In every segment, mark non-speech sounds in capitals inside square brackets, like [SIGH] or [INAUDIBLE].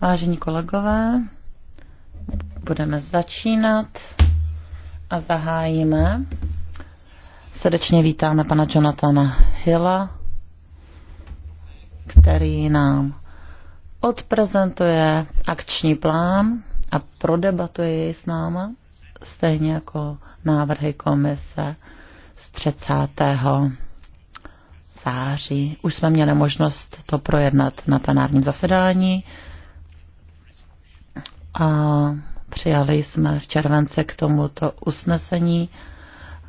Vážení kolegové, budeme začínat a zahájíme. Srdečně vítáme pana Jonathana Hilla, který nám odprezentuje akční plán a prodebatuje jej s náma, stejně jako návrhy komise z 30 září. Už jsme měli možnost to projednat na plenárním zasedání a přijali jsme v července k tomuto usnesení.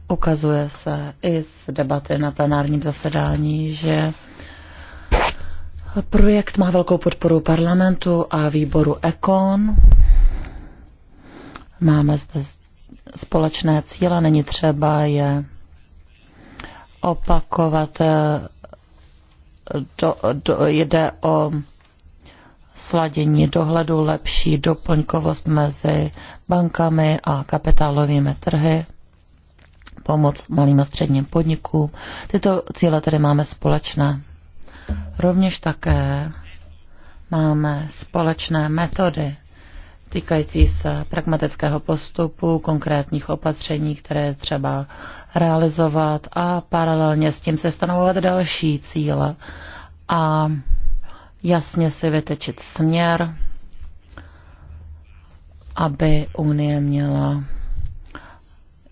Ukazuje se i z debaty na plenárním zasedání, že projekt má velkou podporu parlamentu a výboru ECON. Máme zde společné cíle, není třeba je opakovat. Eh, do, do, jde o sladění dohledu, lepší doplňkovost mezi bankami a kapitálovými trhy, pomoc malým a středním podnikům. Tyto cíle tedy máme společné. Rovněž také máme společné metody týkající se pragmatického postupu, konkrétních opatření, které třeba realizovat a paralelně s tím se stanovovat další cíle a jasně si vytečit směr, aby Unie měla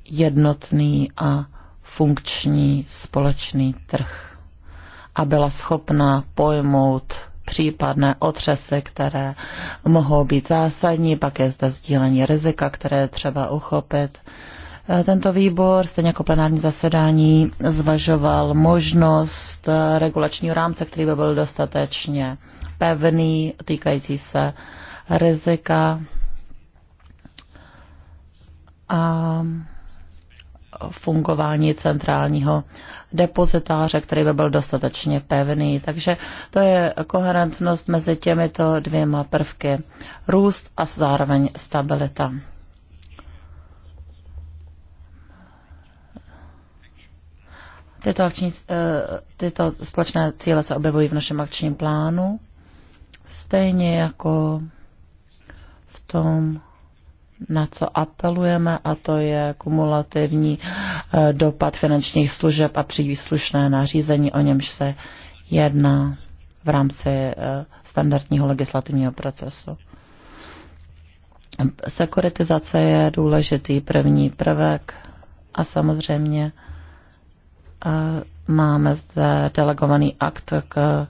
jednotný a funkční společný trh a byla schopná pojmout případné otřesy, které mohou být zásadní, pak je zde sdílení rizika, které třeba uchopit. E, tento výbor, stejně jako plenární zasedání, zvažoval možnost e, regulačního rámce, který by byl dostatečně pevný, týkající se rizika. A fungování centrálního depozitáře, který by byl dostatečně pevný. Takže to je koherentnost mezi těmito dvěma prvky. Růst a zároveň stabilita. Tyto, akční, eh, tyto společné cíle se objevují v našem akčním plánu, stejně jako v tom na co apelujeme, a to je kumulativní eh, dopad finančních služeb a příslušné nařízení, o němž se jedná v rámci eh, standardního legislativního procesu. Sekuritizace je důležitý první prvek a samozřejmě eh, máme zde delegovaný akt k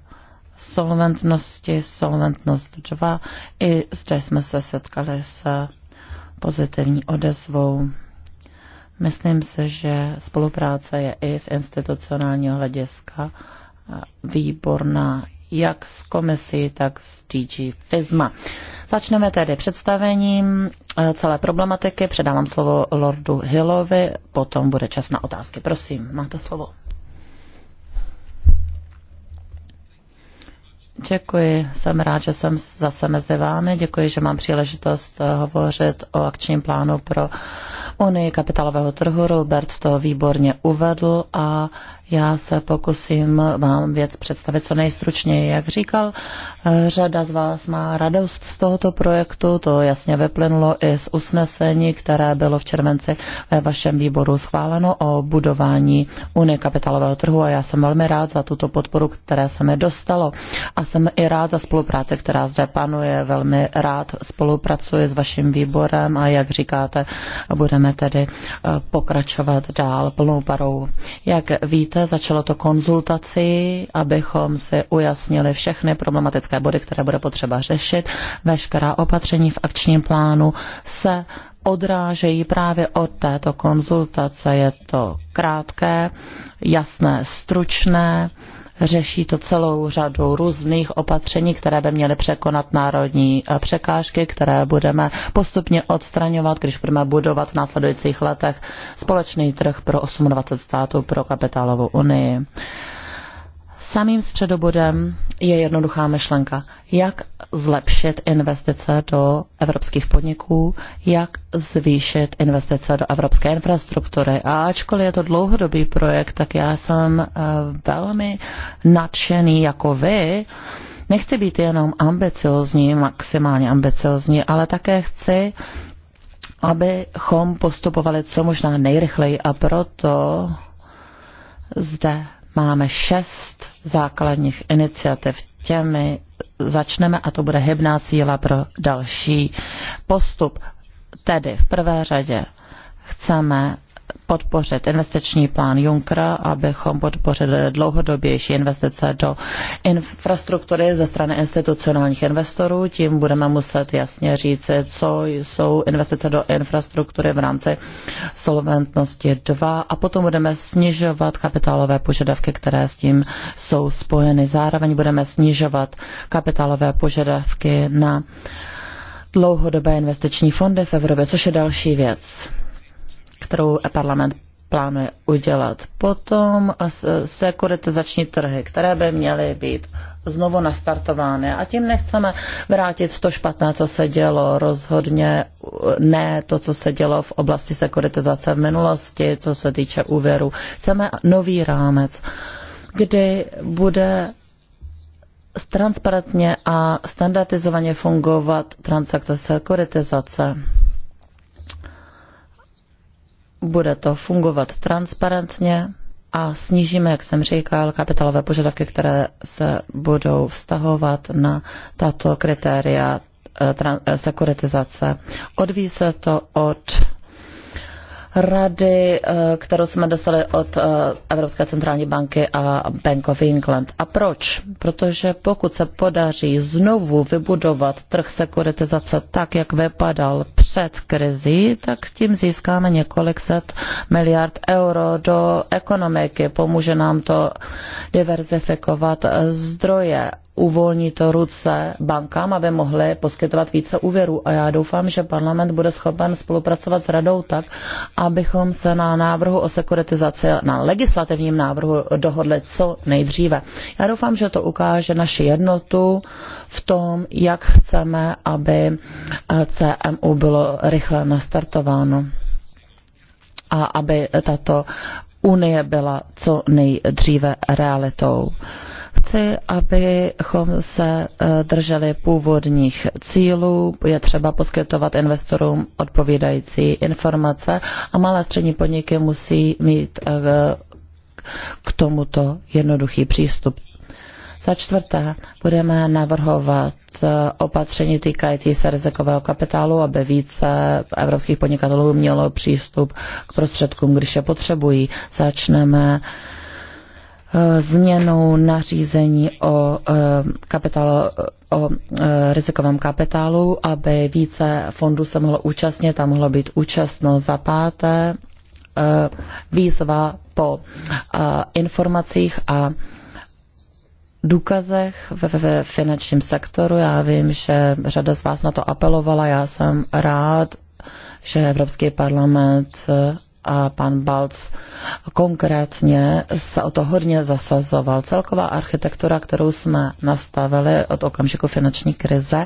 solventnosti, solventnost 2. I zde jsme se setkali s pozitivní odezvou. Myslím se, že spolupráce je i z institucionálního hlediska výborná jak s komisí, tak s DG FISMA. Začneme tedy představením eh, celé problematiky. Předávám slovo Lordu Hillovi, potom bude čas na otázky. Prosím, máte slovo. Děkuji, jsem rád, že jsem zase mezi vámi. Děkuji, že mám příležitost eh, hovořit o akčním plánu pro Unii kapitálového trhu. Robert to výborně uvedl a já se pokusím vám věc představit co nejstručněji. Jak říkal, eh, řada z vás má radost z tohoto projektu, to jasně vyplynulo i z usnesení, které bylo v červenci ve vašem výboru schváleno o budování Unie kapitalového trhu a já jsem velmi rád za tuto podporu, které se mi dostalo a jsem i rád za spolupráci, která zde panuje. Velmi rád spolupracuji s vaším výborem a jak říkáte, budeme tedy eh, pokračovat dál plnou parou. Jak víte, dobře, začalo to konzultaci, abychom si ujasnili všechny problematické body, které bude potřeba řešit. Veškerá opatření v akčním plánu se odrážejí právě od této konzultace. Je to krátké, jasné, stručné Řeší to celou řadu různých opatření, které by měly překonat národní eh, překážky, které budeme postupně odstraňovat, když budeme budovat v následujících letech společný trh pro 28 států pro kapitálovou unii. Samým středobodem je jednoduchá myšlenka, jak zlepšit investice do evropských podniků, jak zvýšit investice do evropské infrastruktury. A ačkoliv je to dlouhodobý projekt, tak já jsem eh, velmi nadšený jako vy. Nechci být jenom ambiciozní, maximálně ambiciozní, ale také chci, abychom postupovali co možná nejrychleji a proto zde Máme šest základních iniciativ. Těmi začneme a to bude hebná síla pro další postup. Tedy v prvé řadě chceme podpořit investiční plán Junckera, abychom podpořili dlouhodobější investice do infrastruktury ze strany institucionálních investorů. Tím budeme muset jasně říci, co jsou investice do infrastruktury v rámci solventnosti 2 a potom budeme snižovat kapitálové požadavky, které s tím jsou spojeny. Zároveň budeme snižovat kapitálové požadavky na dlouhodobé investiční fondy v Evropě, což je další věc kterou parlament plánuje udělat. Potom sekuritizační trhy, které by měly být znovu nastartovány. A tím nechceme vrátit to špatné, co se dělo. Rozhodně ne to, co se dělo v oblasti sekuritizace v minulosti, co se týče úvěru. Chceme nový rámec, kdy bude transparentně a standardizovaně fungovat transakce sekuritizace bude to fungovat transparentně a snížíme, jak jsem říkal, kapitalové požadavky, které se budou vztahovat na tato kritéria eh, eh, sekuritizace. Odvíjí se to od rady, eh, kterou jsme dostali od eh, Evropské centrální banky a Bank of England. A proč? Protože pokud se podaří znovu vybudovat trh sekuritizace tak, jak vypadal před krizí, tak s tím získáme několik set miliard euro do ekonomiky. Pomůže nám to diverzifikovat eh, zdroje uvolní to ruce bankám, aby mohly poskytovat více úvěrů. A já doufám, že parlament bude schopen spolupracovat s radou tak, abychom se na návrhu o sekuritizaci, na legislativním návrhu dohodli co nejdříve. Já doufám, že to ukáže naši jednotu v tom, jak chceme, aby eh, CMU bylo rychle nastartováno a aby tato unie byla co nejdříve realitou. Chci, abychom se eh, drželi původních cílů, je třeba poskytovat investorům odpovídající informace a malé střední podniky musí mít eh, k tomuto jednoduchý přístup. Za čtvrté budeme navrhovat eh, opatření týkající se rizikového kapitálu, aby více evropských podnikatelů mělo přístup k prostředkům, když je potřebují. Začneme uh, Eh, změnou nařízení o, eh, kapitálu, o eh, rizikovém kapitálu, aby více fondů se mohlo účastnit a mohlo být účastno za páté výzva po informacích a důkazech ve, ve finančním sektoru. Já vím, že řada z vás na to apelovala. Já jsem rád, že Evropský parlament a pan Balc konkrétně se o to hodně zasazoval. Celková architektura, kterou jsme nastavili od okamžiku finanční krize,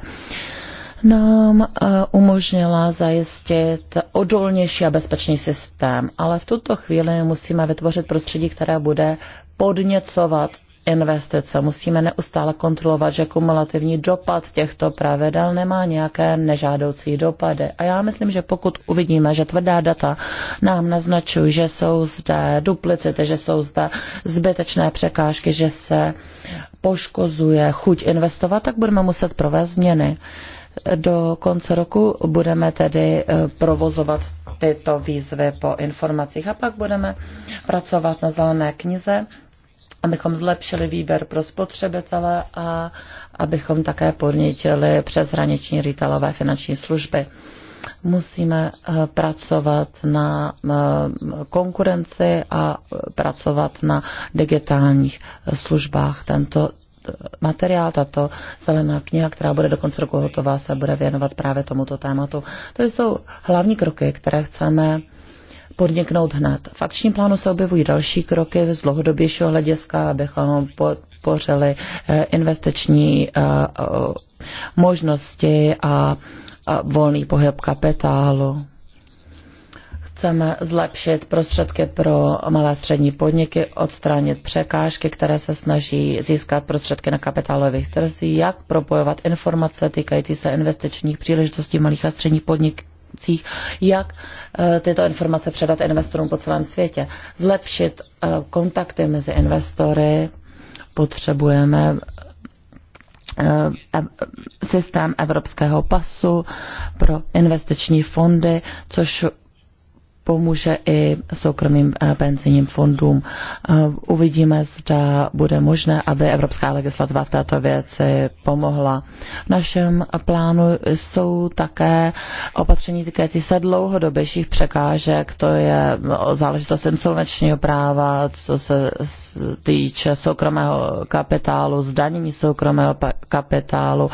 nám e, umožnila zajistit odolnější a bezpečný systém, ale v tuto chvíli musíme vytvořit prostředí, které bude podněcovat investice. Musíme neustále kontrolovat, že kumulativní dopad těchto pravidel nemá nějaké nežádoucí dopady. A já myslím, že pokud uvidíme, že tvrdá data nám naznačují, že jsou zde duplicity, že jsou zde zbytečné překážky, že se poškozuje chuť investovat, tak budeme muset provést změny. Do konce roku budeme tedy eh, provozovat tyto výzvy po informacích a pak budeme pracovat na zelené knize abychom zlepšili výběr pro spotřebitele a abychom také podnítili přeshraniční retailové finanční služby. Musíme eh, pracovat na eh, konkurenci a eh, pracovat na digitálních službách. Tento materiál, tato zelená kniha, která bude do konce roku hotová, se bude věnovat právě tomuto tématu. To jsou hlavní kroky, které chceme podniknout hned. V akčním plánu se objevují další kroky z dlouhodobějšího hlediska, abychom podpořili eh, investiční eh, eh, možnosti a volný pohyb kapitálu. Chceme zlepšit prostředky pro malé a střední podniky, odstranit překážky, které se snaží získat prostředky na kapitálových trzích, jak propojovat informace týkající se investičních příležitostí malých a středních podniků informacích, jak eh, tyto informace předat investorům po celém světě. Zlepšit eh, kontakty mezi investory potřebujeme eh, systém evropského pasu pro investiční fondy, což pomůže i soukromým eh, penzijním fondům. Eh, uvidíme, zda bude možné, aby evropská legislativa v této věci pomohla. V našem plánu jsou také opatření týkající se dlouhodobějších překážek, to je záležitost insolvenčního práva, co se týče soukromého kapitálu, zdanění soukromého kapitálu,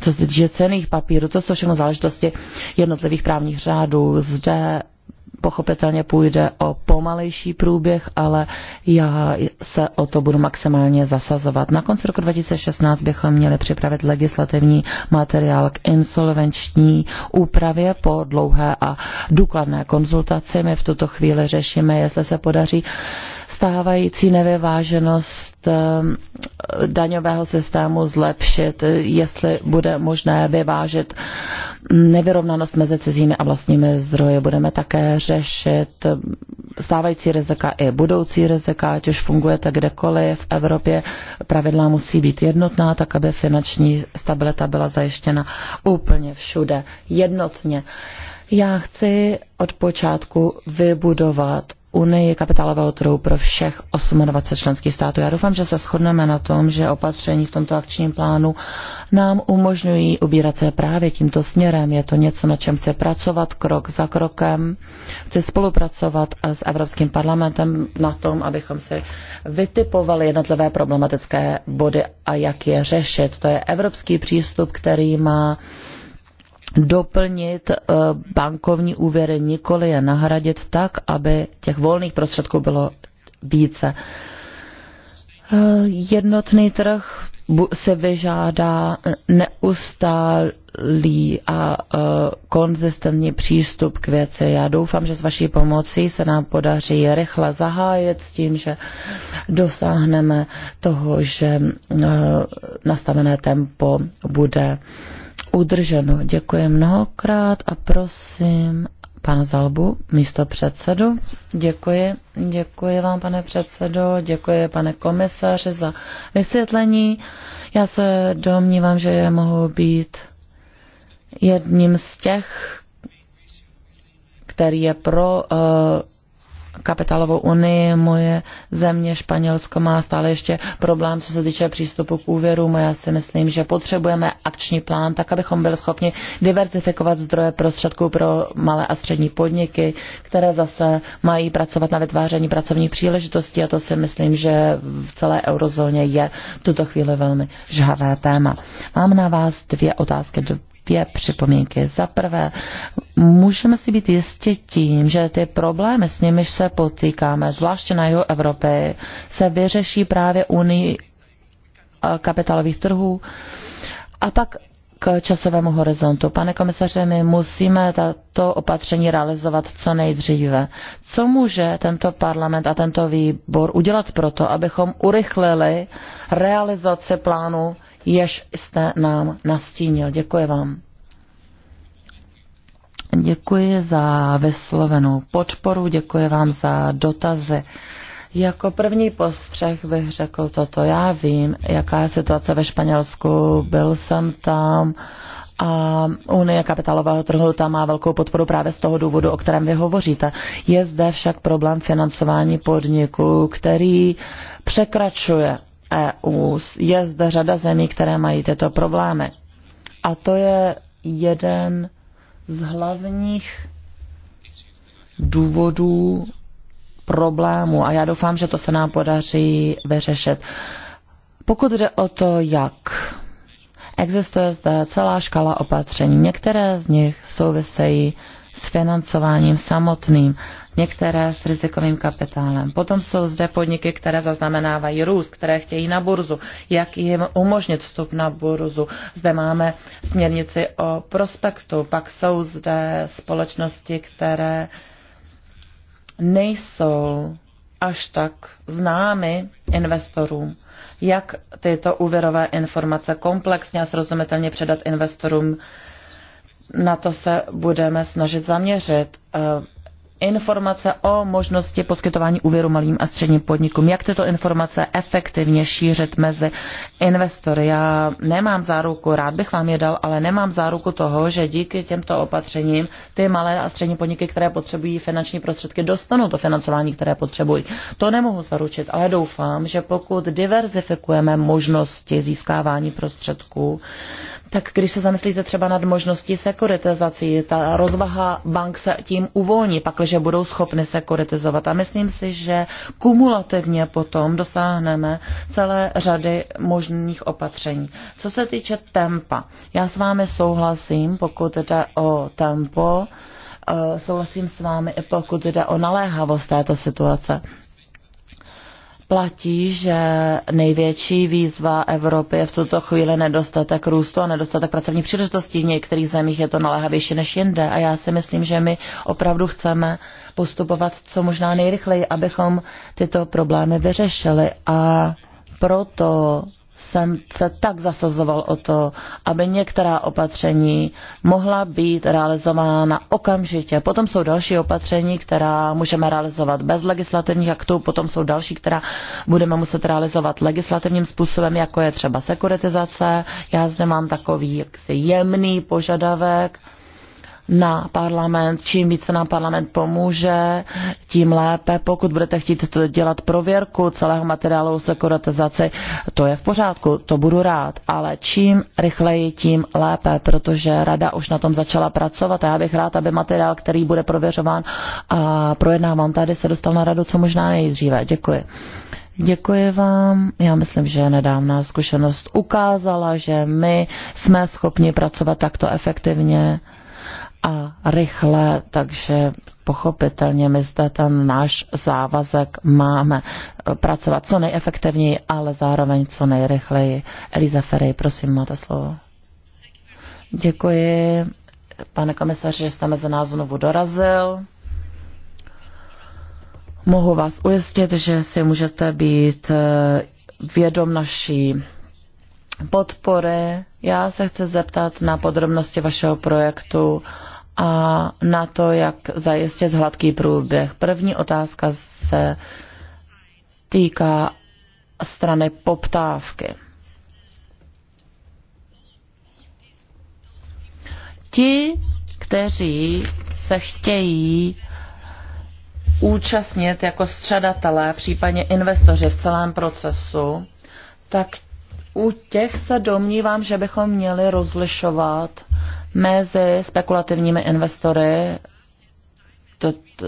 co se týče cených papírů, to jsou všechno záležitosti jednotlivých právních řádů. Zde pochopitelně půjde o pomalejší průběh, ale já se o to budu maximálně zasazovat. Na konci roku 2016 bychom měli připravit legislativní materiál k insolvenční úpravě po dlouhé a důkladné konzultaci. My v tuto chvíli řešíme, jestli se podaří uh, stávající nevyváženost ehm, daňového systému zlepšit, jestli bude možné vyvážet nevyrovnanost mezi cizími a vlastními zdroji. Budeme také řešit stávající rizika i budoucí rizika, ať už fungujete kdekoliv v Evropě. Pravidla musí být jednotná, tak aby finanční stabilita byla zajištěna úplně všude jednotně. Já chci od počátku vybudovat unii kapitálového trhu pro všech 28 členských států. Já doufám, že se shodneme na tom, že opatření v tomto akčním plánu nám umožňují ubírat se právě tímto směrem. Je to něco, na čem chci pracovat krok za krokem. Chci spolupracovat s Evropským parlamentem na tom, abychom si vytipovali jednotlivé problematické body a jak je řešit. To je evropský přístup, který má doplnit eh, bankovní úvěry, nikoli je nahradit tak, aby těch volných prostředků bylo více. Eh, jednotný trh se vyžádá neustálý a eh, konzistentní přístup k věci. Já doufám, že s vaší pomocí se nám podaří rychle zahájit s tím, že dosáhneme toho, že nastavené tempo bude udrženo. Děkuji mnohokrát a prosím pan Zalbu, místo předsedu. Děkuji, děkuji vám, pane předsedo, děkuji, pane komisaři, za vysvětlení. Já se domnívám, že je mohu být jedním z těch, který je pro uh, kapitálovou unii. Moje země Španělsko má stále ještě problém, co se týče přístupu k úvěrům. Já si myslím, že potřebujeme akční plán, tak abychom byli schopni diverzifikovat zdroje prostředků pro malé a střední podniky, které zase mají pracovat na vytváření pracovních příležitostí a to si myslím, že v celé eurozóně je v tuto chvíli velmi žhavé téma. Mám na vás dvě otázky, dvě připomínky. Za prvé, můžeme si být jistě tím, že ty problémy, s nimiž se potýkáme, zvláště na jihu Evropy, se vyřeší právě unii eh, kapitálových trhů. A pak k časovému horizontu. Pane komisaře, my musíme tato opatření realizovat co nejdříve. Co může tento parlament a tento výbor udělat pro to, abychom urychlili realizaci plánu jež jste nám nastínil. Děkuji vám. Děkuji za vyslovenou podporu, děkuji vám za dotazy. Jako první postřeh bych řekl toto. Já vím, jaká je situace ve Španělsku, byl jsem tam a Unie kapitálového trhu tam má velkou podporu právě z toho důvodu, o kterém vy hovoříte. Je zde však problém financování podniku, který překračuje EU. Je zde řada zemí, které mají tyto problémy. A to je jeden z hlavních důvodů problému a já doufám, že to se nám podaří vyřešit. Pokud jde o to, jak, existuje zde celá škala opatření. Některé z nich souvisejí s financováním samotným, některé s rizikovým kapitálem. Potom jsou zde podniky, které zaznamenávají růst, které chtějí na burzu, jak jim umožnit vstup na burzu. Zde máme směrnici o prospektu, pak jsou zde společnosti, které nejsou až tak známy investorům. Jak tyto úvěrové informace komplexně a srozumitelně předat investorům na to se budeme snažit zaměřit. Eh, informace o možnosti poskytování úvěru malým a středním podnikům. Jak tyto informace efektivně šířit mezi investory? Já nemám záruku, rád bych vám je dal, ale nemám záruku toho, že díky těmto opatřením ty malé a střední podniky, které potřebují finanční prostředky, dostanou to financování, které potřebují. To nemohu zaručit, ale doufám, že pokud diverzifikujeme možnosti získávání prostředků, tak když se zamyslíte třeba nad možností sekuritizací, ta rozvaha bank se tím uvolní, pakliže budou schopny sekuritizovat. A myslím si, že kumulativně potom dosáhneme celé řady možných opatření. Co se týče tempa, já s vámi souhlasím, pokud jde o tempo, eh, souhlasím s vámi i pokud jde o naléhavost této situace platí, že největší výzva Evropy je v tuto chvíli nedostatek růstu a nedostatek pracovních příležitostí. V některých zemích je to naléhavější než jinde a já si myslím, že my opravdu chceme postupovat co možná nejrychleji, abychom tyto problémy vyřešili a proto jsem se tak zasazoval o to, aby některá opatření mohla být realizována okamžitě. Potom jsou další opatření, která můžeme realizovat bez legislativních aktů, potom jsou další, která budeme muset realizovat legislativním způsobem, jako je třeba sekuritizace. Já zde mám takový jaksi jemný požadavek, na parlament. Čím více nám parlament pomůže, tím lépe. Pokud budete chtít dělat prověrku celého materiálu sekuratizace, to je v pořádku, to budu rád. Ale čím rychleji, tím lépe, protože rada už na tom začala pracovat a já bych rád, aby materiál, který bude prověřován a projednáván tady, se dostal na radu co možná nejdříve. Děkuji. Děkuji vám. Já myslím, že nedávná zkušenost ukázala, že my jsme schopni pracovat takto efektivně a rychle, takže pochopitelně my zde ten náš závazek máme eh, pracovat co nejefektivněji, ale zároveň co nejrychleji. Eliza Ferry, prosím, máte slovo. Děkuji, pane komisaři, že jste mezi nás znovu dorazil. Mohu vás ujistit, že si můžete být eh, vědom naší podpory. Já se chci zeptat na podrobnosti vašeho projektu a na to, jak zajistit hladký průběh. První otázka se týká strany poptávky. Ti, kteří se chtějí účastnit jako střadatelé, případně investoři v celém procesu, tak u těch se domnívám, že bychom měli rozlišovat mezi spekulativními investory. To, to,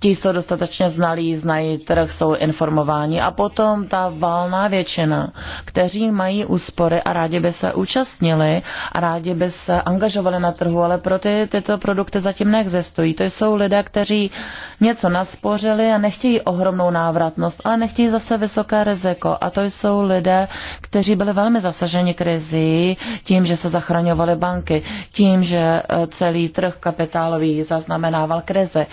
ti jsou dostatečně znalí, znají trh, jsou informováni. A potom ta valná většina, kteří mají úspory a rádi by se účastnili a rádi by se angažovali na trhu, ale pro ty tyto produkty zatím neexistují. To jsou lidé, kteří něco naspořili a nechtějí ohromnou návratnost, ale nechtějí zase vysoké riziko. A to jsou lidé, kteří byli velmi zasaženi krizí tím, že se zachraňovaly banky, tím, že eh, celý trh kapitálový zaznamenával krizi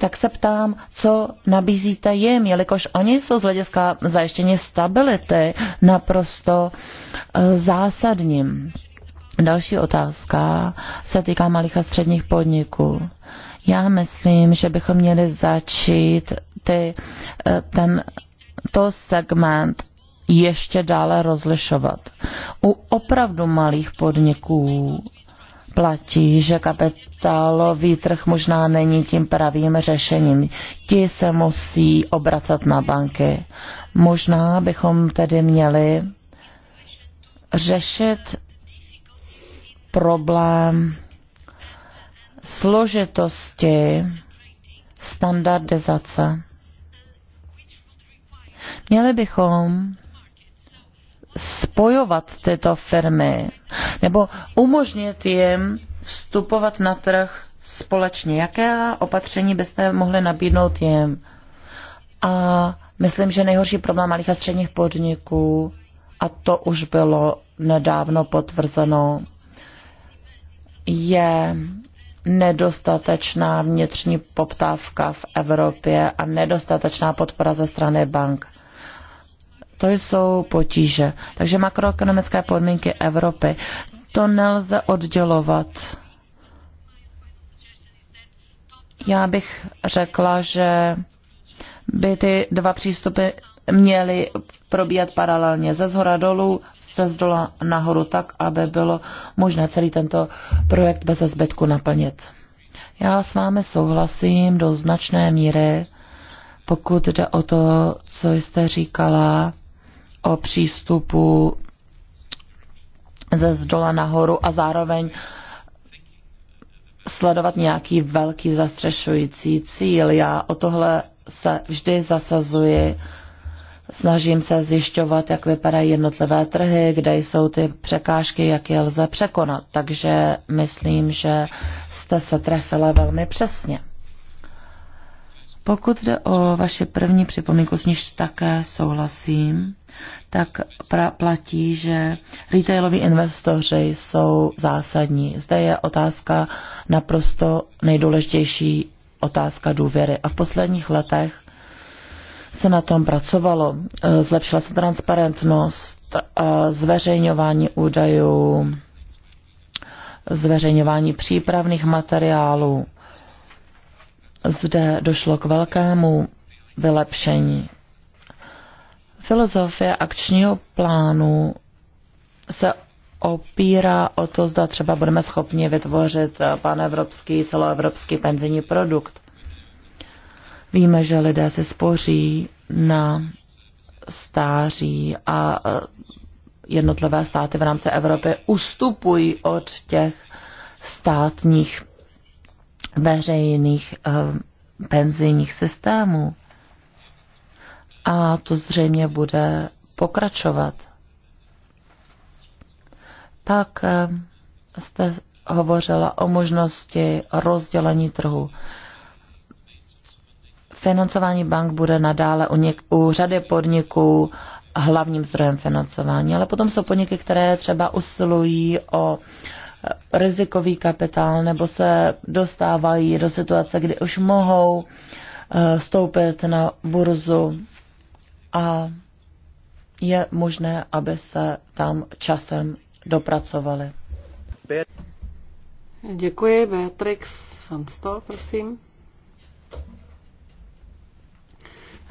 tak se ptám, co nabízíte jim, jelikož oni jsou z hlediska zajištění stability naprosto eh, zásadním. Další otázka se týká malých a středních podniků. Já myslím, že bychom měli začít ty, eh, ten, to segment ještě dále rozlišovat. U opravdu malých podniků platí, že kapitálový trh možná není tím pravým řešením. Ti se musí obracet na banky. Možná bychom tedy měli řešit problém složitosti standardizace. Měli bychom spojovat tyto firmy nebo umožnit jim vstupovat na trh společně. Jaké opatření byste mohli nabídnout jim? A myslím, že nejhorší problém malých a středních podniků, a to už bylo nedávno potvrzeno, je nedostatečná vnitřní poptávka v Evropě a nedostatečná podpora ze strany bank. To jsou potíže. Takže makroekonomické podmínky Evropy. To nelze oddělovat. Já bych řekla, že by ty dva přístupy měly probíhat paralelně ze zhora dolů, ze zdola nahoru, tak, aby bylo možné celý tento projekt bez zbytku naplnit. Já s vámi souhlasím do značné míry, pokud jde o to, co jste říkala o přístupu ze zdola nahoru a zároveň sledovat nějaký velký zastřešující cíl. Já o tohle se vždy zasazuji. Snažím se zjišťovat, jak vypadají jednotlivé trhy, kde jsou ty překážky, jak je lze překonat. Takže myslím, že jste se trefila velmi přesně. Pokud jde o vaše první připomínku, s níž také souhlasím, tak pra- platí, že retailoví investoři jsou zásadní. Zde je otázka naprosto nejdůležitější otázka důvěry. A v posledních letech se na tom pracovalo. Zlepšila se transparentnost, zveřejňování údajů, zveřejňování přípravných materiálů zde došlo k velkému vylepšení. Filozofie akčního plánu se opírá o to, zda třeba budeme schopni vytvořit eh, panevropský, celoevropský penzijní produkt. Víme, že lidé si spoří na stáří a eh, jednotlivé státy v rámci Evropy ustupují od těch státních veřejných eh, penzijních systémů. A to zřejmě bude pokračovat. Pak eh, jste hovořila o možnosti rozdělení trhu. Financování bank bude nadále u, něk- u řady podniků hlavním zdrojem financování, ale potom jsou podniky, které třeba usilují o uh, rizikový kapitál nebo se dostávají do situace, kdy už mohou eh, vstoupit na burzu a je možné, aby se tam časem dopracovali. Děkuji, Beatrix van prosím.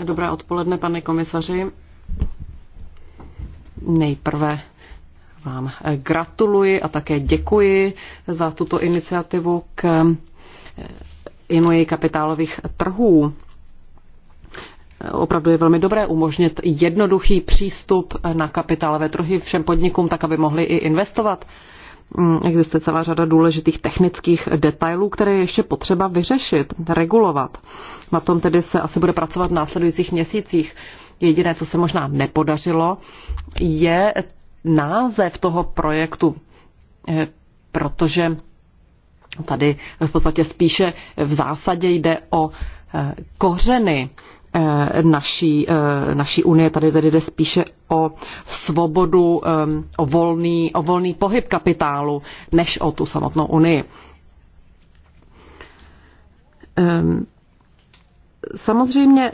Dobré odpoledne, pane komisaři. Nejprve vám gratuluji a také děkuji za tuto iniciativu k eh, inuji kapitálových trhů. Opravdu je velmi dobré umožnit jednoduchý přístup na kapitálové trhy všem podnikům, tak aby mohli i investovat. Mm, existuje celá řada důležitých technických detailů, které je ještě potřeba vyřešit, regulovat. Na tom tedy se asi bude pracovat v následujících měsících. Jediné, co se možná nepodařilo, je název toho projektu, eh, protože tady v podstatě spíše v zásadě jde o eh, kořeny eh, naší, naší unie. Tady tedy jde spíše o svobodu, o volný, o volný pohyb kapitálu, než o tu samotnou unii. Ehm, samozřejmě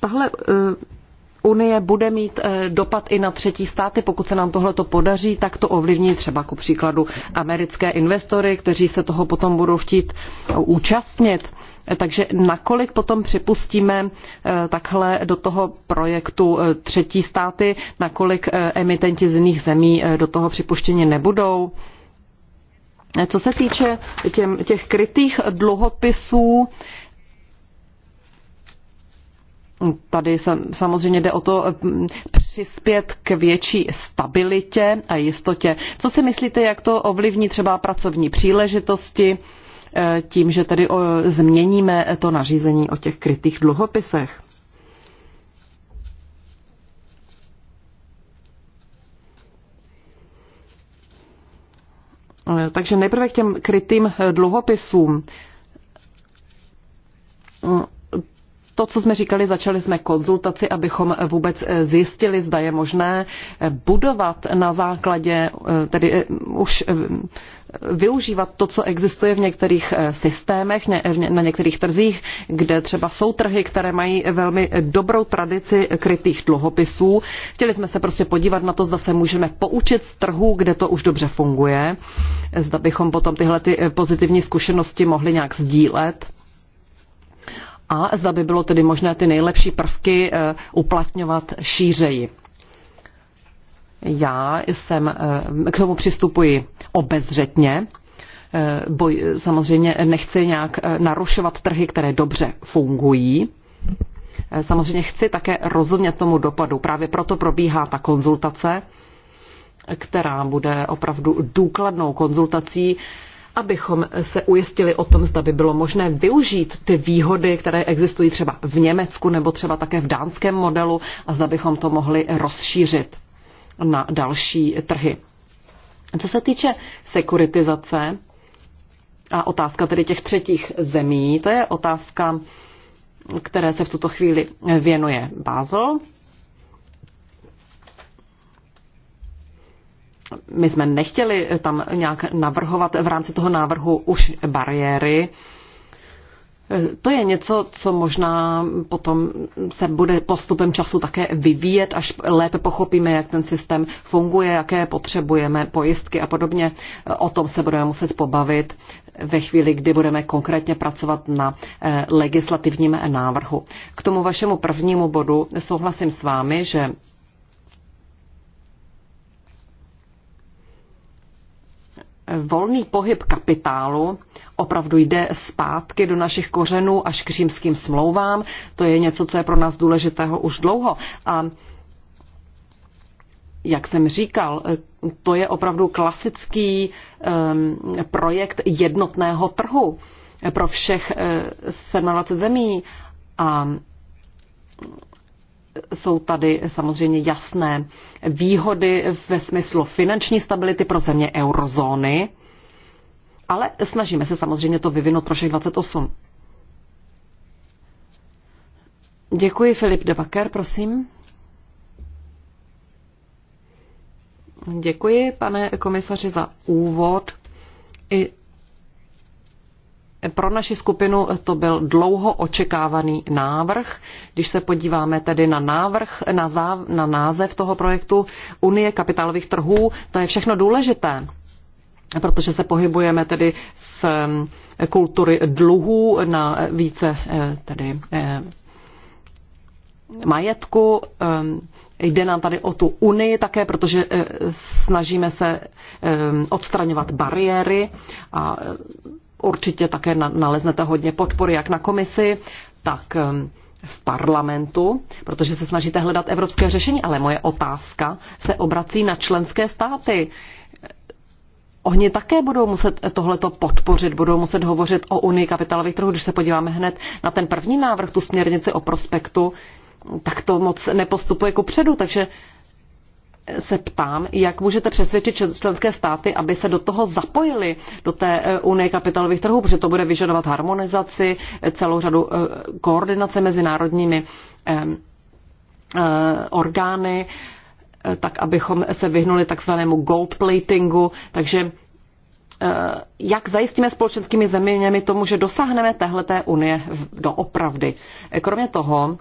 tahle unie bude mít eh, dopad i na třetí státy. Pokud se nám tohle to podaří, tak to ovlivní třeba ku příkladu americké investory, kteří se toho potom budou chtít eh, účastnit. Eh, takže nakolik potom připustíme takhle do toho projektu třetí státy, nakolik emitenti z jiných zemí do toho připuštěni nebudou? Co se týče těm, těch krytých dluhopisů, Tady samozřejmě jde o to eh, přispět k větší stabilitě a jistotě. Co si myslíte, jak to ovlivní třeba pracovní příležitosti eh, tím, že tedy změníme to nařízení o těch krytých dluhopisech? Eh, takže nejprve k těm krytým dluhopisům. Mm, to, co jsme říkali, začali jsme konzultaci, abychom vůbec eh, zjistili, zda je možné eh, budovat na základě, eh, tedy už využívat to, co existuje v některých systémech, na některých trzích, kde třeba jsou trhy, které mají velmi dobrou tradici krytých dluhopisů. Chtěli jsme se prostě podívat na to, zda se můžeme poučit z trhů, kde to už dobře funguje, zda bychom potom tyhle ty pozitivní zkušenosti mohli nějak sdílet a zda by bylo tedy možné ty nejlepší prvky eh, uplatňovat šířeji. Já jsem eh, k tomu přistupuji obezřetně. Eh, boj, samozřejmě nechci nějak narušovat trhy, které dobře fungují. Samozřejmě chci také rozumět tomu dopadu. Právě proto probíhá ta konzultace, která bude opravdu důkladnou konzultací abychom se ujistili o tom, zda by bylo možné využít ty výhody, které existují třeba v Německu nebo třeba také v dánském modelu a zda bychom to mohli rozšířit na další trhy. Co se týče sekuritizace a otázka tedy těch třetích zemí, to je otázka, které se v tuto chvíli věnuje Basel. My jsme nechtěli tam nějak navrhovat v rámci toho návrhu už bariéry. To je něco, co možná potom se bude postupem času také vyvíjet, až lépe pochopíme, jak ten systém funguje, jaké potřebujeme pojistky a podobně. O tom se budeme muset pobavit ve chvíli, kdy budeme konkrétně pracovat na eh, legislativním návrhu. K tomu vašemu prvnímu bodu souhlasím s vámi, že volný pohyb kapitálu opravdu jde zpátky do našich kořenů až k římským smlouvám. To je něco, co je pro nás důležitého už dlouho. A jak jsem říkal, to je opravdu klasický um, projekt jednotného trhu pro všech uh, eh, 27 zemí. A jsou tady samozřejmě jasné výhody ve smyslu finanční stability pro země eurozóny, ale snažíme se samozřejmě to vyvinout pro všech 28. Děkuji, Filip Debaker, prosím. Děkuji, pane komisaři, za úvod i pro naši skupinu to byl dlouho očekávaný návrh. Když se podíváme tedy na návrh, na, záv, na název toho projektu Unie kapitálových trhů, to je všechno důležité protože se pohybujeme tedy z eh, kultury dluhů na eh, více eh, tedy majetku. Jde nám tady o tu unii také, protože snažíme se odstraňovat bariéry a Určitě také naleznete hodně podpory jak na komisi, tak v parlamentu, protože se snažíte hledat evropské řešení, ale moje otázka se obrací na členské státy. Oni také budou muset tohleto podpořit, budou muset hovořit o unii kapitálových trhů. Když se podíváme hned na ten první návrh, tu směrnici o prospektu, tak to moc nepostupuje ku předu, takže se ptám, jak můžete přesvědčit členské státy, aby se do toho zapojili, do té e, unie kapitalových trhů, protože to bude vyžadovat harmonizaci, e, celou řadu e, koordinace mezi národními orgány, tak abychom se vyhnuli takzvanému gold platingu. Takže jak zajistíme společenskými zeměmi tomu, že dosáhneme téhleté unie doopravdy. Kromě toho,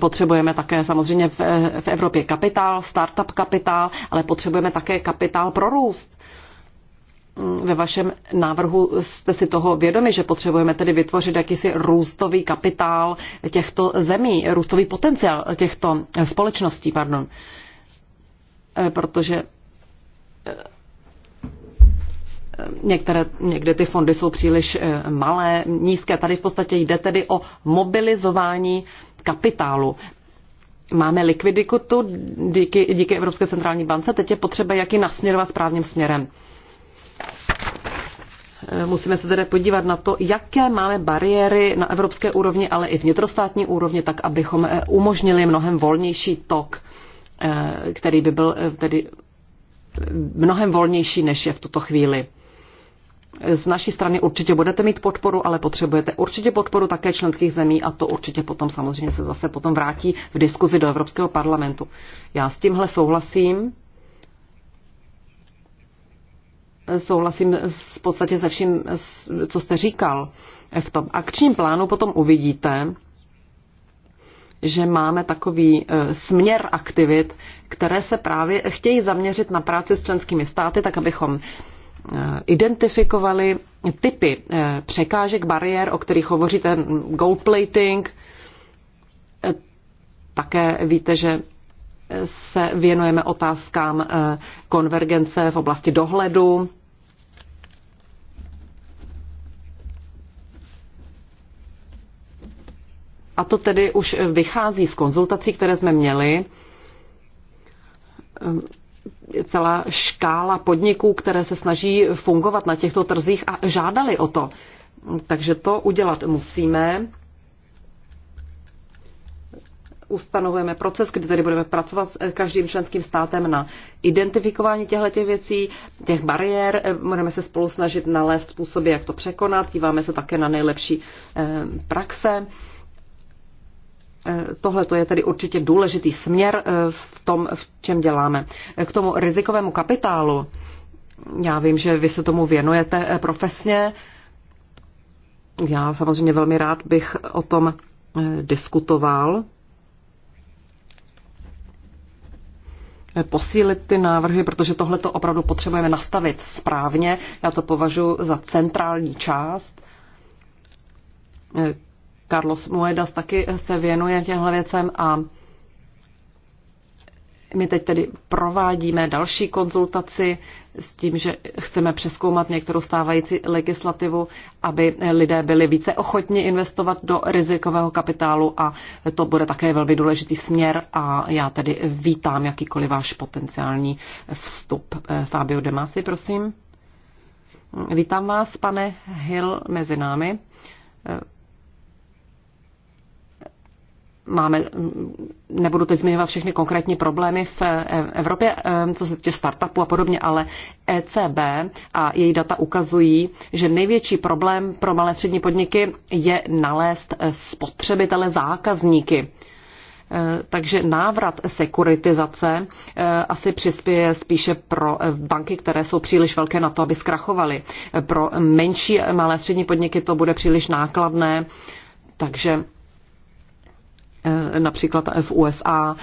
Potřebujeme také samozřejmě v, v Evropě kapitál, startup kapitál, ale potřebujeme také kapitál pro růst. Ve vašem návrhu jste si toho vědomi, že potřebujeme tedy vytvořit jakýsi růstový kapitál těchto zemí, růstový potenciál těchto společností, pardon. Eh, protože eh, některé, někde ty fondy jsou příliš eh, malé, nízké. Tady v podstatě jde tedy o mobilizování kapitálu. Máme likviditu díky, díky Evropské centrální bance, teď je potřeba jak ji nasměrovat správným směrem. E, musíme se tedy podívat na to, jaké máme bariéry na evropské úrovni, ale i vnitrostátní úrovni, tak abychom e, umožnili mnohem volnější tok, e, který by byl tedy mnohem volnější, než je v tuto chvíli z naší strany určitě budete mít podporu, ale potřebujete určitě podporu také členských zemí a to určitě potom samozřejmě se zase potom vrátí v diskuzi do Evropského parlamentu. Já s tímhle souhlasím. Souhlasím s podstatě se vším, co jste říkal. V tom akčním plánu potom uvidíte, že máme takový eh, směr aktivit, které se právě chtějí zaměřit na práci s členskými státy, tak abychom Eh, identifikovali typy eh, překážek, bariér, o kterých hovoří ten gold plating. Eh, také víte, že se věnujeme otázkám konvergence v oblasti dohledu. A to tedy už vychází z konzultací, které jsme měli celá škála podniků, které se snaží fungovat na těchto trzích a žádali o to. Takže to udělat musíme. Ustanovujeme proces, kdy tedy budeme pracovat s každým členským státem na identifikování těchto věcí, těch bariér. Budeme se spolu snažit nalézt způsoby, jak to překonat. Díváme se také na nejlepší eh, praxe Tohle to je tedy určitě důležitý směr eh, v tom, v čem děláme. K tomu rizikovému kapitálu, já vím, že vy se tomu věnujete eh, profesně. Já samozřejmě velmi rád bych o tom eh, diskutoval. Posílit ty návrhy, protože tohle to opravdu potřebujeme nastavit správně. Já to považuji za centrální část Carlos Muedas taky se věnuje těmhle věcem a my teď tedy provádíme další konzultaci s tím, že chceme přeskoumat některou stávající legislativu, aby lidé byli více ochotni investovat do rizikového kapitálu a to bude také velmi důležitý směr a já tedy vítám jakýkoliv váš potenciální vstup. Fabio Demasi, prosím. Vítám vás, pane Hill, mezi námi máme, nebudu teď zmiňovat všechny konkrétní problémy v e, Evropě, e, co se týče startupů a podobně, ale ECB a její data ukazují, že největší problém pro malé střední podniky je nalézt e, spotřebitele zákazníky. Takže návrat sekuritizace asi přispěje spíše pro banky, které jsou příliš velké na to, aby zkrachovaly. Pro menší malé střední podniky to bude příliš nákladné, takže Eh, například v USA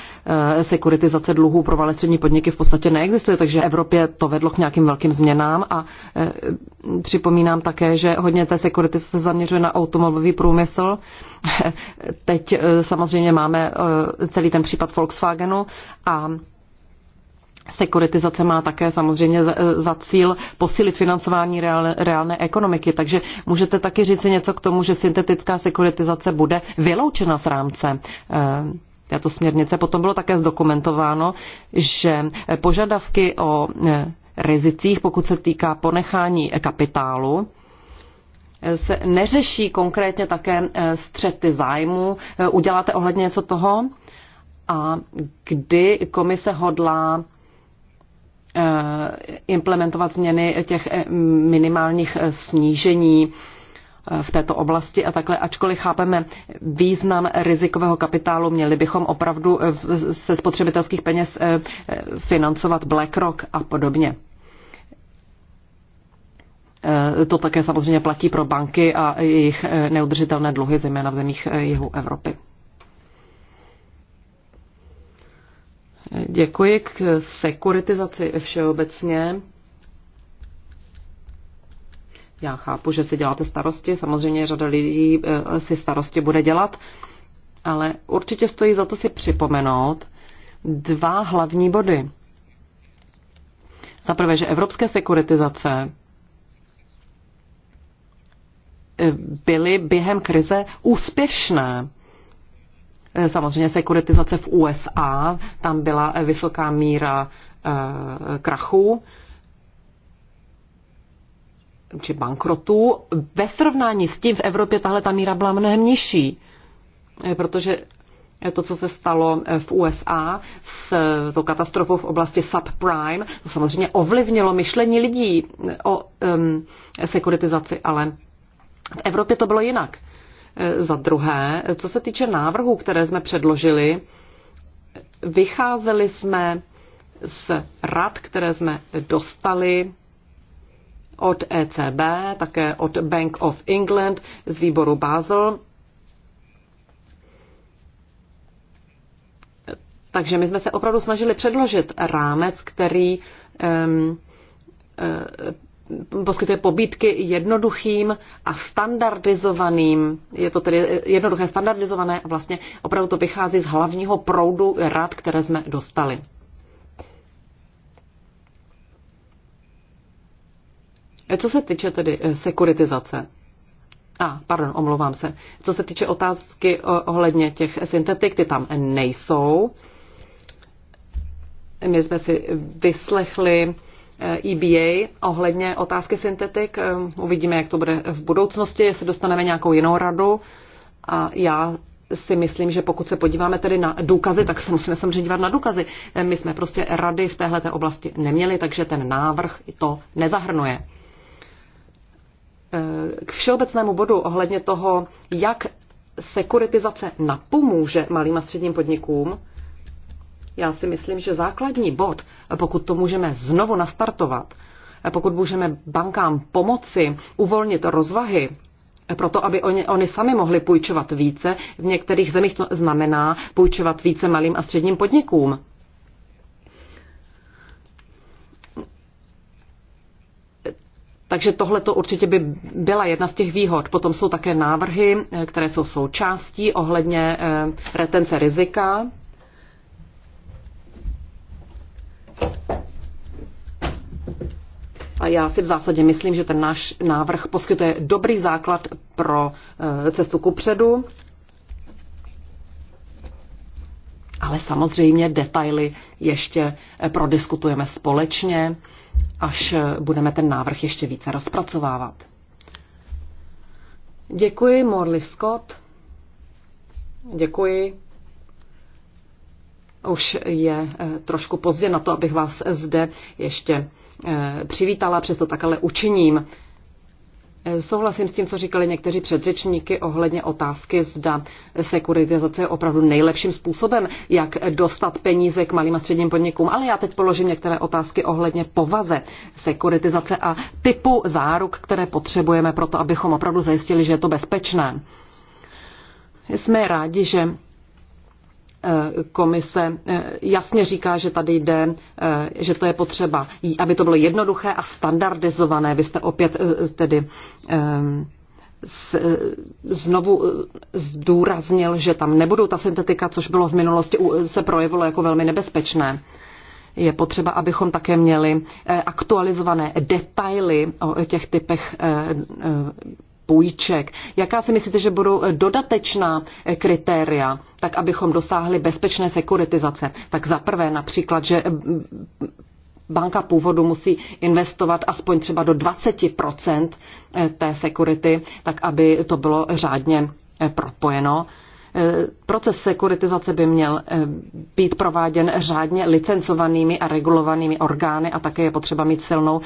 eh, sekuritizace dluhů pro malé střední podniky v podstatě neexistuje, takže v Evropě to vedlo k nějakým velkým změnám a eh, připomínám také, že hodně té sekuritizace se zaměřuje na automobilový průmysl. [LAUGHS] Teď samozřejmě máme celý ten případ Volkswagenu a Sekuritizace má také samozřejmě za cíl posílit financování reálné ekonomiky, takže můžete taky říci něco k tomu, že syntetická sekuritizace bude vyloučena z rámce eh, této směrnice. Potom bylo také zdokumentováno, že požadavky o eh, rizicích, pokud se týká ponechání kapitálu, eh, se neřeší konkrétně také střety zájmu. Uděláte ohledně něco toho? A kdy komise hodlá Eh, implementovat změny těch eh, minimálních eh, snížení v této oblasti a takhle, ačkoliv chápeme význam rizikového kapitálu, měli bychom opravdu se spotřebitelských peněz financovat BlackRock a podobně. To také samozřejmě platí pro banky a jejich neudržitelné dluhy, zejména v zemích jihu Evropy. Děkuji k sekuritizaci všeobecně. Já chápu, že si děláte starosti, samozřejmě řada lidí eh, si starosti bude dělat, ale určitě stojí za to si připomenout dva hlavní body. Za prvé, že evropské sekuritizace eh, byly během krize úspěšné. Eh, samozřejmě sekuritizace v USA, tam byla eh, vysoká míra eh, krachu či bankrotů. Ve srovnání s tím v Evropě tahle ta míra byla mnohem nižší, protože to, co se stalo v USA s tou katastrofou v oblasti subprime, to samozřejmě ovlivnilo myšlení lidí o um, sekuritizaci, ale v Evropě to bylo jinak. Za druhé, co se týče návrhů, které jsme předložili, vycházeli jsme z rad, které jsme dostali od ECB, také od Bank of England z výboru Basel. Takže my jsme se opravdu snažili předložit rámec, který um, poskytuje pobídky jednoduchým a standardizovaným. Je to tedy jednoduché, standardizované a vlastně opravdu to vychází z hlavního proudu rad, které jsme dostali. Co se týče tedy eh, sekuritizace, a, ah, pardon, omlouvám se. Co se týče otázky eh, ohledně těch syntetik, ty tam nejsou. My jsme si vyslechli EBA eh, e ohledně otázky syntetik. Eh, uvidíme, jak to bude v budoucnosti, jestli dostaneme nějakou jinou radu. A já si myslím, že pokud se podíváme tedy na důkazy, tak se musíme samozřejmě dívat na důkazy. Eh, my jsme prostě rady v téhle oblasti neměli, takže ten návrh to nezahrnuje. K všeobecnému bodu ohledně toho, jak sekuritizace napomůže malým a středním podnikům, já si myslím, že základní bod, pokud to můžeme znovu nastartovat, pokud můžeme bankám pomoci uvolnit rozvahy, proto, aby oni, oni sami mohli půjčovat více. V některých zemích to znamená půjčovat více malým a středním podnikům. Takže tohle to určitě by byla jedna z těch výhod. Potom jsou také návrhy, eh, které jsou součástí ohledně eh, retence rizika. A já si v zásadě myslím, že ten náš návrh poskytuje dobrý základ pro eh, cestu ku předu. Ale samozřejmě detaily ještě eh, prodiskutujeme společně, až eh, budeme ten návrh ještě více rozpracovávat. Děkuji, Morley Scott. Děkuji už je eh, trošku pozdě na to, abych vás zde ještě eh, přivítala, přesto tak ale učiním. Eh, souhlasím s tím, co říkali někteří předřečníky ohledně otázky, zda sekuritizace je opravdu nejlepším způsobem, jak dostat peníze k malým a středním podnikům. Ale já teď položím některé otázky ohledně povaze sekuritizace a typu záruk, které potřebujeme pro to, abychom opravdu zajistili, že je to bezpečné. Jsme rádi, že Eh, komise eh, jasně říká, že tady jde, eh, že to je potřeba, aby to bylo jednoduché a standardizované. Vy jste opět tedy znovu zdůraznil, že tam nebudou ta syntetika, což bylo v minulosti, se projevilo jako velmi nebezpečné. Je potřeba, abychom také měli aktualizované detaily o těch typech půjček. Jaká si myslíte, že budou eh, dodatečná eh, kritéria, tak abychom dosáhli bezpečné sekuritizace? Tak za prvé například, že eh, banka původu musí investovat aspoň třeba do 20% té sekurity, tak aby to bylo řádně propojeno. Proces sekuritizace by měl být prováděn řádně licencovanými a regulovanými orgány a také je potřeba mít silnou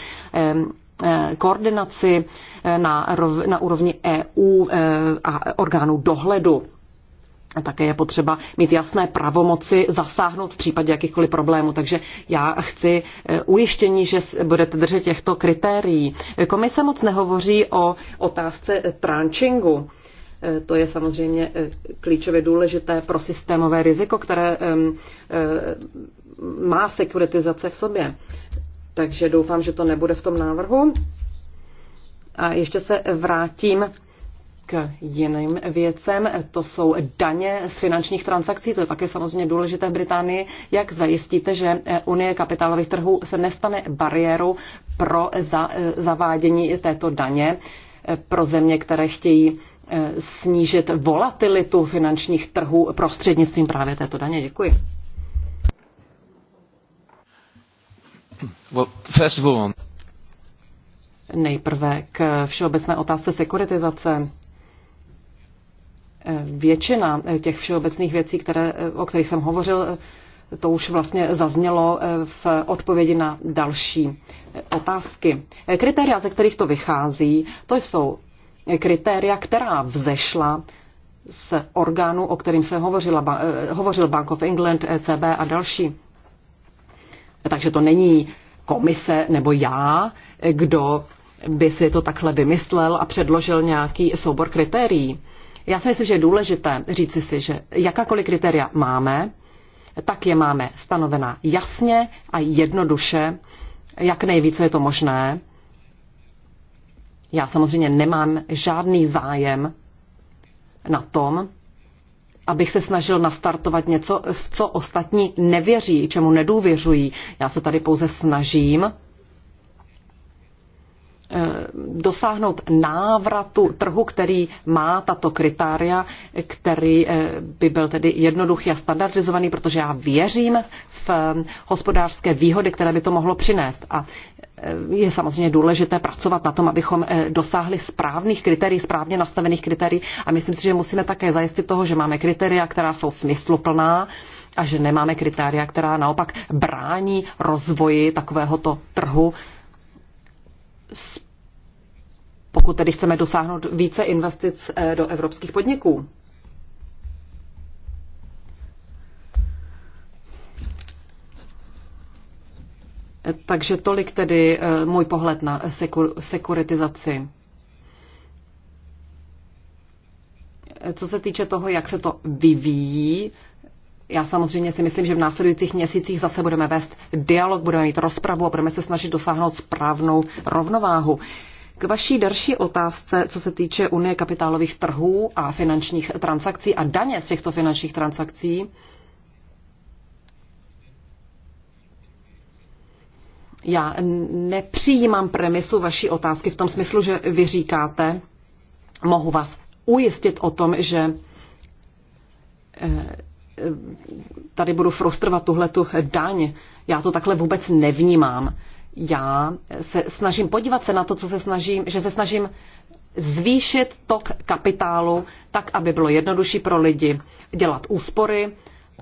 Eh, koordinaci eh, na, na úrovni EU eh, a orgánů dohledu. Také je potřeba mít jasné pravomoci zasáhnout v případě jakýchkoliv problémů. Takže já chci ujištění, že budete držet těchto kritérií. Komise moc nehovoří o otázce tranchingu. To je samozřejmě klíčově důležité pro systémové riziko, které má sekuritizace v sobě takže doufám, že to nebude v tom návrhu. A ještě se vrátím k jiným věcem. To jsou daně z finančních transakcí, to je také samozřejmě důležité v Británii. Jak zajistíte, že Unie kapitálových trhů se nestane bariérou pro za, zavádění této daně pro země, které chtějí eh, snížit volatilitu finančních trhů prostřednictvím právě této daně? Děkuji. Well, first of all... Nejprve k všeobecné otázce sekuritizace. Většina těch všeobecných věcí, které, o kterých jsem hovořil, to už vlastně zaznělo v odpovědi na další otázky. Kritéria, ze kterých to vychází, to jsou kritéria, která vzešla z orgánu, o kterým jsem hovořila, hovořil Bank of England, ECB a další. Takže to není komise nebo já, kdo by si to takhle vymyslel a předložil nějaký soubor kritérií. Já si myslím, že je důležité říci si, že jakákoliv kritéria máme, tak je máme stanovená jasně a jednoduše, jak nejvíce je to možné. Já samozřejmě nemám žádný zájem na tom, abych se snažil nastartovat něco, v co ostatní nevěří, čemu nedůvěřují. Já se tady pouze snažím Eh, dosáhnout návratu trhu, který má tato kritéria, který eh, by byl tedy jednoduchý a standardizovaný, protože já věřím v eh, hospodářské výhody, které by to mohlo přinést. A je samozřejmě důležité pracovat na tom, abychom dosáhli správných kritérií, správně nastavených kritérií a myslím si, že musíme také zajistit toho, že máme kritéria, která jsou smysluplná, a že nemáme kritéria, která naopak brání rozvoji takovéhoto trhu, pokud tedy chceme dosáhnout více investic eh, do evropských podniků. Takže tolik tedy eh, můj pohled na sekuritizaci. Eh, co se týče toho, jak se to vyvíjí, já samozřejmě si myslím, že v následujících měsících zase budeme vést dialog, budeme mít rozpravu a budeme se snažit dosáhnout správnou rovnováhu. K vaší další otázce, co se týče Unie kapitálových trhů a finančních transakcí a daně z těchto finančních transakcí, Já nepřijímám premisu vaší otázky v tom smyslu, že vy říkáte, mohu vás ujistit o tom, že eh, tady budu frustrovat tuhletu daň. Já to takhle vůbec nevnímám. Já se snažím podívat se na to, co se snažím, že se snažím zvýšit tok kapitálu tak, aby bylo jednodušší pro lidi dělat úspory,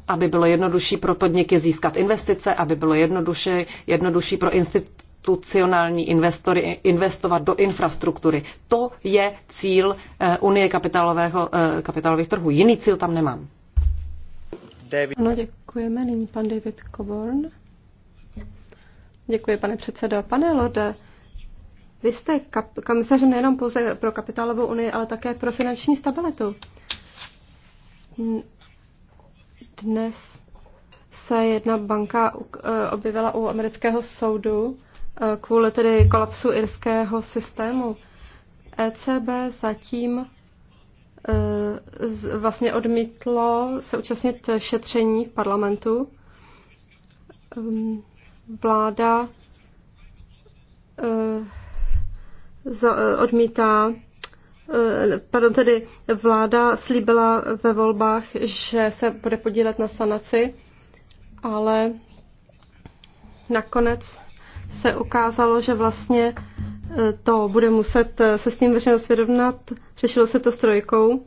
aby bylo jednodušší pro podniky získat investice, aby bylo jednodušší, jednodušší pro institucionální investory investovat do infrastruktury. To je cíl eh, Unie kapitálového, eh, kapitálových trhů. Jiný cíl tam nemám. David. Ano, děkujeme. Nyní pan David Coburn. Děkuji, pane předsedo. Pane Lorde, vy jste kap- komisařem nejenom pouze pro kapitálovou unii, ale také pro finanční stabilitu. Dnes se jedna banka uh, objevila u amerického soudu uh, kvůli tedy kolapsu irského systému. ECB zatím vlastně odmítlo se účastnit šetření v parlamentu. Ehm, vláda eh, odmítá eh, pardon, tedy vláda slíbila ve volbách, že se bude podílet na sanaci, ale nakonec se ukázalo, že vlastně to bude muset eh, se s tím veřejnost vyrovnat. Řešilo se to s trojkou.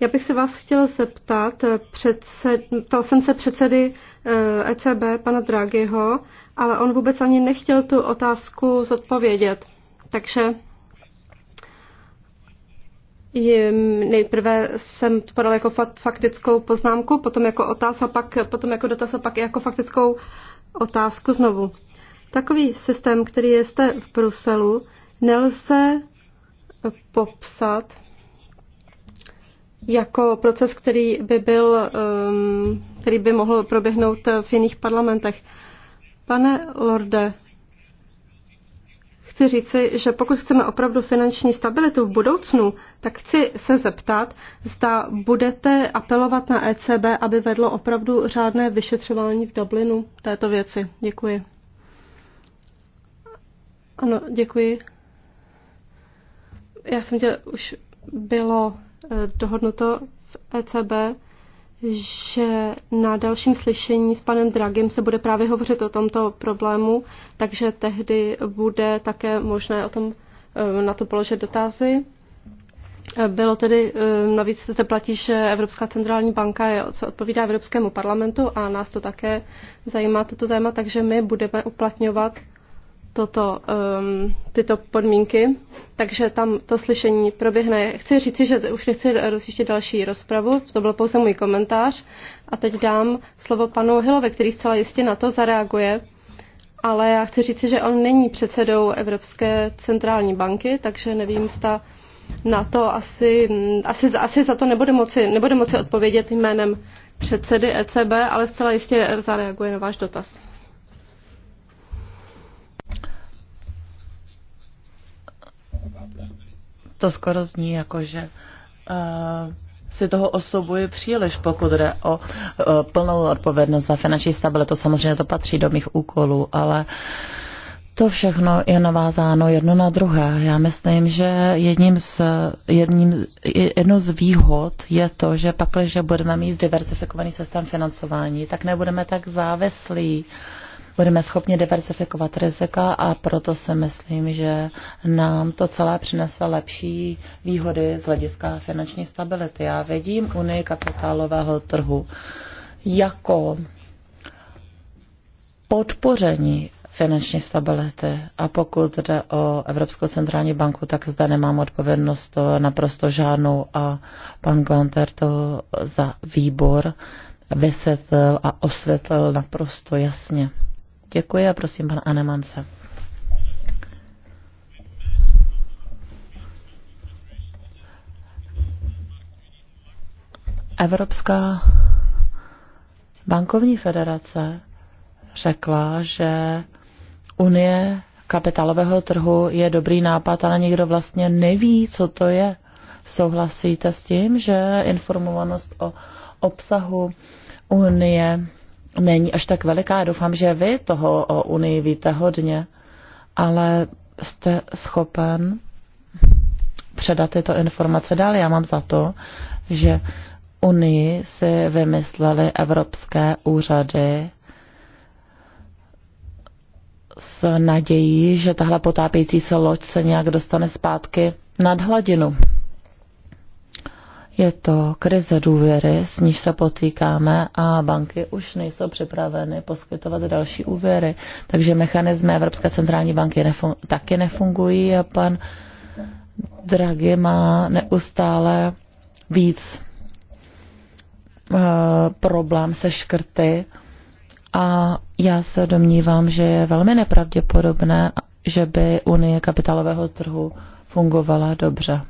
Já bych se vás chtěla zeptat, eh, ptal jsem se předsedy ECB, eh, e pana Draghiho, ale on vůbec ani nechtěl tu otázku zodpovědět. Takže nejprve jsem to podal jako faktickou poznámku, potom jako otáz a pak, potom jako dotaz a pak jako faktickou otázku znovu. Takový systém, který je v Bruselu, nelze popsat jako proces, který by, byl, um, který by mohl proběhnout v jiných parlamentech. Pane Lorde, chci říci, že pokud chceme opravdu finanční stabilitu v budoucnu, tak chci se zeptat, zda budete apelovat na ECB, aby vedlo opravdu řádné vyšetřování v Dublinu této věci. Děkuji. Ano, děkuji. Já jsem tě už bylo eh, dohodnuto v ECB, že na dalším slyšení s panem Dragem se bude právě hovořit o tomto problému, takže tehdy bude také možné o tom eh, na to položit dotazy. Eh, bylo tedy, navíc se platí, že Evropská centrální banka je, co odpovídá Evropskému parlamentu a nás to také zajímá toto téma, takže my budeme uplatňovat toto, um, tyto podmínky, takže tam to slyšení proběhne. Chci říci, že už nechci rozjíždět další rozpravu, to byl pouze můj komentář. A teď dám slovo panu Hilovi, který zcela jistě na to zareaguje. Ale já chci říci, že on není předsedou Evropské centrální banky, takže nevím, zda na to asi, asi, asi za to nebude moci, nebude moci odpovědět jménem předsedy ECB, ale zcela jistě zareaguje na váš dotaz. To skoro zní jako, že uh, si toho osobuje příliš, pokud jde o uh, plnou odpovědnost za finanční stabilitu. Samozřejmě to patří do mých úkolů, ale to všechno je navázáno jedno na druhé. Já myslím, že jedním z, jedním, jednou z výhod je to, že pak, když budeme mít diversifikovaný systém financování, tak nebudeme tak závislí uh, budeme schopni diversifikovat rizika a proto si myslím, že nám to celé přinese lepší výhody z hlediska finanční stability. Já vidím Unii kapitálového trhu jako podpoření finanční stability. A pokud jde o Evropskou centrální banku, tak zde nemám odpovědnost to naprosto žádnou a pan Gunter to za výbor vysvětlil a osvětlil naprosto jasně. Děkuji a prosím pan Anemance. Evropská bankovní federace řekla, že Unie kapitálového trhu je dobrý nápad, ale nikdo vlastně neví, co to je. Souhlasíte s tím, že informovanost o obsahu Unie není až tak veliká. Já doufám, že vy toho o Unii víte hodně, ale jste schopen předat tyto informace dál. Já mám za to, že Unii si vymysleli evropské úřady s nadějí, že tahle potápějící se loď se nějak dostane zpátky nad hladinu. Je to krize důvěry, s níž se potýkáme a banky už nejsou připraveny poskytovat další úvěry. Takže mechanizmy Evropské centrální banky nefun- taky nefungují a pan Draghi má neustále víc e, problém se škrty a já se domnívám, že je velmi nepravděpodobné, že by Unie kapitálového trhu fungovala dobře.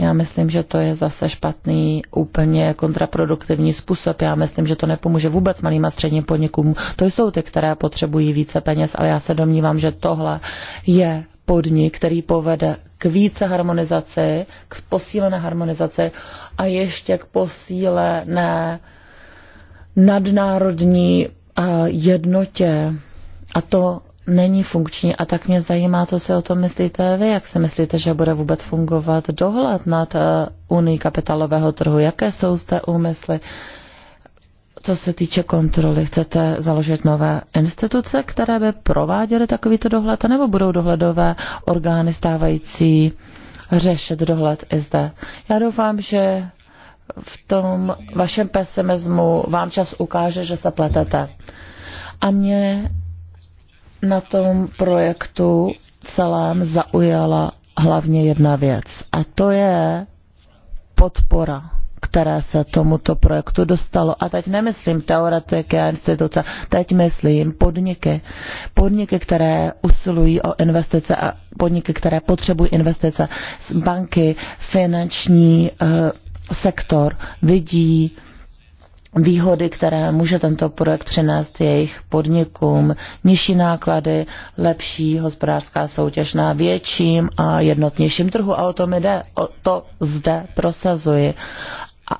Já myslím, že to je zase špatný, úplně kontraproduktivní způsob. Já myslím, že to nepomůže vůbec malým a středním podnikům. To jsou ty, které potřebují více peněz, ale já se domnívám, že tohle je podnik, který povede k více harmonizaci, k posílené harmonizaci a ještě k posílené nadnárodní eh, jednotě. A to není funkční a tak mě zajímá, co si o tom myslíte vy, jak si myslíte, že bude vůbec fungovat dohled nad eh, unii kapitalového trhu, jaké jsou zde úmysly, co se týče kontroly, chcete založit nové instituce, které by prováděly takovýto dohled, nebo budou dohledové orgány stávající řešit dohled i zde. Já doufám, že v tom vašem pesimismu vám čas ukáže, že se pletete. A mě na tom projektu celém zaujala hlavně jedna věc a to je podpora které se tomuto projektu dostalo. A teď nemyslím teoretiky a instituce, teď myslím podniky. Podniky, které usilují o investice a podniky, které potřebují investice. Banky, finanční uh, sektor vidí výhody, které může tento projekt přinést jejich podnikům, nižší náklady, lepší hospodářská soutěž na větším a jednotnějším trhu. A o to mi jde, o to zde prosazuji. A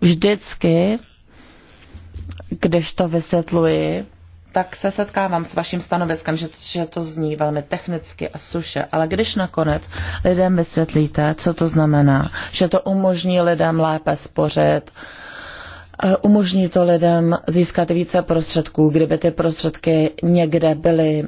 vždycky, když to vysvětluji, tak se setkávám s vaším stanoviskem, že, že to zní velmi technicky a suše, ale když nakonec lidem vysvětlíte, co to znamená, že to umožní lidem lépe spořit, uh, Umožní to lidem získat více prostředků, kdyby ty prostředky někde byly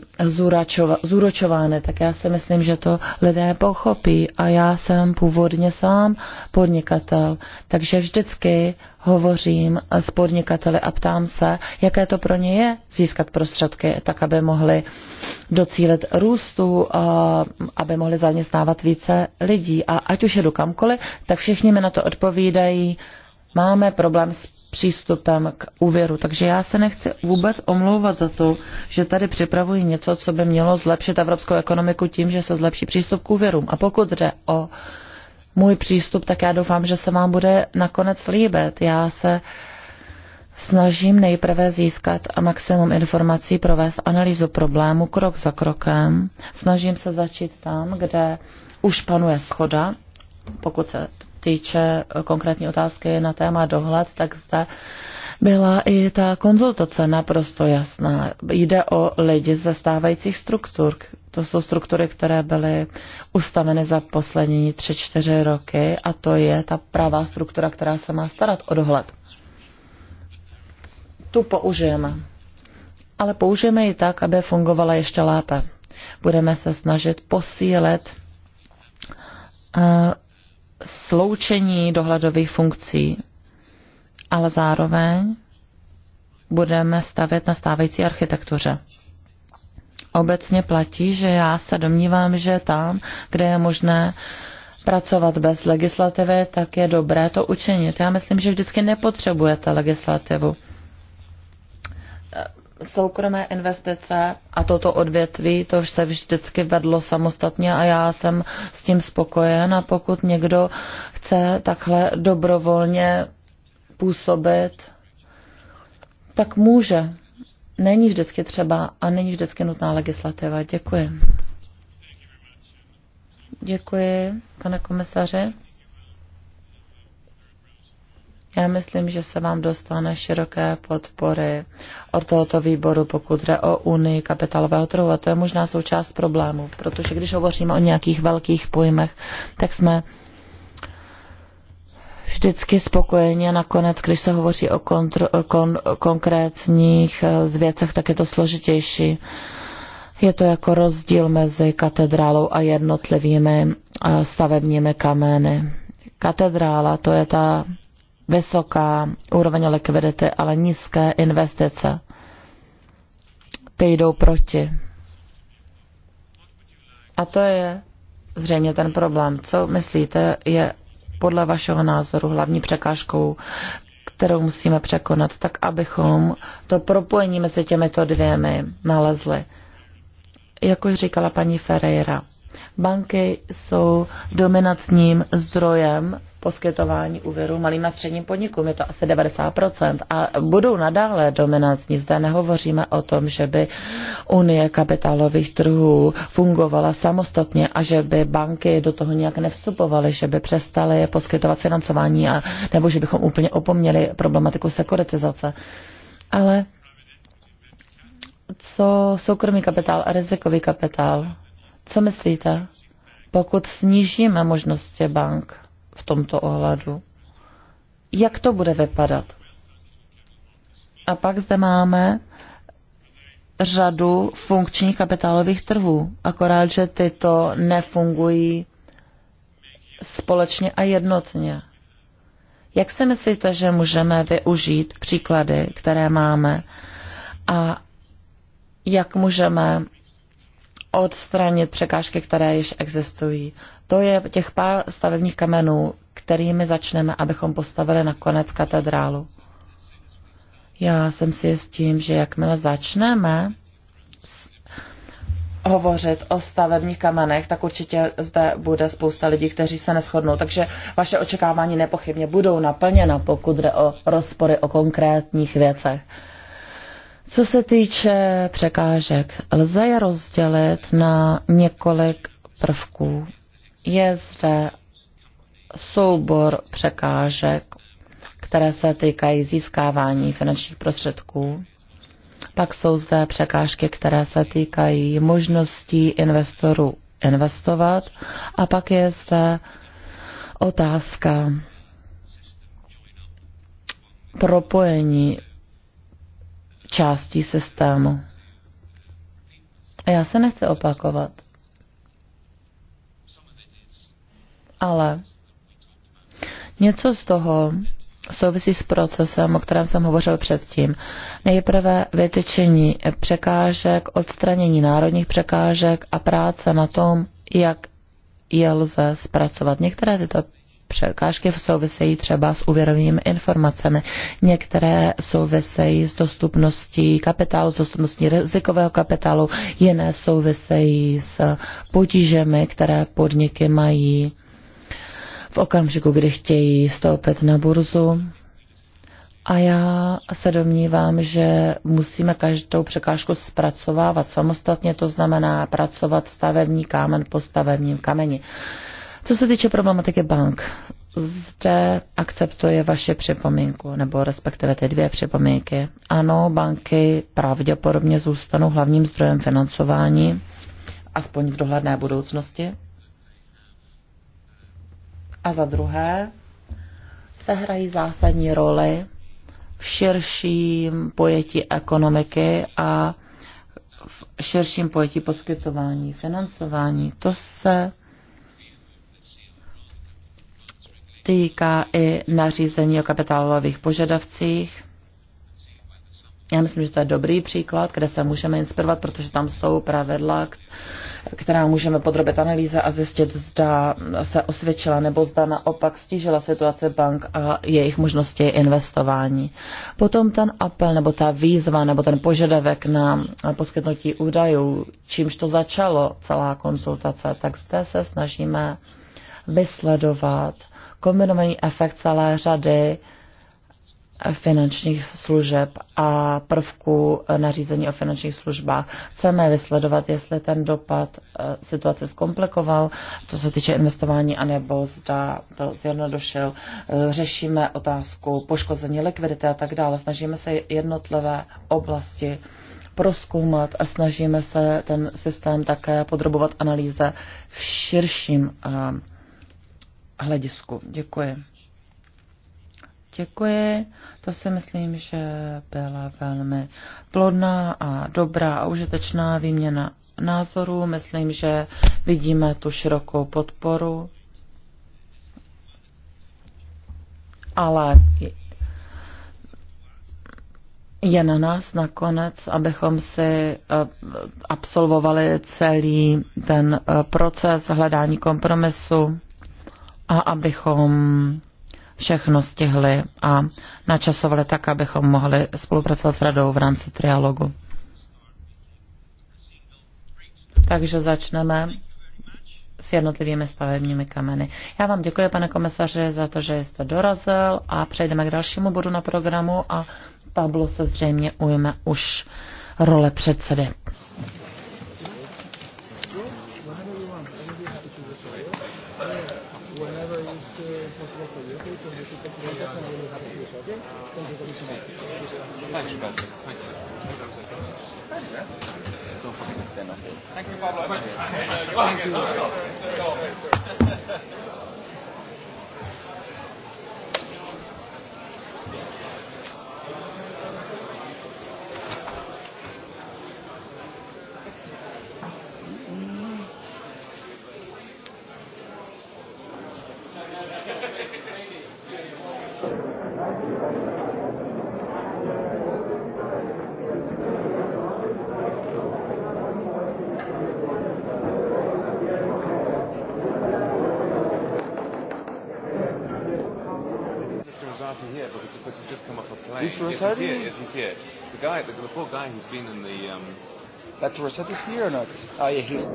zúročovány, tak já si myslím, že to lidé pochopí. A já jsem původně sám podnikatel, takže vždycky hovořím s podnikateli a ptám se, jaké to pro ně je získat prostředky, tak aby mohli docílit růstu, a aby mohli zaměstnávat více lidí. A ať už jedu kamkoliv, tak všichni mi na to odpovídají, máme problém s přístupem k úvěru. Takže já se nechci vůbec omlouvat za to, že tady připravuji něco, co by mělo zlepšit evropskou ekonomiku tím, že se zlepší přístup k úvěrům. A pokud jde o můj přístup, tak já doufám, že se vám bude nakonec líbit. Já se snažím nejprve získat maximum informací, provést analýzu problému krok za krokem. Snažím se začít tam, kde už panuje schoda, pokud se týče konkrétní otázky na téma dohled, tak zde byla i ta konzultace naprosto jasná. Jde o lidi ze stávajících struktur. To jsou struktury, které byly ustaveny za poslední tři, čtyři roky a to je ta pravá struktura, která se má starat o dohled. Tu použijeme. Ale použijeme ji tak, aby fungovala ještě lépe. Budeme se snažit posílit eh, sloučení dohledových funkcí, ale zároveň budeme stavět na stávající architektuře. Obecně platí, že já se domnívám, že tam, kde je možné pracovat bez legislativy, tak je dobré to učinit. Já myslím, že vždycky nepotřebujete legislativu soukromé investice a toto odvětví, to se vždycky vedlo samostatně a já jsem s tím spokojen a pokud někdo chce takhle dobrovolně působit, tak může. Není vždycky třeba a není vždycky nutná legislativa. Děkuji. Děkuji, pane komisaři. Já myslím, že se vám dostane široké podpory od tohoto výboru, pokud jde o Unii kapitálového trhu. A to je možná součást problému, protože když hovoříme o nějakých velkých pojmech, tak jsme vždycky spokojeni a nakonec, když se hovoří o kontr, kon, konkrétních eh, z věcech, tak je to složitější. Je to jako rozdíl mezi katedrálou a jednotlivými eh, stavebními kameny. Katedrála to je ta vysoká úroveň likvidity, ale nízké investice. Ty jdou proti. A to je zřejmě ten problém. Co myslíte, je podle vašeho názoru hlavní překážkou, kterou musíme překonat, tak abychom to propojení mezi těmito dvěmi nalezli. Jak už říkala paní Ferreira, banky jsou dominantním zdrojem poskytování úvěru malým a středním podnikům. Je to asi 90%. A budou nadále dominantní. Zde nehovoříme o tom, že by Unie kapitálových trhů fungovala samostatně a že by banky do toho nějak nevstupovaly, že by přestaly poskytovat financování a, nebo že bychom úplně opomněli problematiku sekuritizace. Ale co soukromý kapitál a rizikový kapitál? Co myslíte? Pokud snížíme možnosti bank, v tomto ohledu. Jak to bude vypadat? A pak zde máme řadu funkčních kapitálových trhů, akorát, že tyto nefungují společně a jednotně. Jak si myslíte, že můžeme využít příklady, které máme a jak můžeme odstranit překážky, které již existují to je těch pár stavebních kamenů, kterými začneme, abychom postavili nakonec katedrálu. Já jsem si s tím, že jakmile začneme hovořit o stavebních kamenech, tak určitě zde bude spousta lidí, kteří se neschodnou. Takže vaše očekávání nepochybně budou naplněna, pokud jde o rozpory o konkrétních věcech. Co se týče překážek, lze je rozdělit na několik prvků. Je zde soubor překážek, které se týkají získávání finančních prostředků. Pak jsou zde překážky, které se týkají možností investorů investovat. A pak je zde otázka propojení částí systému. Já se nechci opakovat. ale něco z toho souvisí s procesem, o kterém jsem hovořil předtím. Nejprve vytyčení překážek, odstranění národních překážek a práce na tom, jak je lze zpracovat. Některé tyto překážky souvisejí třeba s úvěrovými informacemi, některé souvisejí s dostupností kapitálu, s dostupností rizikového kapitálu, jiné souvisejí s potížemi, které podniky mají v okamžiku, kdy chtějí stoupit na burzu. A já se domnívám, že musíme každou překážku zpracovávat samostatně, to znamená pracovat stavební kámen po stavebním kameni. Co se týče problematiky bank, zde akceptuje vaše připomínku, nebo respektive ty dvě připomínky. Ano, banky pravděpodobně zůstanou hlavním zdrojem financování, aspoň v dohledné budoucnosti a za druhé se hrají zásadní roli v širším pojetí ekonomiky a v širším pojetí poskytování, financování. To se týká i nařízení o kapitálových požadavcích já myslím, že to je dobrý příklad, kde se můžeme inspirovat, protože tam jsou pravidla, která můžeme podrobit analýze a zjistit, zda se osvědčila nebo zda naopak stížila situace bank a jejich možnosti investování. Potom ten apel nebo ta výzva nebo ten požadavek na poskytnutí údajů, čímž to začalo celá konzultace, tak zde se snažíme vysledovat kombinovaný efekt celé řady finančních služeb a prvků nařízení o finančních službách. Chceme vysledovat, jestli ten dopad eh, situace zkomplikoval, co se týče investování, anebo zda to zjednodušil. Eh, řešíme otázku poškození likvidity a tak dále. Snažíme se jednotlivé oblasti proskoumat a snažíme se ten systém také podrobovat analýze v širším eh, hledisku. Děkuji. Děkuji. To si myslím, že byla velmi plodná a dobrá a užitečná výměna názorů. Myslím, že vidíme tu širokou podporu. Ale je na nás nakonec, abychom si eh, absolvovali celý ten eh, proces hledání kompromisu a abychom všechno stihli a načasovali tak, abychom mohli spolupracovat s radou v rámci trialogu. Takže začneme s jednotlivými stavebními kameny. Já vám děkuji, pane komisaři, za to, že jste dorazil a přejdeme k dalšímu bodu na programu a Pablo se zřejmě ujme už role předsedy. Carlos. as He's here. The guy, the, the poor guy who's been in the. Um... That was that this or not? Oh, yeah, he's.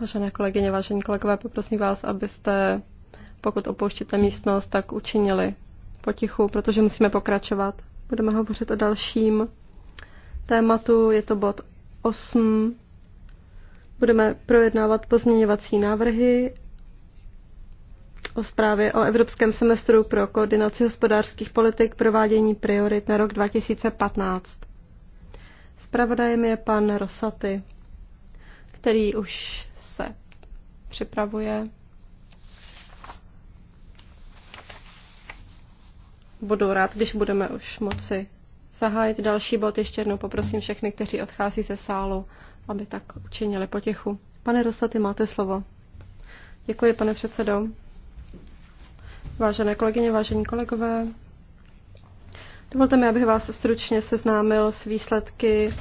Vážené kolegyně, vážení kolegové, poprosím vás, abyste, pokud opouštíte místnost, tak učinili potichu, protože musíme pokračovat. Budeme hovořit o dalším tématu, je to bod 8. Budeme projednávat pozměňovací návrhy o zprávě o Evropském semestru pro koordinaci hospodářských politik provádění priorit na rok 2015. Zpravodajem je pan Rosaty který už se připravuje. Budu rád, když budeme už moci zahájit další bod. Ještě jednou poprosím všechny, kteří odchází ze sálu, aby tak učinili potichu. Pane Rosaty, máte slovo. Děkuji, pane předsedo. Vážené kolegyně, vážení kolegové, dovolte mi, abych vás stručně seznámil s výsledky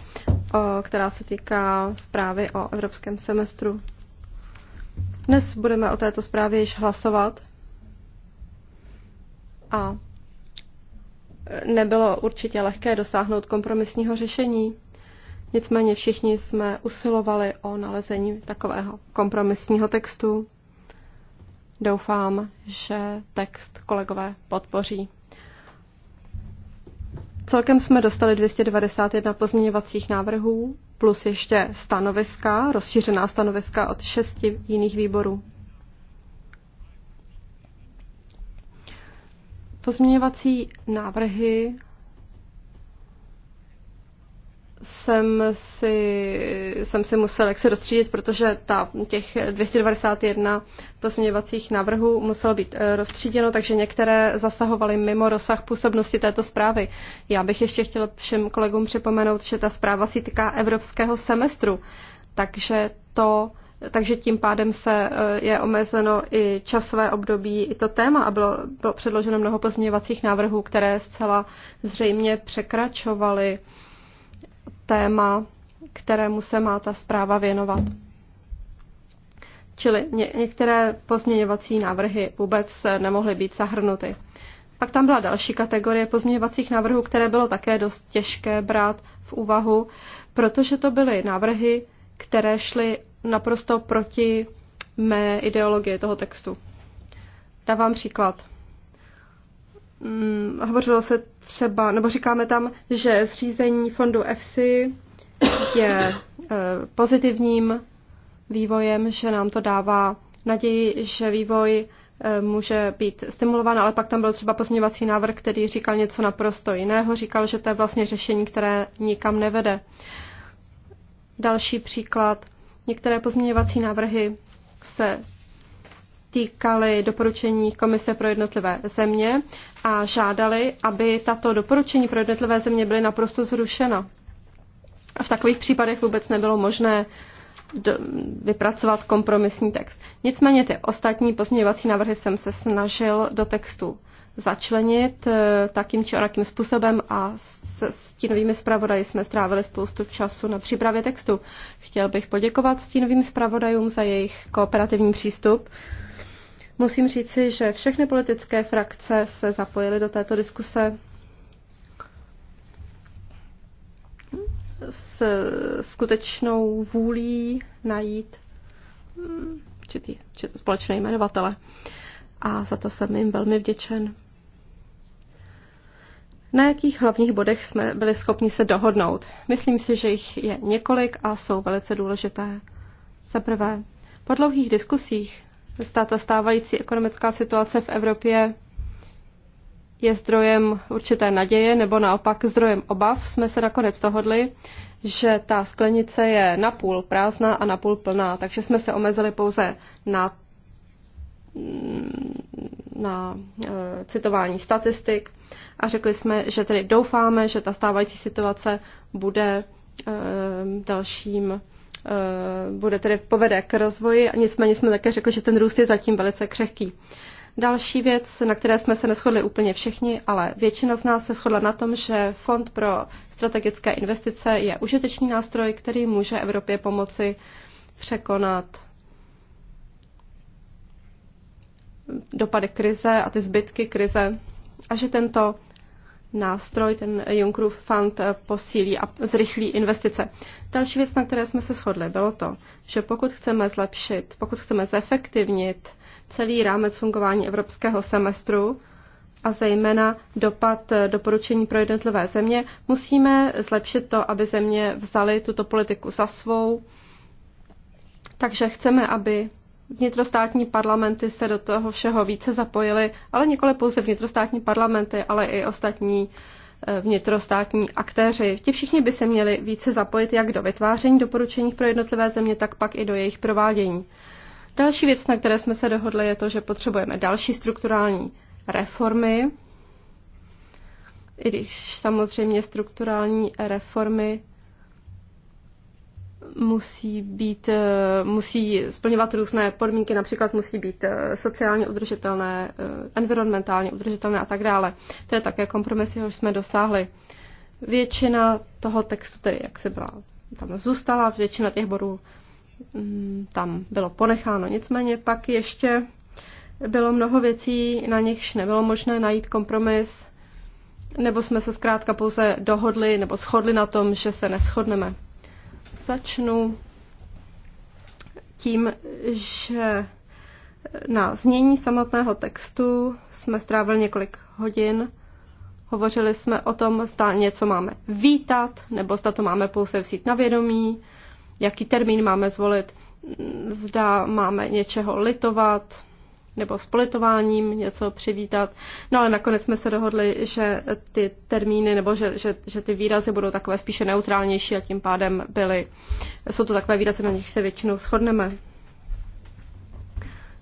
která se týká zprávy o evropském semestru. Dnes budeme o této zprávě již hlasovat a nebylo určitě lehké dosáhnout kompromisního řešení. Nicméně všichni jsme usilovali o nalezení takového kompromisního textu. Doufám, že text kolegové podpoří. Celkem jsme dostali 291 pozměňovacích návrhů, plus ještě stanoviska, rozšířená stanoviska od šesti jiných výborů. Pozměňovací návrhy jsem si, jsem si musel jak se rozstřídit, protože ta, těch 291 pozměňovacích návrhů muselo být eh, rozstříděno, takže některé zasahovaly mimo rozsah působnosti této zprávy. Já bych ještě chtěla všem kolegům připomenout, že ta zpráva si týká evropského semestru, takže to takže tím pádem se eh, je omezeno i časové období, i to téma a bylo, bylo předloženo mnoho pozměňovacích návrhů, které zcela zřejmě překračovaly téma, kterému se má ta zpráva věnovat. Čili ně, některé pozměňovací návrhy vůbec nemohly být zahrnuty. Pak tam byla další kategorie pozměňovacích návrhů, které bylo také dost těžké brát v úvahu, protože to byly návrhy, které šly naprosto proti mé ideologii toho textu. Dávám příklad hm, hovořilo se třeba, nebo říkáme tam, že zřízení fondu EFSI je e, pozitivním vývojem, že nám to dává naději, že vývoj e, může být stimulován, ale pak tam byl třeba pozměňovací návrh, který říkal něco naprosto jiného, říkal, že to je vlastně řešení, které nikam nevede. Další příklad. Některé pozměňovací návrhy se týkaly doporučení Komise pro jednotlivé země a žádali, aby tato doporučení pro jednotlivé země byly naprosto zrušena. A v takových případech vůbec nebylo možné do, vypracovat kompromisní text. Nicméně ty ostatní pozměňovací návrhy jsem se snažil do textu začlenit eh, takým či onakým způsobem a se stínovými zpravodaji jsme strávili spoustu času na přípravě textu. Chtěl bych poděkovat stínovým zpravodajům za jejich kooperativní přístup Musím říci, že všechny politické frakce se zapojily do této diskuse. s skutečnou vůlí najít mm, čitý, čitý společné jmenovatele. A za to jsem jim velmi vděčen. Na jakých hlavních bodech jsme byli schopni se dohodnout? Myslím si, že jich je několik a jsou velice důležité. Za prvé, po dlouhých diskusích ta stávající ekonomická situace v Evropě je zdrojem určité naděje, nebo naopak zdrojem obav, jsme se nakonec dohodli, že ta sklenice je napůl prázdná a napůl plná, takže jsme se omezili pouze na, na e, citování statistik a řekli jsme, že tedy doufáme, že ta stávající situace bude e, dalším Eh, bude tedy povede k rozvoji. Nicméně jsme také řekli, že ten růst je zatím velice křehký. Další věc, na které jsme se neschodli úplně všichni, ale většina z nás se shodla na tom, že Fond pro strategické investice je užitečný nástroj, který může Evropě pomoci překonat dopady krize a ty zbytky krize a že tento nástroj, ten Junckerův fond eh, posílí a zrychlí investice. Další věc, na které jsme se shodli, bylo to, že pokud chceme zlepšit, pokud chceme zefektivnit celý rámec fungování evropského semestru a zejména dopad eh, doporučení pro jednotlivé země, musíme zlepšit to, aby země vzaly tuto politiku za svou. Takže chceme, aby vnitrostátní parlamenty se do toho všeho více zapojily, ale nikoli pouze vnitrostátní parlamenty, ale i ostatní eh, vnitrostátní aktéři. Ti všichni by se měli více zapojit jak do vytváření doporučení pro jednotlivé země, tak pak i do jejich provádění. Další věc, na které jsme se dohodli, je to, že potřebujeme další strukturální reformy, i když samozřejmě strukturální reformy musí být, eh, musí splňovat různé podmínky, například musí být eh, sociálně udržitelné, eh, environmentálně udržitelné a tak dále. To je také kompromis, jehož jsme dosáhli. Většina toho textu, tedy jak se byla, tam zůstala, většina těch bodů mm, tam bylo ponecháno. Nicméně pak ještě bylo mnoho věcí, na nichž nebylo možné najít kompromis, nebo jsme se zkrátka pouze dohodli nebo shodli na tom, že se neschodneme. Začnu tím, že na znění samotného textu jsme strávili několik hodin. Hovořili jsme o tom, zda něco máme vítat, nebo zda to máme pouze vzít na vědomí, jaký termín máme zvolit, zda máme něčeho litovat, nebo s politováním něco přivítat. No ale nakonec jsme se dohodli, že ty termíny nebo že, že, že ty výrazy budou takové spíše neutrálnější a tím pádem byly, jsou to takové výrazy, na nich se většinou shodneme.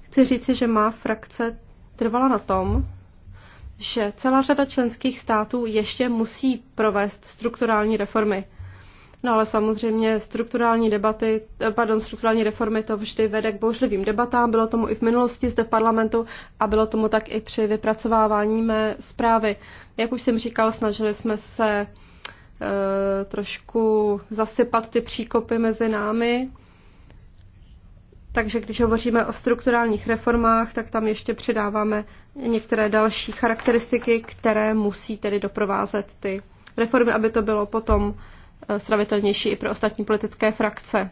Chci říci, že má frakce trvala na tom, že celá řada členských států ještě musí provést strukturální reformy. No ale samozřejmě strukturální debaty, pardon, strukturální reformy to vždy vede k bouřlivým debatám. Bylo tomu i v minulosti zde v parlamentu a bylo tomu tak i při vypracovávání mé zprávy. Jak už jsem říkal, snažili jsme se eh, trošku zasypat ty příkopy mezi námi. Takže když hovoříme o strukturálních reformách, tak tam ještě přidáváme některé další charakteristiky, které musí tedy doprovázet ty reformy, aby to bylo potom Eh, stravitelnější i pro ostatní politické frakce.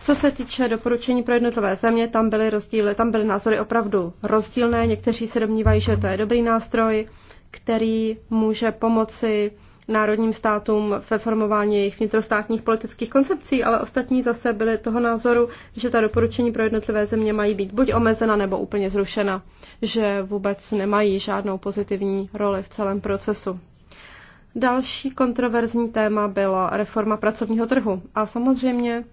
Co se týče doporučení pro jednotlivé země, tam byly rozdíly, tam byly názory opravdu rozdílné. Někteří se domnívají, že to je dobrý nástroj, který může pomoci národním státům ve formování jejich vnitrostátních politických koncepcí, ale ostatní zase byly toho názoru, že ta doporučení pro jednotlivé země mají být buď omezena nebo úplně zrušena, že vůbec nemají žádnou pozitivní roli v celém procesu. Další kontroverzní téma byla reforma pracovního trhu. A samozřejmě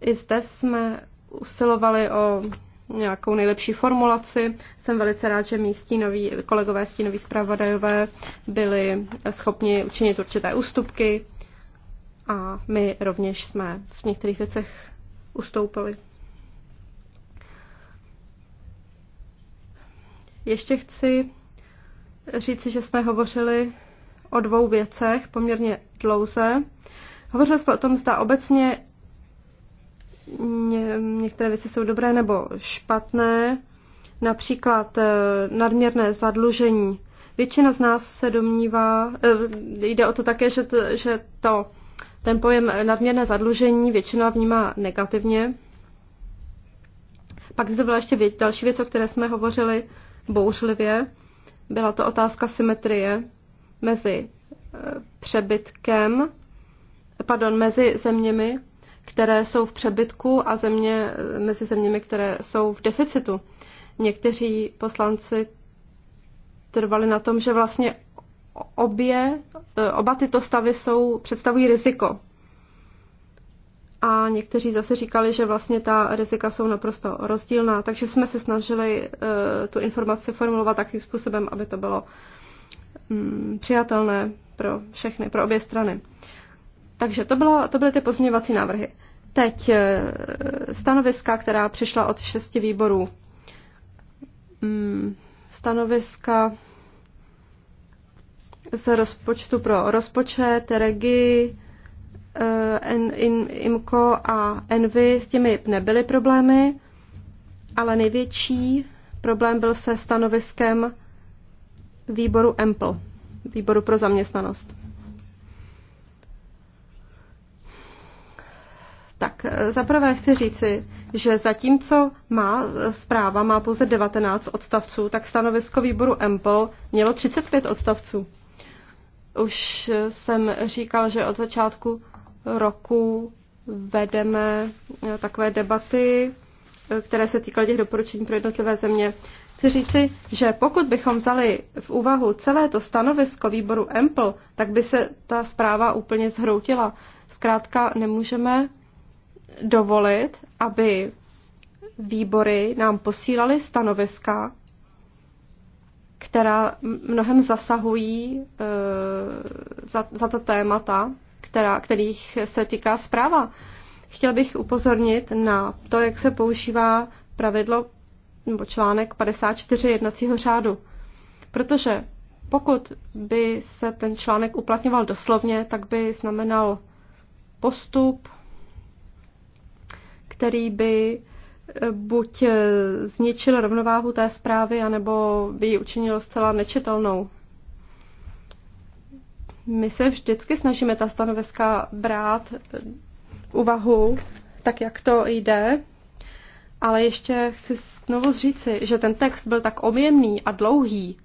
i zde jsme usilovali o nějakou nejlepší formulaci. Jsem velice rád, že mý stínový, kolegové stínoví zpravodajové byli schopni učinit určité ústupky a my rovněž jsme v některých věcech ustoupili. Ještě chci říci, že jsme hovořili o dvou věcech poměrně dlouze. Hovořili jsme o tom, zda obecně některé věci jsou dobré nebo špatné, například eh, nadměrné zadlužení. Většina z nás se domnívá, eh, jde o to také, že, t, že to, ten pojem nadměrné zadlužení většina vnímá negativně. Pak zde byla ještě věc, další věc, o které jsme hovořili bouřlivě. Byla to otázka symetrie mezi eh, přebytkem, pardon, mezi zeměmi, které jsou v přebytku a země, eh, mezi zeměmi, které jsou v deficitu. Někteří poslanci trvali na tom, že vlastně obě, eh, oba tyto stavy jsou, představují riziko a někteří zase říkali, že vlastně ta rizika jsou naprosto rozdílná, takže jsme se snažili eh, tu informaci formulovat takým způsobem, aby to bylo mm, přijatelné pro všechny, pro obě strany. Takže to, bylo, to byly ty pozměňovací návrhy. Teď eh, stanoviska, která přišla od šesti výborů. Mm, stanoviska z rozpočtu pro rozpočet, regii, Eh, IMCO a Envy s těmi nebyly problémy, ale největší problém byl se stanoviskem výboru EMPL, výboru pro zaměstnanost. Tak eh, zaprvé chci říci, že zatímco má eh, zpráva má pouze 19 odstavců, tak stanovisko výboru EMPL mělo 35 odstavců. Už jsem říkal, že od začátku roku vedeme eh, takové debaty, eh, které se týkaly těch doporučení pro jednotlivé země. Chci říci, že pokud bychom vzali v úvahu celé to stanovisko výboru EMPL, tak by se ta zpráva úplně zhroutila. Zkrátka nemůžeme dovolit, aby výbory nám posílaly stanoviska, která mnohem zasahují e, za, za ta témata, která, kterých se týká zpráva. Chtěl bych upozornit na to, jak se používá pravidlo nebo článek 54 jednacího řádu. Protože pokud by se ten článek uplatňoval doslovně, tak by znamenal postup, který by eh, buď eh, zničil rovnováhu té zprávy, anebo by ji učinil zcela nečitelnou. My se vždycky snažíme ta stanoviska brát uvahu, úvahu, tak jak to jde, ale ještě chci znovu říci, že ten text byl tak objemný a dlouhý,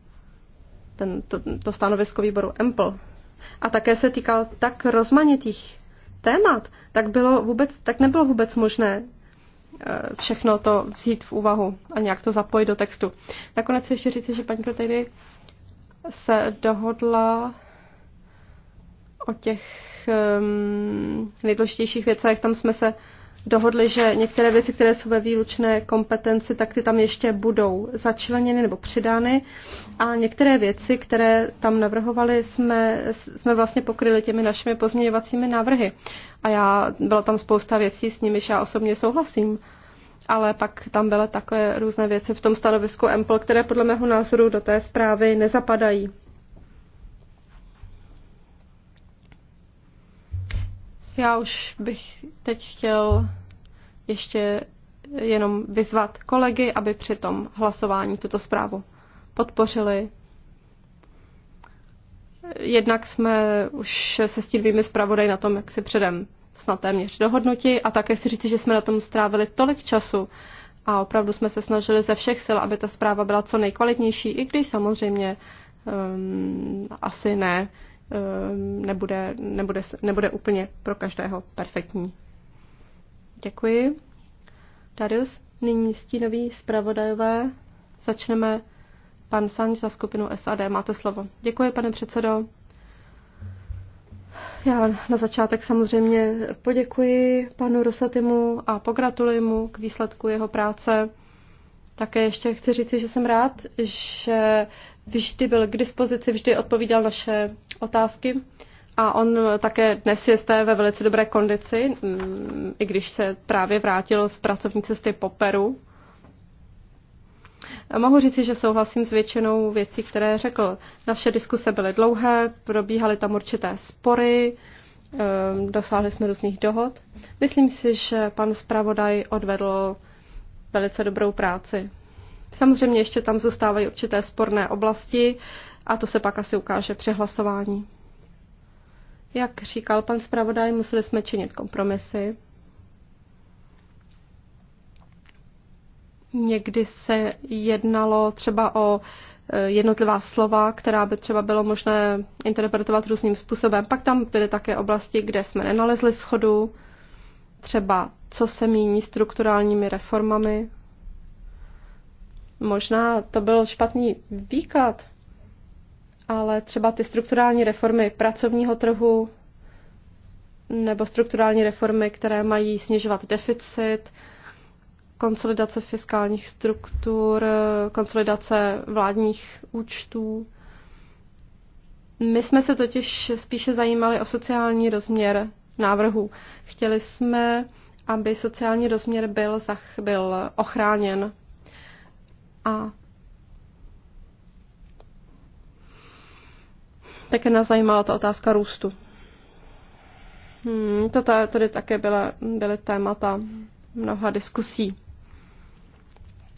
ten, to, to stanovisko výboru EMPL, a také se týkal tak rozmanitých témat, tak, bylo vůbec, tak nebylo vůbec možné eh, všechno to vzít v úvahu a nějak to zapojit do textu. Nakonec ještě říci, že paní Protejdy se dohodla o těch um, nejdůležitějších věcech. Tam jsme se dohodli, že některé věci, které jsou ve výlučné kompetenci, tak ty tam ještě budou začleněny nebo přidány. A některé věci, které tam navrhovali, jsme, jsme vlastně pokryli těmi našimi pozměňovacími návrhy. A já, byla tam spousta věcí, s nimiž já osobně souhlasím. Ale pak tam byly takové různé věci v tom stanovisku Empl, které podle mého názoru do té zprávy nezapadají. Já už bych teď chtěl ještě jenom vyzvat kolegy, aby při tom hlasování tuto zprávu podpořili. Jednak jsme už se stílvými zpravodaj na tom, jak si předem snad téměř dohodnuti a také si říci, že jsme na tom strávili tolik času a opravdu jsme se snažili ze všech sil, aby ta zpráva byla co nejkvalitnější, i když samozřejmě um, asi ne Ehm, nebude, nebude, nebude úplně pro každého perfektní. Děkuji. Darius, nyní stínový zpravodajové. Začneme pan Sanč za skupinu SAD. Máte slovo. Děkuji, pane předsedo. Já na začátek samozřejmě poděkuji panu Rosatimu a pogratuluji mu k výsledku jeho práce. Také ještě chci říci, že jsem rád, že vždy byl k dispozici, vždy odpovídal naše otázky. A on také dnes je zde ve velice dobré kondici, mm, i když se právě vrátil z pracovní cesty po Peru. A mohu říci, že souhlasím s většinou věcí, které řekl. Naše diskuse byly dlouhé, probíhaly tam určité spory, ehm, dosáhli jsme různých dohod. Myslím si, že pan zpravodaj odvedl velice dobrou práci. Samozřejmě ještě tam zůstávají určité sporné oblasti a to se pak asi ukáže při hlasování. Jak říkal pan zpravodaj, museli jsme činit kompromisy. Někdy se jednalo třeba o e, jednotlivá slova, která by třeba bylo možné interpretovat různým způsobem. Pak tam byly také oblasti, kde jsme nenalezli schodu, třeba co se míní strukturálními reformami. Možná to byl špatný výklad, ale třeba ty strukturální reformy pracovního trhu nebo strukturální reformy, které mají snižovat deficit, konsolidace fiskálních struktur, konsolidace vládních účtů. My jsme se totiž spíše zajímali o sociální rozměr návrhu. Chtěli jsme, aby sociální rozměr byl, zach, byl ochráněn a také nás zajímala ta otázka růstu. Hmm, to tady také byla, byly témata mnoha diskusí.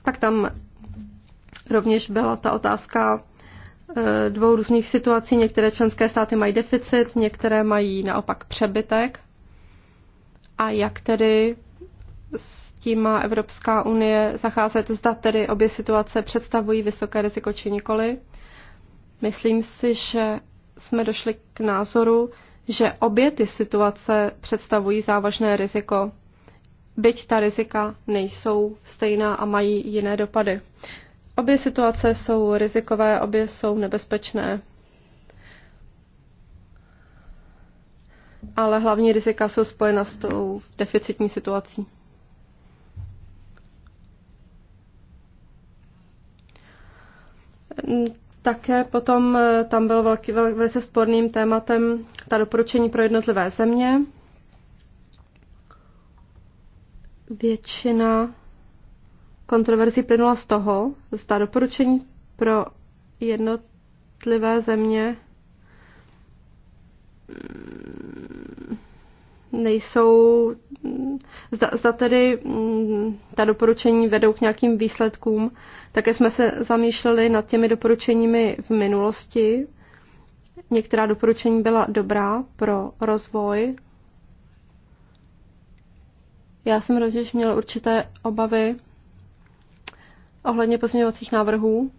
Pak tam rovněž byla ta otázka eh, dvou různých situací. Některé členské státy mají deficit, některé mají naopak přebytek. A jak tedy tím má Evropská unie zacházet, zda tedy obě situace představují vysoké riziko či nikoli. Myslím si, že jsme došli k názoru, že obě ty situace představují závažné riziko, byť ta rizika nejsou stejná a mají jiné dopady. Obě situace jsou rizikové, obě jsou nebezpečné. Ale hlavní rizika jsou spojena s tou deficitní situací. Také potom eh, tam bylo velký, vel, velice sporným tématem ta doporučení pro jednotlivé země. Většina kontroverzí plynula z toho, z ta doporučení pro jednotlivé země nejsou, zda, zda tedy mm, ta doporučení vedou k nějakým výsledkům. Také jsme se zamýšleli nad těmi doporučeními v minulosti. Některá doporučení byla dobrá pro rozvoj. Já jsem rovněž měl určité obavy ohledně pozměňovacích návrhů.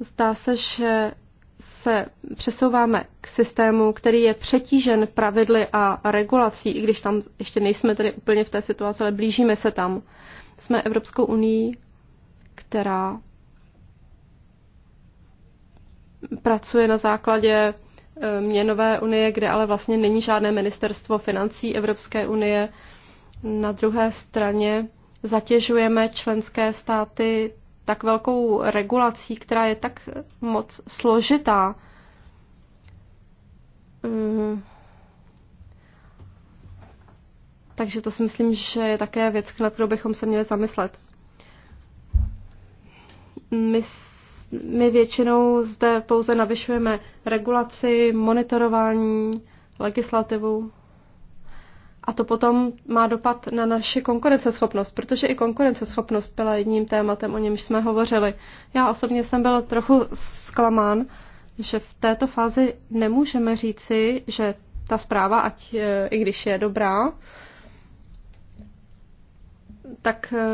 Zdá se, že se přesouváme k systému, který je přetížen pravidly a regulací, i když tam ještě nejsme tedy úplně v té situaci, ale blížíme se tam. Jsme Evropskou unii, která pracuje na základě eh, měnové unie, kde ale vlastně není žádné ministerstvo financí Evropské unie. Na druhé straně zatěžujeme členské státy tak velkou regulací, která je tak moc složitá. Ehm. Takže to si myslím, že je také věc, nad kterou bychom se měli zamyslet. My, my většinou zde pouze navyšujeme regulaci, monitorování, legislativu. A to potom má dopad na naši konkurenceschopnost, protože i konkurenceschopnost byla jedním tématem, o němž jsme hovořili. Já osobně jsem byl trochu zklamán, že v této fázi nemůžeme říci, že ta zpráva, ať e, i když je dobrá, tak e,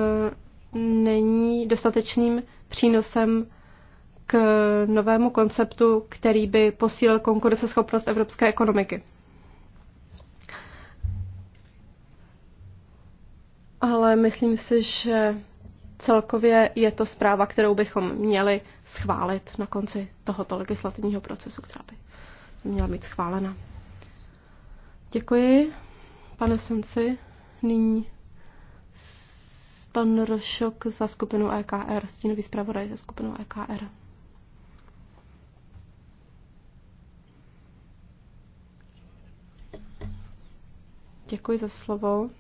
není dostatečným přínosem k novému konceptu, který by posílil konkurenceschopnost evropské ekonomiky. ale myslím si, že celkově je to zpráva, kterou bychom měli schválit na konci tohoto legislativního procesu, která by měla být schválena. Děkuji, pane Senci. Nyní pan Rošok za skupinu EKR, stínový zpravodaj za skupinu EKR. Děkuji za slovo.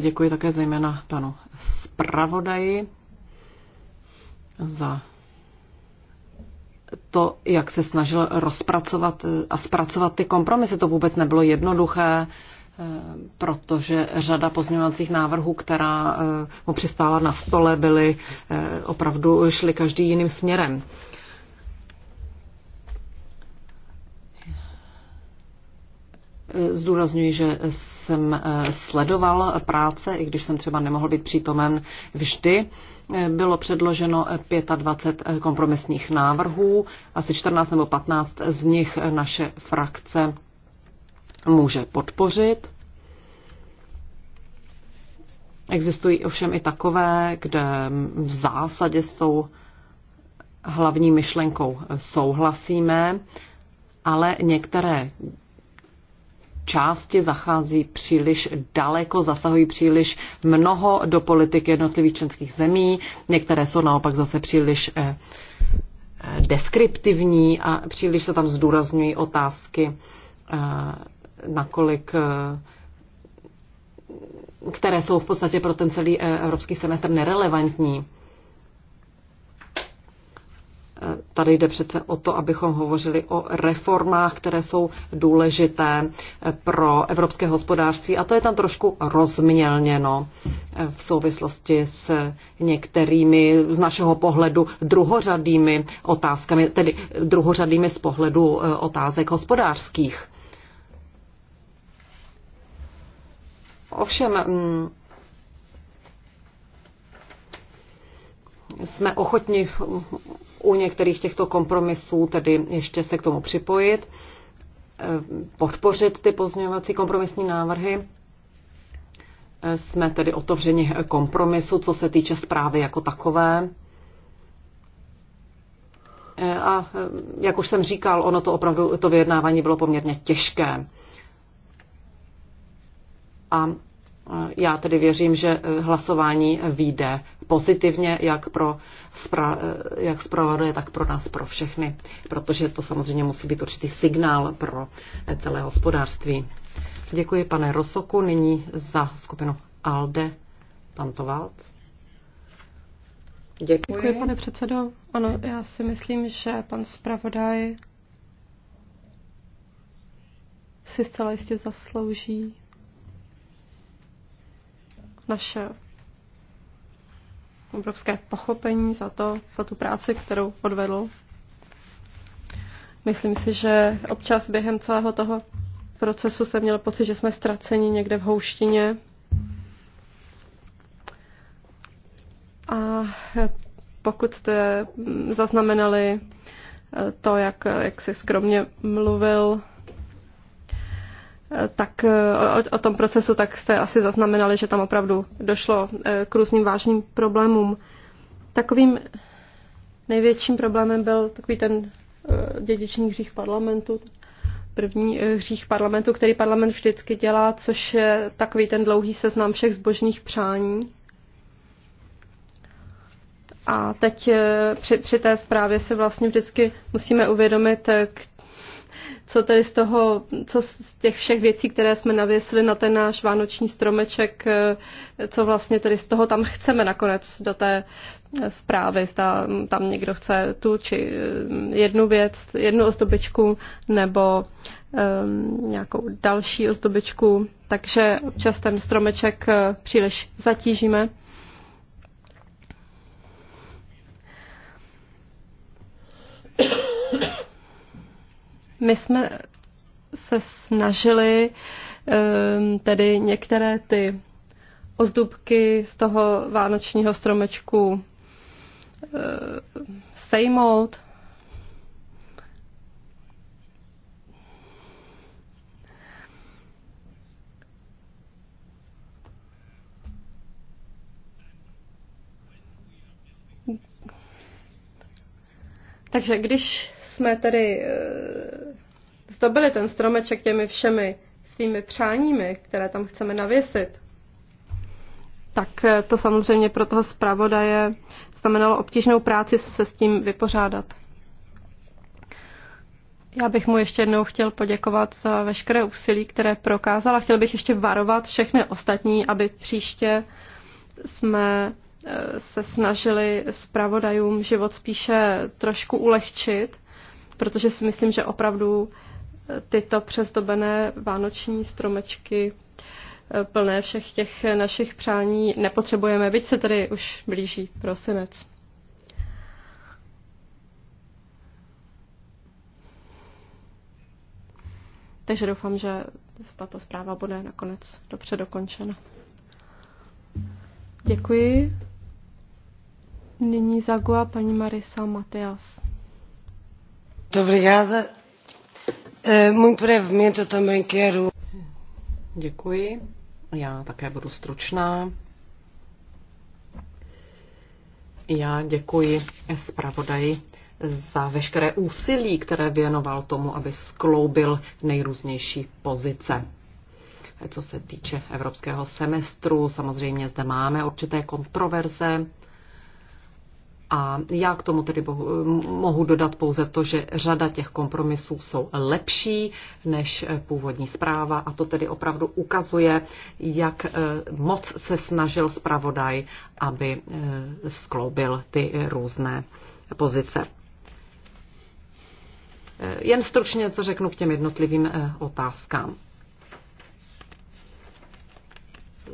Děkuji také zejména panu zpravodaji za to, jak se snažil rozpracovat a zpracovat ty kompromisy. To vůbec nebylo jednoduché, eh, protože řada pozměňovacích návrhů, která eh, mu přistála na stole, byly eh, opravdu šly každý jiným směrem. Zdůraznuju, že jsem eh, sledoval práce, i když jsem třeba nemohl být přítomen vždy. Eh, bylo předloženo 25 eh, kompromisních návrhů, asi 14 nebo 15 z nich naše frakce může podpořit. Existují ovšem i takové, kde v zásadě s tou hlavní myšlenkou souhlasíme, ale některé části zachází příliš daleko, zasahují příliš mnoho do politik jednotlivých členských zemí, některé jsou naopak zase příliš eh, eh, deskriptivní a příliš se tam zdůrazňují otázky, eh, nakolik které jsou v podstatě pro ten celý evropský semestr nerelevantní. Tady jde přece o to, abychom hovořili o reformách, které jsou důležité pro evropské hospodářství a to je tam trošku rozmělněno v souvislosti s některými z našeho pohledu druhořadými otázkami, tedy druhořadými z pohledu eh, otázek hospodářských. Ovšem, mm, jsme ochotni u některých těchto kompromisů tedy ještě se k tomu připojit, eh, podpořit ty pozměňovací kompromisní návrhy. Eh, jsme tedy otevřeni kompromisu, co se týče zprávy jako takové. Eh, a jak už jsem říkal, ono to opravdu, to vyjednávání bylo poměrně těžké. A já tedy věřím, že eh, hlasování vyjde pozitivně, jak pro spra- eh, jak zpravodaje, tak pro nás, pro všechny, protože to samozřejmě musí být určitý signál pro eh, celé hospodářství. Děkuji, pane Rosoku. Nyní za skupinu ALDE, pan Tovalc. Děkuji. Děkuji, pane předsedo. Ano, já si myslím, že pan zpravodaj si zcela jistě zaslouží naše obrovské pochopení za, to, za tu práci, kterou odvedl. Myslím si, že občas během celého toho procesu jsem měl pocit, že jsme ztraceni někde v houštině. A pokud jste zaznamenali to, jak, jak si skromně mluvil tak eh, o, o tom procesu, tak jste asi zaznamenali, že tam opravdu došlo eh, k různým vážným problémům. Takovým největším problémem byl takový ten eh, dědičný hřích parlamentu, první hřích parlamentu, který parlament vždycky dělá, což je takový ten dlouhý seznam všech zbožných přání. A teď při, při té zprávě se vlastně vždycky musíme uvědomit, co tedy z toho, co z těch všech věcí, které jsme navěsili na ten náš vánoční stromeček, eh, co vlastně tedy z toho tam chceme nakonec do té eh, zprávy, zda mm, tam někdo chce tu či eh, jednu věc, jednu ozdobičku nebo um, nějakou další ozdobičku, takže občas ten stromeček příliš zatížíme. My jsme se snažili ehm, tedy některé ty ozdobky z toho vánočního stromečku eh, sejmout. Takže když jsme tedy zdobili eh, ten stromeček těmi všemi svými přáními, které tam chceme navěsit, tak eh, to samozřejmě pro toho zpravodaje znamenalo obtížnou práci se s tím vypořádat. Já bych mu ještě jednou chtěl poděkovat za veškeré úsilí, které prokázal a chtěl bych ještě varovat všechny ostatní, aby příště jsme eh, se snažili zpravodajům život spíše trošku ulehčit protože si myslím, že opravdu eh, tyto přezdobené vánoční stromečky eh, plné všech těch našich přání nepotřebujeme, byť se tedy už blíží prosinec. Takže doufám, že tato zpráva bude nakonec dobře dokončena. Děkuji. Nyní zagua paní Marisa Matias. Obrigada. Eh, muito brevemente, eu também quero. Děkuji. Já také budu stručná. Já děkuji zpravodaji za veškeré úsilí, které věnoval tomu, aby skloubil nejrůznější pozice. Co se týče evropského semestru, samozřejmě zde máme určité kontroverze, a já k tomu tedy mohu dodat pouze to, že řada těch kompromisů jsou lepší než původní zpráva a to tedy opravdu ukazuje, jak eh, moc se snažil zpravodaj, aby eh, skloubil ty různé pozice. Eh, jen stručně, co řeknu k těm jednotlivým otázkám.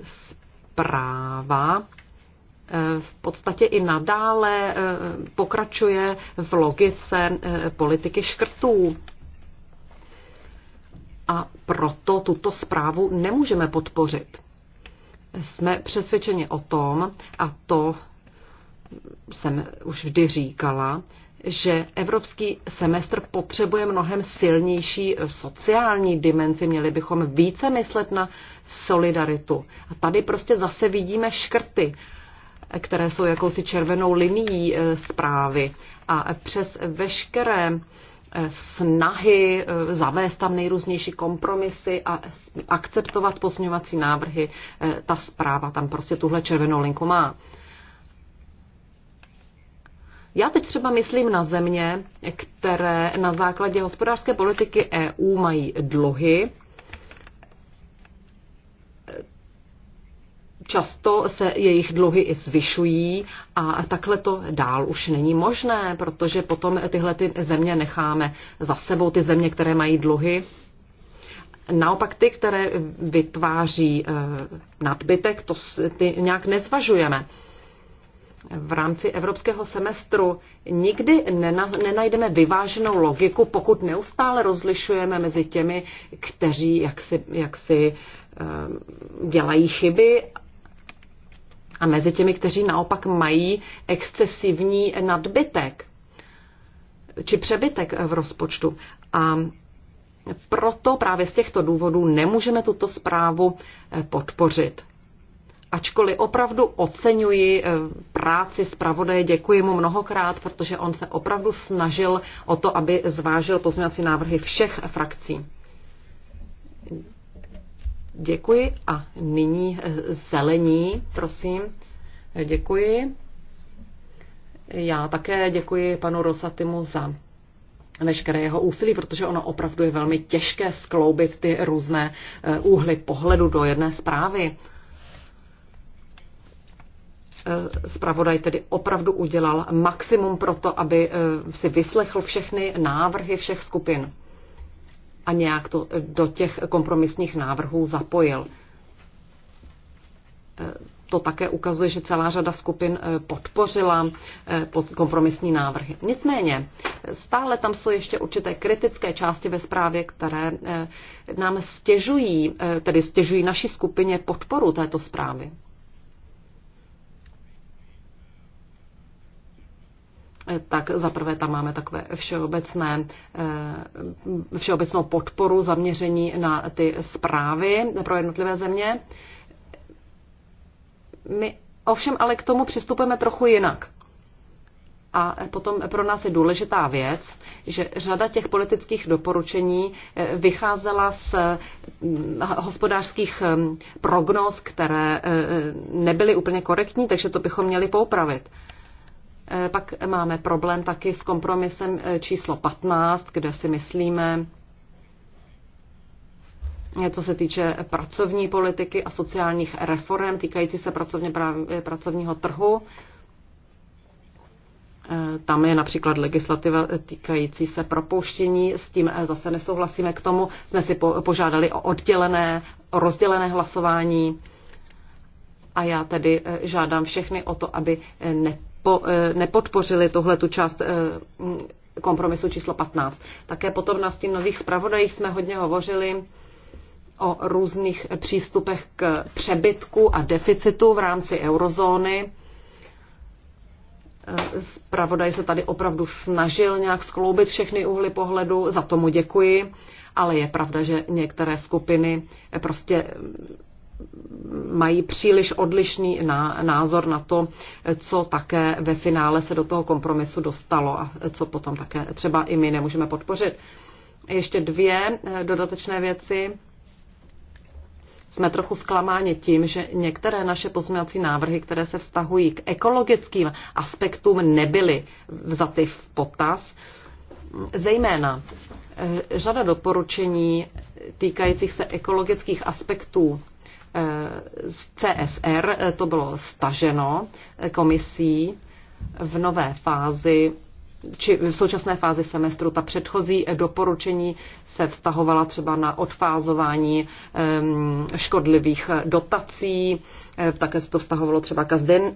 Zpráva Eh, v podstatě i nadále eh, pokračuje v logice eh, politiky škrtů. A proto tuto zprávu nemůžeme podpořit. Jsme přesvědčeni o tom, a to jsem už vždy říkala, že evropský semestr potřebuje mnohem silnější sociální dimenzi. Měli bychom více myslet na solidaritu. A tady prostě zase vidíme škrty které jsou jakousi červenou linií eh, zprávy. A přes veškeré eh, snahy eh, zavést tam nejrůznější kompromisy a akceptovat pozměňovací návrhy, ta zpráva tam prostě tuhle červenou linku má. Já teď třeba myslím na země, které na základě hospodářské politiky EU mají dluhy Často se jejich dluhy i zvyšují a takhle to dál už není možné, protože potom tyhle ty země necháme za sebou, ty země, které mají dluhy. Naopak ty, které vytváří eh, nadbytek, to ty nějak nezvažujeme v rámci evropského semestru nikdy nenajdeme vyváženou logiku, pokud neustále rozlišujeme mezi těmi, kteří jaksi, jaksi eh, dělají chyby a mezi těmi, kteří naopak mají excesivní nadbytek či přebytek v rozpočtu. A proto právě z těchto důvodů nemůžeme tuto zprávu eh, podpořit. Ačkoliv opravdu oceňuji eh, práci zpravodaje, děkuji mu mnohokrát, protože on se opravdu snažil o to, aby zvážil pozměňovací návrhy všech frakcí. Děkuji a nyní eh, zelení, prosím. Eh, děkuji. Já také děkuji panu Rosatimu za veškeré jeho úsilí, protože ono opravdu je velmi těžké skloubit ty různé eh, úhly pohledu do jedné zprávy. Spravodaj tedy opravdu udělal maximum pro to, aby si vyslechl všechny návrhy všech skupin a nějak to do těch kompromisních návrhů zapojil. Eh, to také ukazuje, že celá řada skupin eh, podpořila eh, kompromisní návrhy. Nicméně, stále tam jsou ještě určité kritické části ve zprávě, které nám stěžují, tedy stěžují naší skupině podporu této zprávy. tak zaprvé tam máme takové všeobecné, eh, všeobecnou podporu zaměření na ty zprávy pro jednotlivé země. My ovšem ale k tomu přistupujeme trochu jinak. A potom pro nás je důležitá věc, že řada těch politických doporučení eh, vycházela z hm, hospodářských hm, prognóz, které eh, nebyly úplně korektní, takže to bychom měli poupravit. Eh, pak máme problém taky s kompromisem eh, číslo 15, kde si myslíme, eh, co se týče pracovní politiky a sociálních reform týkající se pracovně právě, pracovního trhu. Tam je například legislativa týkající se propouštění, s tím zase nesouhlasíme k tomu. Jsme si požádali o oddělené, o rozdělené hlasování a já tedy žádám všechny o to, aby ne nepo, eh, nepodpořili tuhle tu část eh, kompromisu číslo 15. Také potom na nových zpravodajích jsme hodně hovořili o různých přístupech k přebytku a deficitu v rámci eurozóny. Spravodaj eh, se tady opravdu snažil nějak skloubit všechny úhly pohledu, za tomu děkuji, ale je pravda, že některé skupiny prostě mají příliš odlišný názor na to, co také ve finále se do toho kompromisu dostalo a co potom také třeba i my nemůžeme podpořit. Ještě dvě eh, dodatečné věci. Jsme trochu zklamáni tím, že některé naše pozměňovací návrhy, které se vztahují k ekologickým aspektům, nebyly vzaty v potaz. Zejména eh, řada doporučení týkajících se ekologických aspektů z CSR eh, to bylo staženo eh, komisí v nové fázi či v současné fázi semestru. Ta předchozí eh, doporučení se vztahovala třeba na odfázování ehm, škodlivých dotací, také se to vztahovalo třeba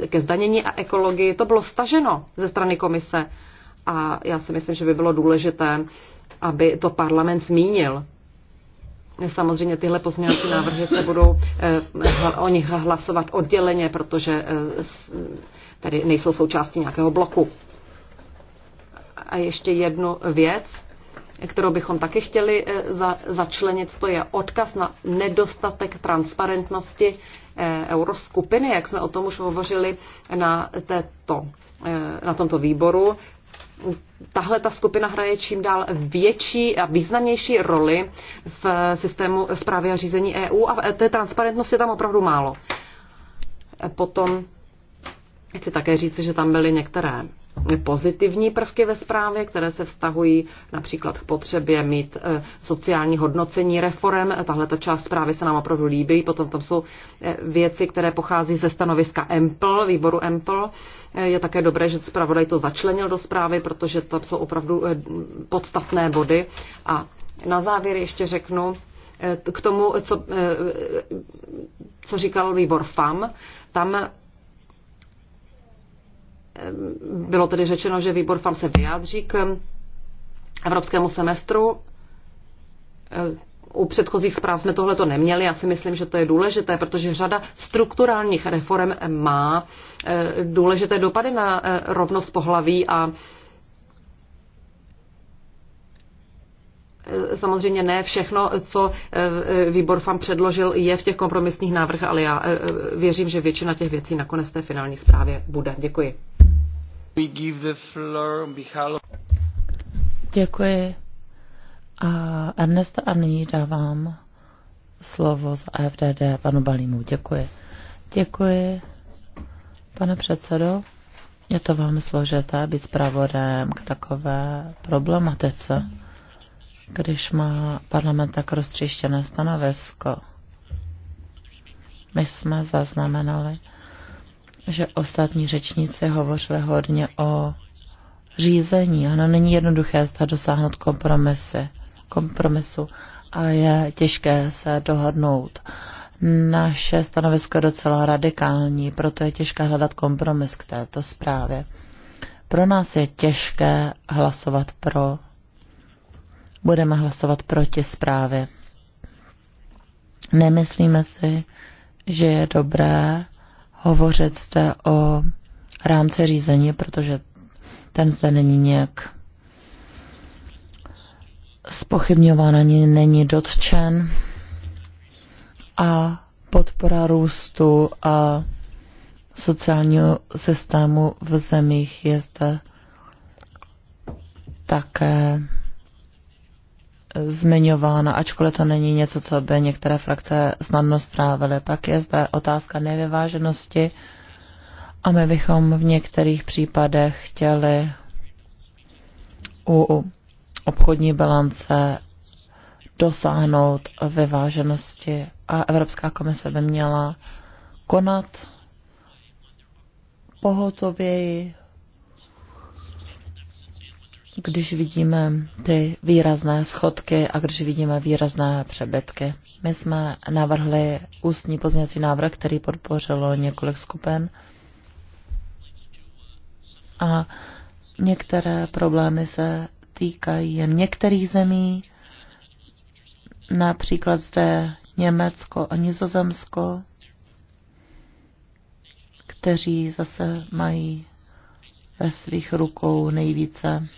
ke zdanění a ekologii. To bylo staženo ze strany komise a já si myslím, že by bylo důležité, aby to parlament zmínil Samozřejmě tyhle pozměňovací návrhy se budou eh, o nich hlasovat odděleně, protože eh, tady nejsou součástí nějakého bloku. A ještě jednu věc, kterou bychom taky chtěli eh, za, začlenit, to je odkaz na nedostatek transparentnosti euroskupiny, jak jsme o tom už hovořili na, této, na tomto výboru tahle ta skupina hraje čím dál větší a významnější roli v systému zprávy a řízení EU a té transparentnosti je tam opravdu málo. Potom chci také říct, že tam byly některé pozitivní prvky ve zprávě, které se vztahují například k potřebě mít eh, sociální hodnocení reform. Tahle ta část zprávy se nám opravdu líbí. Potom tam jsou eh, věci, které pochází ze stanoviska EMPL, výboru EMPL. Eh, je také dobré, že zpravodaj to začlenil do zprávy, protože tam jsou opravdu podstatné body. A na závěr ještě řeknu, k tomu, co, co říkal výbor FAM, tam bylo tedy řečeno, že výbor FAM se vyjádří k evropskému semestru. U předchozích zpráv jsme tohle to neměli. Já si myslím, že to je důležité, protože řada strukturálních reform má eh, důležité dopady na eh, rovnost pohlaví a eh, Samozřejmě ne všechno, co výbor FAM předložil, je v těch kompromisních návrhech, ale já věřím, že většina těch věcí nakonec v té finální zprávě bude. Děkuji. Děkuji. A Ernesta a nyní dávám slovo z AFDD panu Balímu. Děkuji. Děkuji, pane předsedo. Je to velmi složité být zpravodajem k takové problematice, když má parlament tak roztříštěné stanovisko. My jsme zaznamenali že ostatní řečníci hovořili hodně o řízení. Ano, není jednoduché zda dosáhnout kompromisy, kompromisu a je těžké se dohodnout. Naše stanovisko je docela radikální, proto je těžké hledat kompromis k této zprávě. Pro nás je těžké hlasovat pro. Budeme hlasovat proti zprávě. Nemyslíme si, že je dobré hovořit zde o rámci řízení, protože ten zde není nějak spochybňován ani není dotčen. A podpora růstu a sociálního systému v zemích je zde také zmiňována, ačkoliv to není něco, co by některé frakce snadno strávily. Pak je zde otázka nevyváženosti a my bychom v některých případech chtěli u obchodní bilance dosáhnout vyváženosti a Evropská komise by měla konat pohotověji když vidíme ty výrazné schodky a když vidíme výrazné přebytky. My jsme navrhli ústní pozněcí návrh, který podpořilo několik skupin a některé problémy se týkají jen některých zemí, například zde Německo a Nizozemsko, kteří zase mají ve svých rukou nejvíce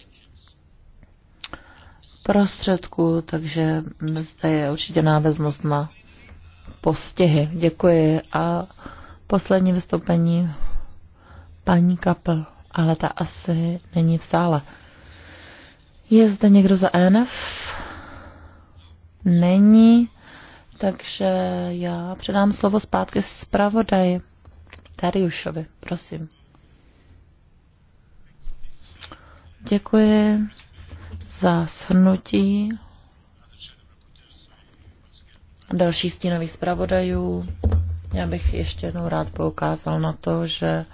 prostředků, takže zde je určitě náveznost na postihy. Děkuji. A poslední vystoupení paní Kapel, ale ta asi není v sále. Je zde někdo za ENF? Není, takže já předám slovo zpátky zpravodaji Dariušovi, prosím. Děkuji za shrnutí dalších stínových zpravodajů. Já bych ještě jednou rád poukázal na to, že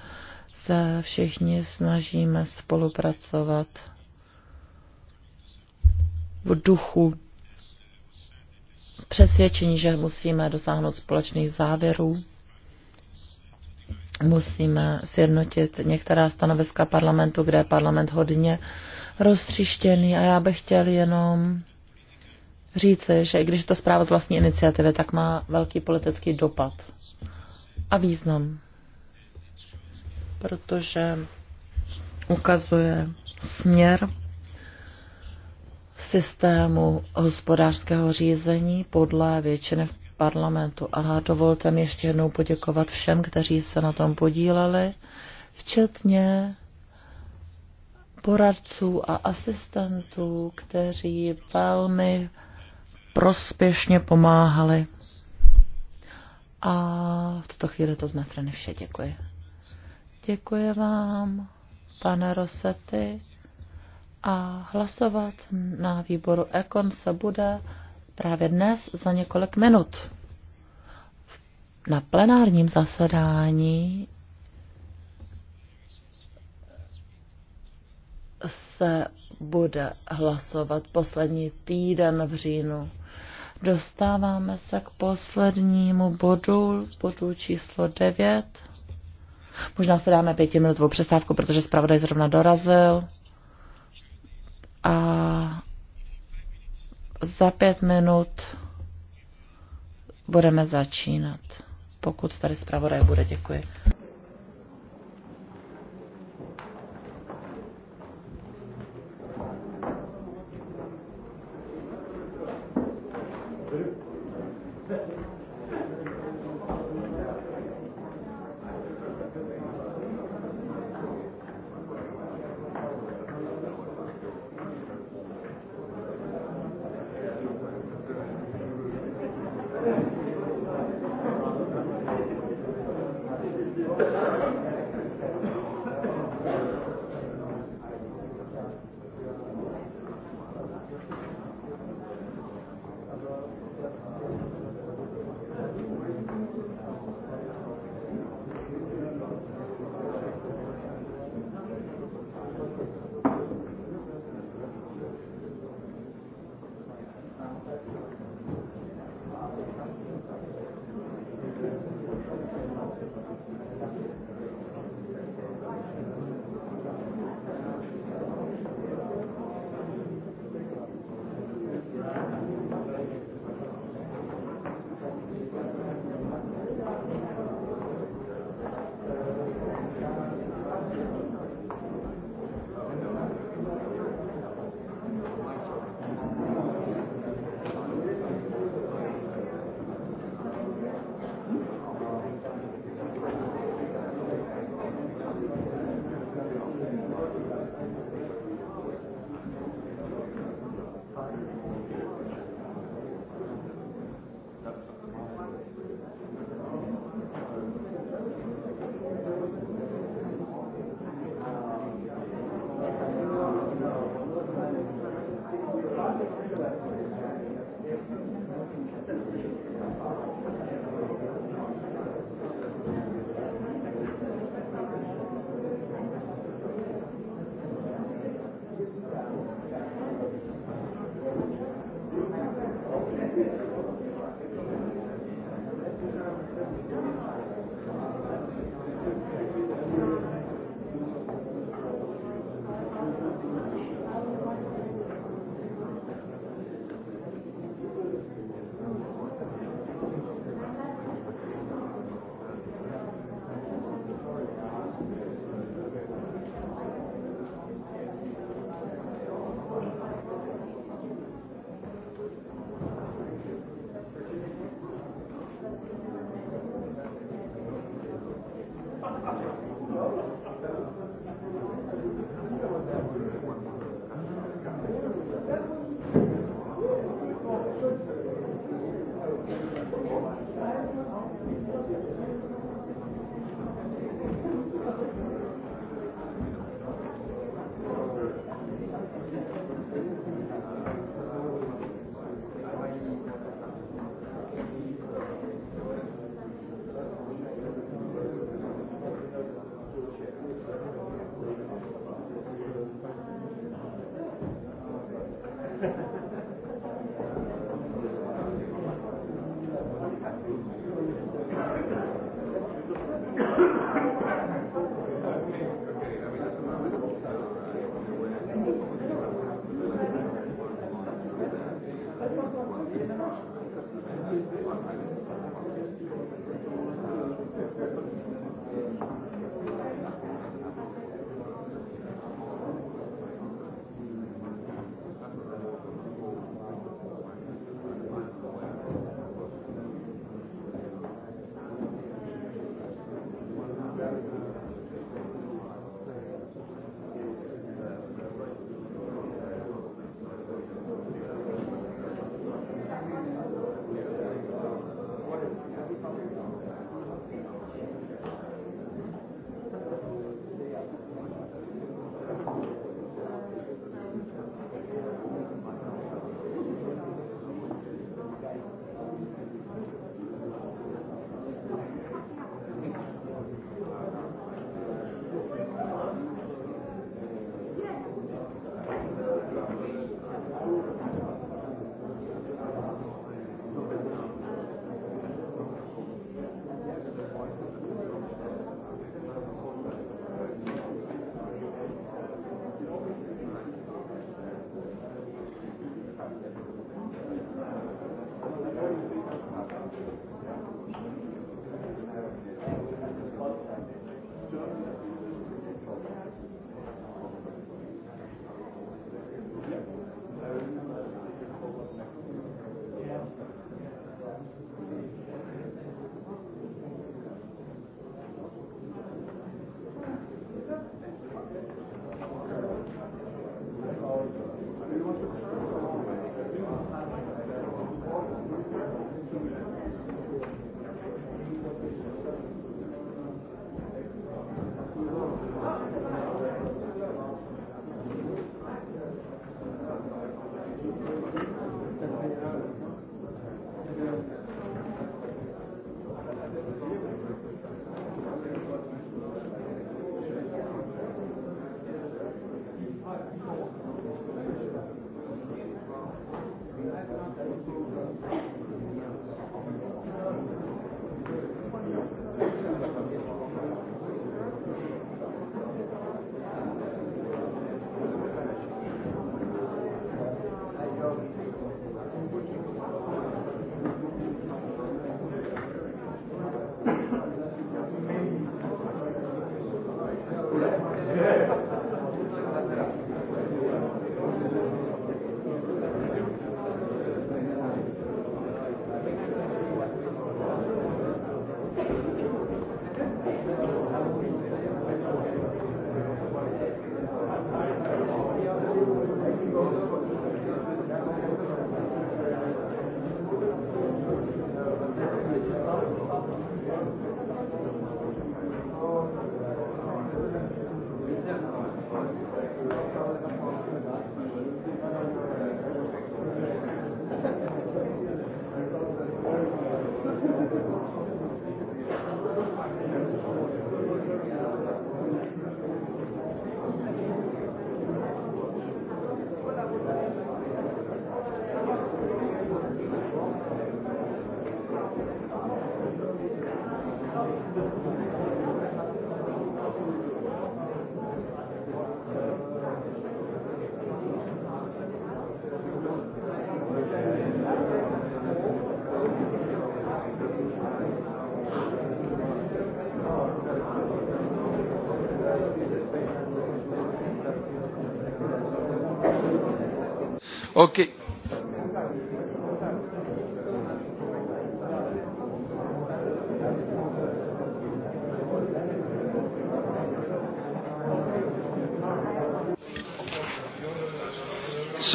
se všichni snažíme spolupracovat v duchu přesvědčení, že musíme dosáhnout společných závěrů, musíme sjednotit některá stanoviska parlamentu, kde parlament hodně roztřištěný a já bych chtěl jenom říci, že i když je to zpráva z vlastní iniciativy, tak má velký politický dopad a význam, protože ukazuje směr systému hospodářského řízení podle většiny v parlamentu. A dovolte mi ještě jednou poděkovat všem, kteří se na tom podíleli, včetně poradců a asistentů, kteří velmi prospěšně pomáhali. A v tuto chvíli to z mé strany vše. Děkuji. Děkuji vám, pane Rosety. A hlasovat na výboru Ekon se bude právě dnes za několik minut. Na plenárním zasedání se bude hlasovat poslední týden v říjnu. Dostáváme se k poslednímu bodu, bodu číslo 9. Možná se dáme pětiminutovou přestávku, protože zpravodaj zrovna dorazil. A za pět minut budeme začínat, pokud tady zpravodaj bude. Děkuji.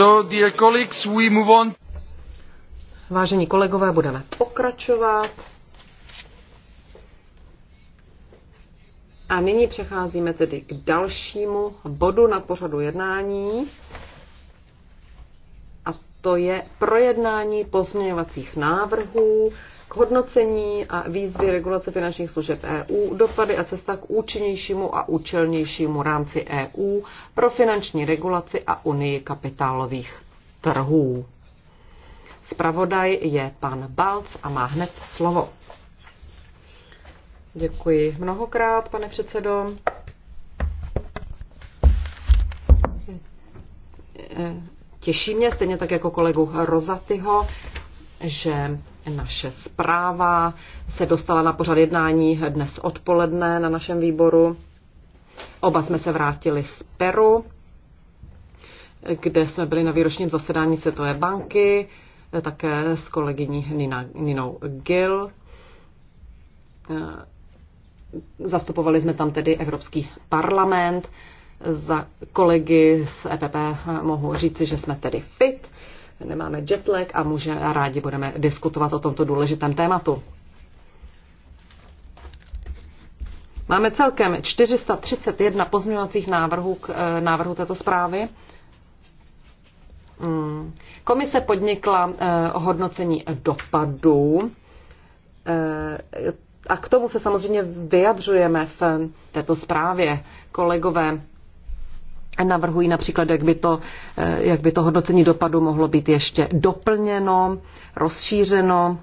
So, dear colleagues, we move on. Vážení kolegové, budeme pokračovat. A nyní přecházíme tedy k dalšímu bodu na pořadu jednání. A to je projednání pozměňovacích návrhů k hodnocení a výzvy regulace finančních služeb EU, dopady a cesta k účinnějšímu a účelnějšímu rámci EU pro finanční regulaci a unii kapitálových trhů. Spravodaj je pan Balc a má hned slovo. Děkuji mnohokrát, pane předsedo. Těší mě, stejně tak jako kolegu Rozatyho, že naše zpráva se dostala na pořad jednání dnes odpoledne na našem výboru. Oba jsme se vrátili z Peru, kde jsme byli na výročním zasedání Světové banky, také s kolegyní Nina, Ninou Gill. Zastupovali jsme tam tedy Evropský parlament. Za kolegy z EPP mohu říci, že jsme tedy fit nemáme jetlag a může, a rádi budeme diskutovat o tomto důležitém tématu. Máme celkem 431 pozměňovacích návrhů k eh, návrhu této zprávy. Hmm. Komise podnikla eh, hodnocení dopadů eh, a k tomu se samozřejmě vyjadřujeme v této zprávě. Kolegové Navrhují například, jak by, to, eh, jak by to hodnocení dopadu mohlo být ještě doplněno, rozšířeno.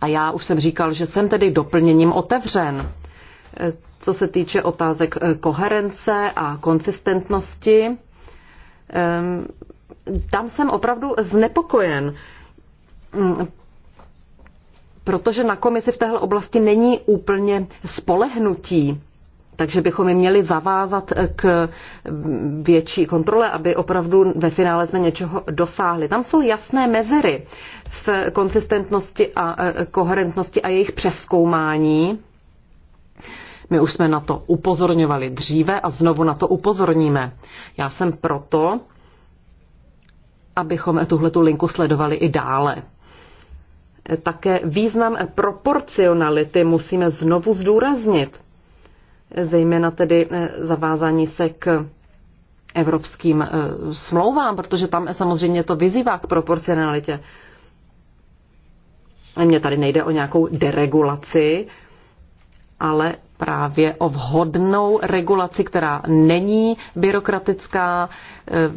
A já už jsem říkal, že jsem tedy doplněním otevřen. Eh, co se týče otázek eh, koherence a konsistentnosti, ehm, tam jsem opravdu znepokojen, mm, protože na komisi v téhle oblasti není úplně spolehnutí. Takže bychom je měli zavázat k větší kontrole, aby opravdu ve finále jsme něčeho dosáhli. Tam jsou jasné mezery v konsistentnosti a e, koherentnosti a jejich přeskoumání. My už jsme na to upozorňovali dříve a znovu na to upozorníme. Já jsem proto, abychom tuhletu linku sledovali i dále. Také význam proporcionality musíme znovu zdůraznit zejména tedy eh, zavázání se k evropským eh, smlouvám, protože tam samozřejmě to vyzývá k proporcionalitě. Mně tady nejde o nějakou deregulaci, ale právě o vhodnou regulaci, která není byrokratická eh,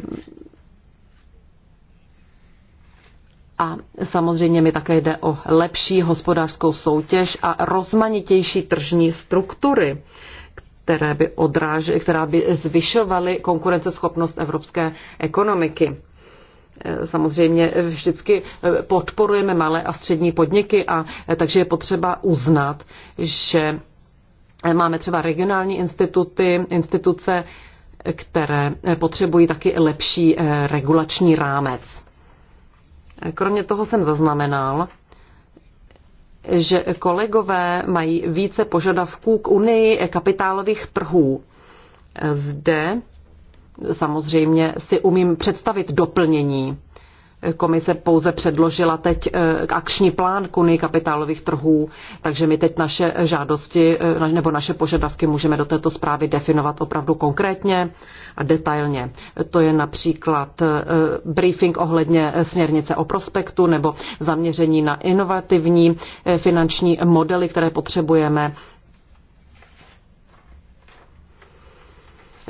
a samozřejmě mi také jde o lepší hospodářskou soutěž a rozmanitější tržní struktury které by odráž, která by zvyšovaly konkurenceschopnost evropské ekonomiky. Eh, samozřejmě vždycky eh, podporujeme malé a střední podniky, a eh, takže je potřeba uznat, že máme třeba regionální instituty, instituce, které potřebují taky lepší regulační rámec. Kromě toho jsem zaznamenal, že kolegové mají více požadavků k unii kapitálových trhů. Zde samozřejmě si umím představit doplnění Komise pouze předložila teď eh, akční plán k Unii kapitálových trhů, takže my teď naše žádosti eh, nebo naše požadavky můžeme do této zprávy definovat opravdu konkrétně a detailně. To je například eh, briefing ohledně směrnice o prospektu nebo zaměření na inovativní finanční modely, které potřebujeme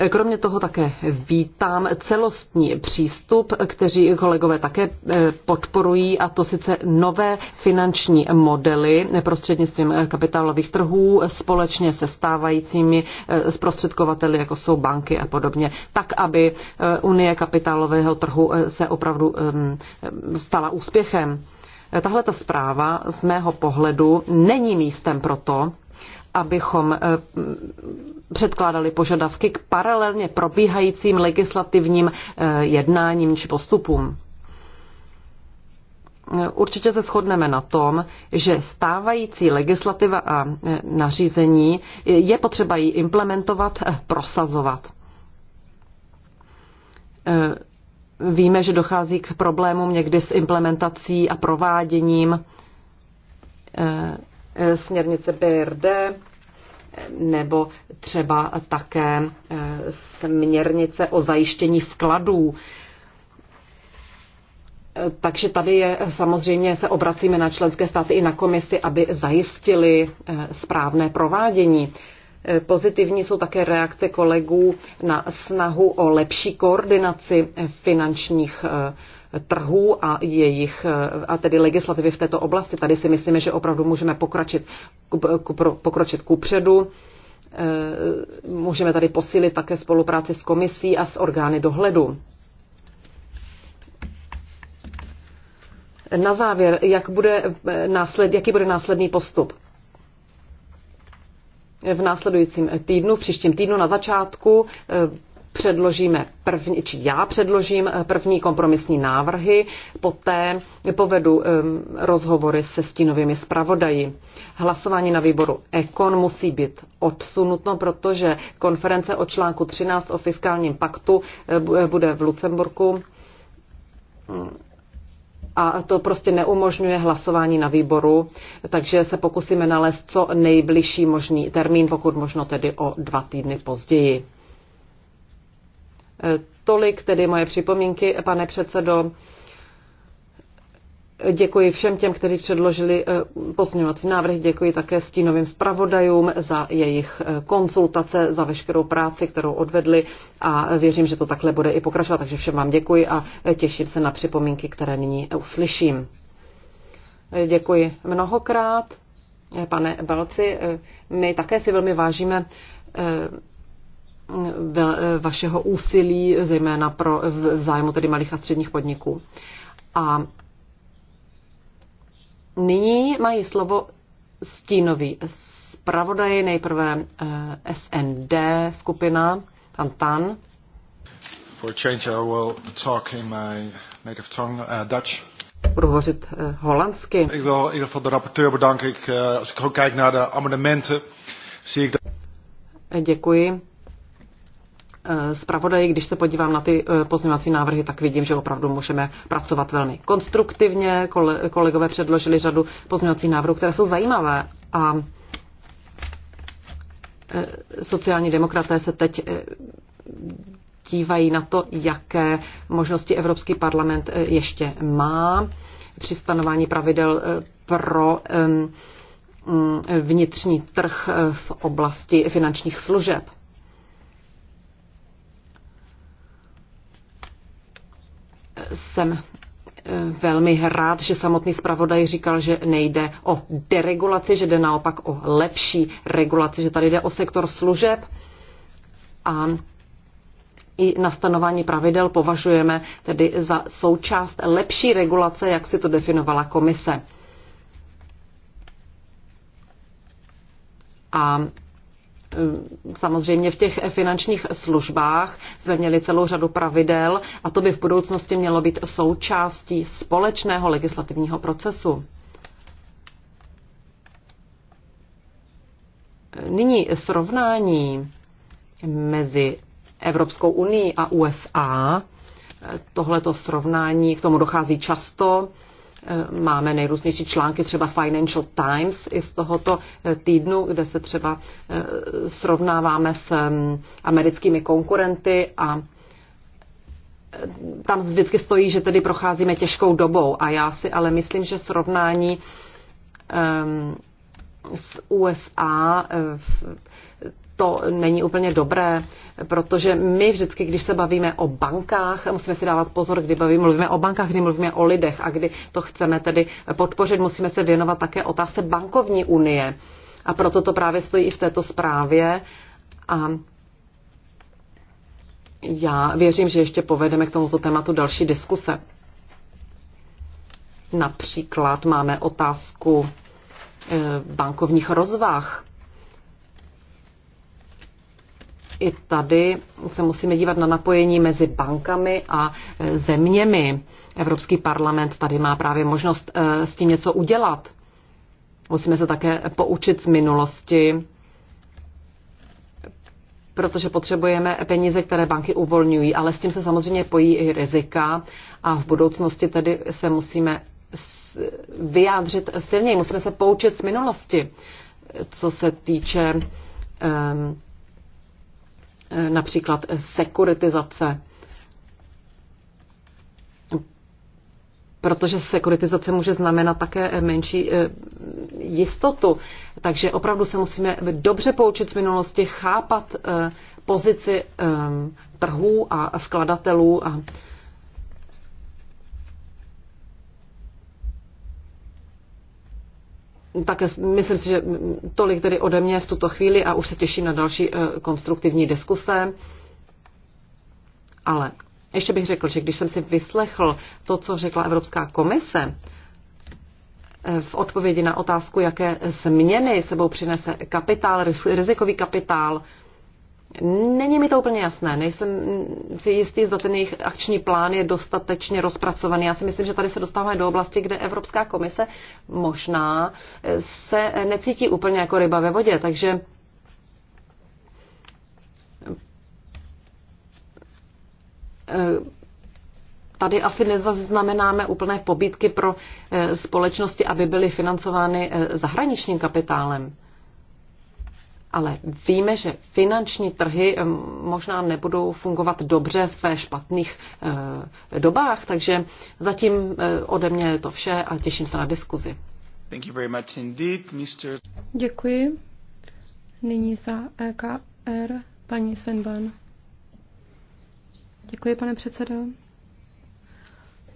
Kromě toho také vítám celostní přístup, kteří kolegové také eh, podporují, a to sice nové finanční modely prostřednictvím kapitálových trhů společně se stávajícími eh, zprostředkovateli, jako jsou banky a podobně, tak, aby eh, Unie kapitálového trhu se opravdu ehm, stala úspěchem. Tahle ta zpráva z mého pohledu není místem pro to, abychom eh, předkládali požadavky k paralelně probíhajícím legislativním eh, jednáním či postupům. Eh, určitě se shodneme na tom, že stávající legislativa a nařízení je potřeba ji implementovat, prosazovat. Víme, že dochází k problémům někdy s implementací a prováděním Eh, směrnice BRD nebo třeba také eh, směrnice o zajištění vkladů. Eh, takže tady je, samozřejmě se obracíme na členské státy i na komisi, aby zajistili správné provádění. Pozitivní jsou také reakce kolegů na snahu o lepší koordinaci finančních eh, trhů a jejich, eh, a tedy legislativy v této oblasti. Tady si myslíme, že opravdu můžeme pokračit, pokročit kupředu. Eh, můžeme tady posílit také spolupráci s komisí a s orgány dohledu. Na závěr, jak bude násled, jaký bude následný postup? v následujícím týdnu, v příštím týdnu na začátku eh, předložíme první, či já předložím eh, první kompromisní návrhy, poté povedu ehm, rozhovory se stínovými zpravodaji. Hlasování na výboru Ekon musí být odsunutno, protože konference o článku 13 o fiskálním paktu eh, bude v Lucemburku a to prostě neumožňuje hlasování na výboru, takže se pokusíme nalézt co nejbližší možný termín, pokud možno tedy o dva týdny později. E, tolik tedy moje připomínky, pane předsedo. Děkuji všem těm, kteří předložili eh, pozměňovací návrh, Děkuji také stínovým zpravodajům za jejich eh, konsultace, za veškerou práci, kterou odvedli a věřím, že to takhle bude i pokračovat. Takže všem vám děkuji a eh, těším se na připomínky, které nyní uslyším. Děkuji mnohokrát. Pane Balci, my také si velmi vážíme vašeho úsilí, zejména pro v zájmu tedy malých a středních podniků. A Nyní mají slovo stínový zpravodaj, nejprve uh, eh, SND skupina, pan Tan. For change I will talk in my native tongue, uh, Dutch. Budu hovořit uh, holandsky. Ik wil in ieder geval de rapporteur bedanken. Ik, uh, als ik ook kijk naar de amendementen, zie ik dat... Děkuji. Eh, zpravodaji, když se podívám na ty eh, pozměňovací návrhy, tak vidím, že opravdu můžeme pracovat velmi konstruktivně. Kolegové předložili řadu pozměňovacích návrhů, které jsou zajímavé a eh, sociální demokraté se teď dívají na to, jaké možnosti Evropský parlament ještě má při stanování pravidel pro mm, vnitřní trh v oblasti finančních služeb. jsem eh, velmi rád, že samotný zpravodaj říkal, že nejde o deregulaci, že jde naopak o lepší regulaci, že tady jde o sektor služeb a i nastanování pravidel považujeme tedy za součást lepší regulace, jak si to definovala komise. A Eh, samozřejmě v těch finančních službách jsme měli celou řadu pravidel a to by v budoucnosti mělo být součástí společného legislativního procesu. Eh, nyní srovnání mezi Evropskou unii a USA. Eh, tohleto srovnání, k tomu dochází často. Eh, máme nejrůznější články, třeba Financial Times i z tohoto eh, týdnu, kde se třeba eh, srovnáváme s mm, americkými konkurenty a tam vždycky stojí, že tedy procházíme těžkou dobou a já si ale myslím, že srovnání um, ehm, USA to není úplně dobré, protože my vždycky, když se bavíme o bankách, musíme si dávat pozor, kdy bavíme, mluvíme o bankách, kdy mluvíme o lidech a kdy to chceme tedy podpořit, musíme se věnovat také otázce bankovní unie. A proto to právě stojí i v této zprávě. A já věřím, že ještě povedeme k tomuto tématu další diskuse. Například máme otázku eh, bankovních rozvah i tady se musíme dívat na napojení mezi bankami a e, zeměmi. Evropský parlament tady má právě možnost e, s tím něco udělat. Musíme se také poučit z minulosti, protože potřebujeme peníze, které banky uvolňují, ale s tím se samozřejmě pojí i rizika a v budoucnosti tedy se musíme vyjádřit silněji, musíme se poučit z minulosti, co se týče um, Eh, například sekuritizace. protože sekuritizace může znamenat také menší eh, jistotu. Takže opravdu se musíme dobře poučit z minulosti, chápat eh, pozici trhů a vkladatelů a tak myslím si, že tolik tedy ode mě v tuto chvíli a už se těším na další eh, konstruktivní diskuse. Ale ještě bych řekl, že když jsem si vyslechl to, co řekla Evropská komise eh, v odpovědi na otázku, jaké změny sebou přinese kapitál, rizikový kapitál, Není mi to úplně jasné, nejsem si jistý, zda ten jejich akční plán je dostatečně rozpracovaný. Já si myslím, že tady se dostáváme do oblasti, kde Evropská komise možná eh, se eh, necítí úplně jako ryba ve vodě, takže eh, tady asi nezaznamenáme úplné pobídky pro společnosti, aby byly financovány zahraničním kapitálem ale víme, že finanční trhy eh, možná nebudou fungovat dobře ve špatných eh, dobách, takže zatím eh, ode mě je to vše a těším se na diskuzi. Thank you very much indeed, Mr. Děkuji. Nyní za EKR paní Svenban. Děkuji, pane předsedo.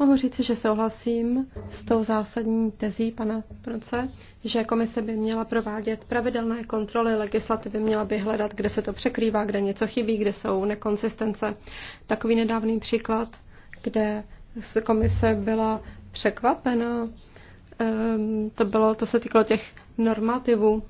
Mohu říct, že souhlasím s tou zásadní tezí pana Proce, že komise by měla provádět pravidelné kontroly legislativy, měla by hledat, kde se to překrývá, kde něco chybí, kde jsou nekonsistence. Takový nedávný příklad, kde se komise byla překvapena, ehm, to, bylo, to se týkalo těch normativů.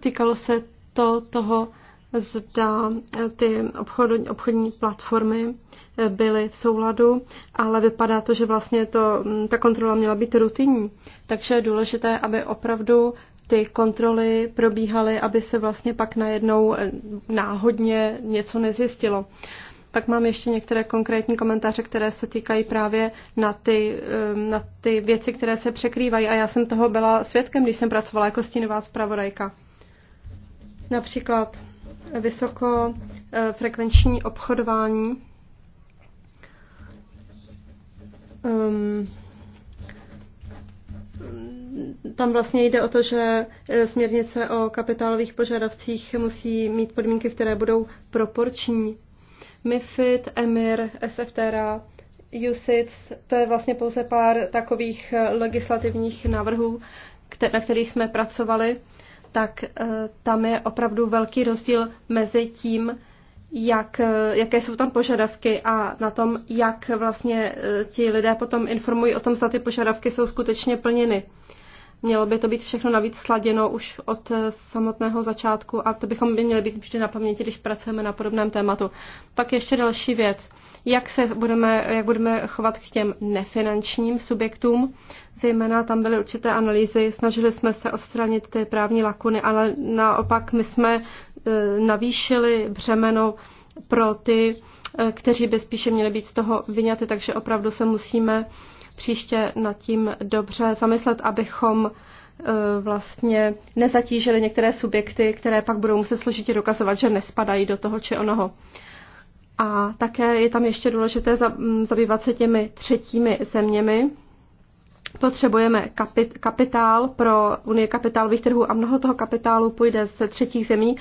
Týkalo se to toho, zda eh, ty obchodní, obchodní platformy eh, byly v souladu, ale vypadá to, že vlastně to, mm, ta kontrola měla být rutinní. Takže je důležité, aby opravdu ty kontroly probíhaly, aby se vlastně pak najednou eh, náhodně něco nezjistilo. Pak mám ještě některé konkrétní komentáře, které se týkají právě na ty, na ty věci, které se překrývají. A já jsem toho byla svědkem, když jsem pracovala jako stínová zpravodajka. Například vysokofrekvenční eh, obchodování. Um, tam vlastně jde o to, že eh, směrnice o kapitálových požadavcích musí mít podmínky, které budou proporční. MIFID, EMIR, SFTRA, USIC, to je vlastně pouze pár takových eh, legislativních návrhů, na kterých jsme pracovali tak eh, tam je opravdu velký rozdíl mezi tím, jak, eh, jaké jsou tam požadavky a na tom, jak vlastně eh, ti lidé potom informují o tom, zda ty požadavky jsou skutečně plněny. Mělo by to být všechno navíc sladěno už od samotného začátku a to bychom by měli být vždy na paměti, když pracujeme na podobném tématu. Pak ještě další věc jak se budeme, jak budeme chovat k těm nefinančním subjektům. Zejména tam byly určité analýzy, snažili jsme se odstranit ty právní lakuny, ale naopak my jsme e, navýšili břemeno pro ty, e, kteří by spíše měli být z toho vyňaty, takže opravdu se musíme příště nad tím dobře zamyslet, abychom e, vlastně nezatížili některé subjekty, které pak budou muset složitě dokazovat, že nespadají do toho či onoho. A také je tam ještě důležité zabývat se těmi třetími zeměmi. Potřebujeme kapit, kapitál pro Unii kapitálových trhů a mnoho toho kapitálu půjde ze třetích zemí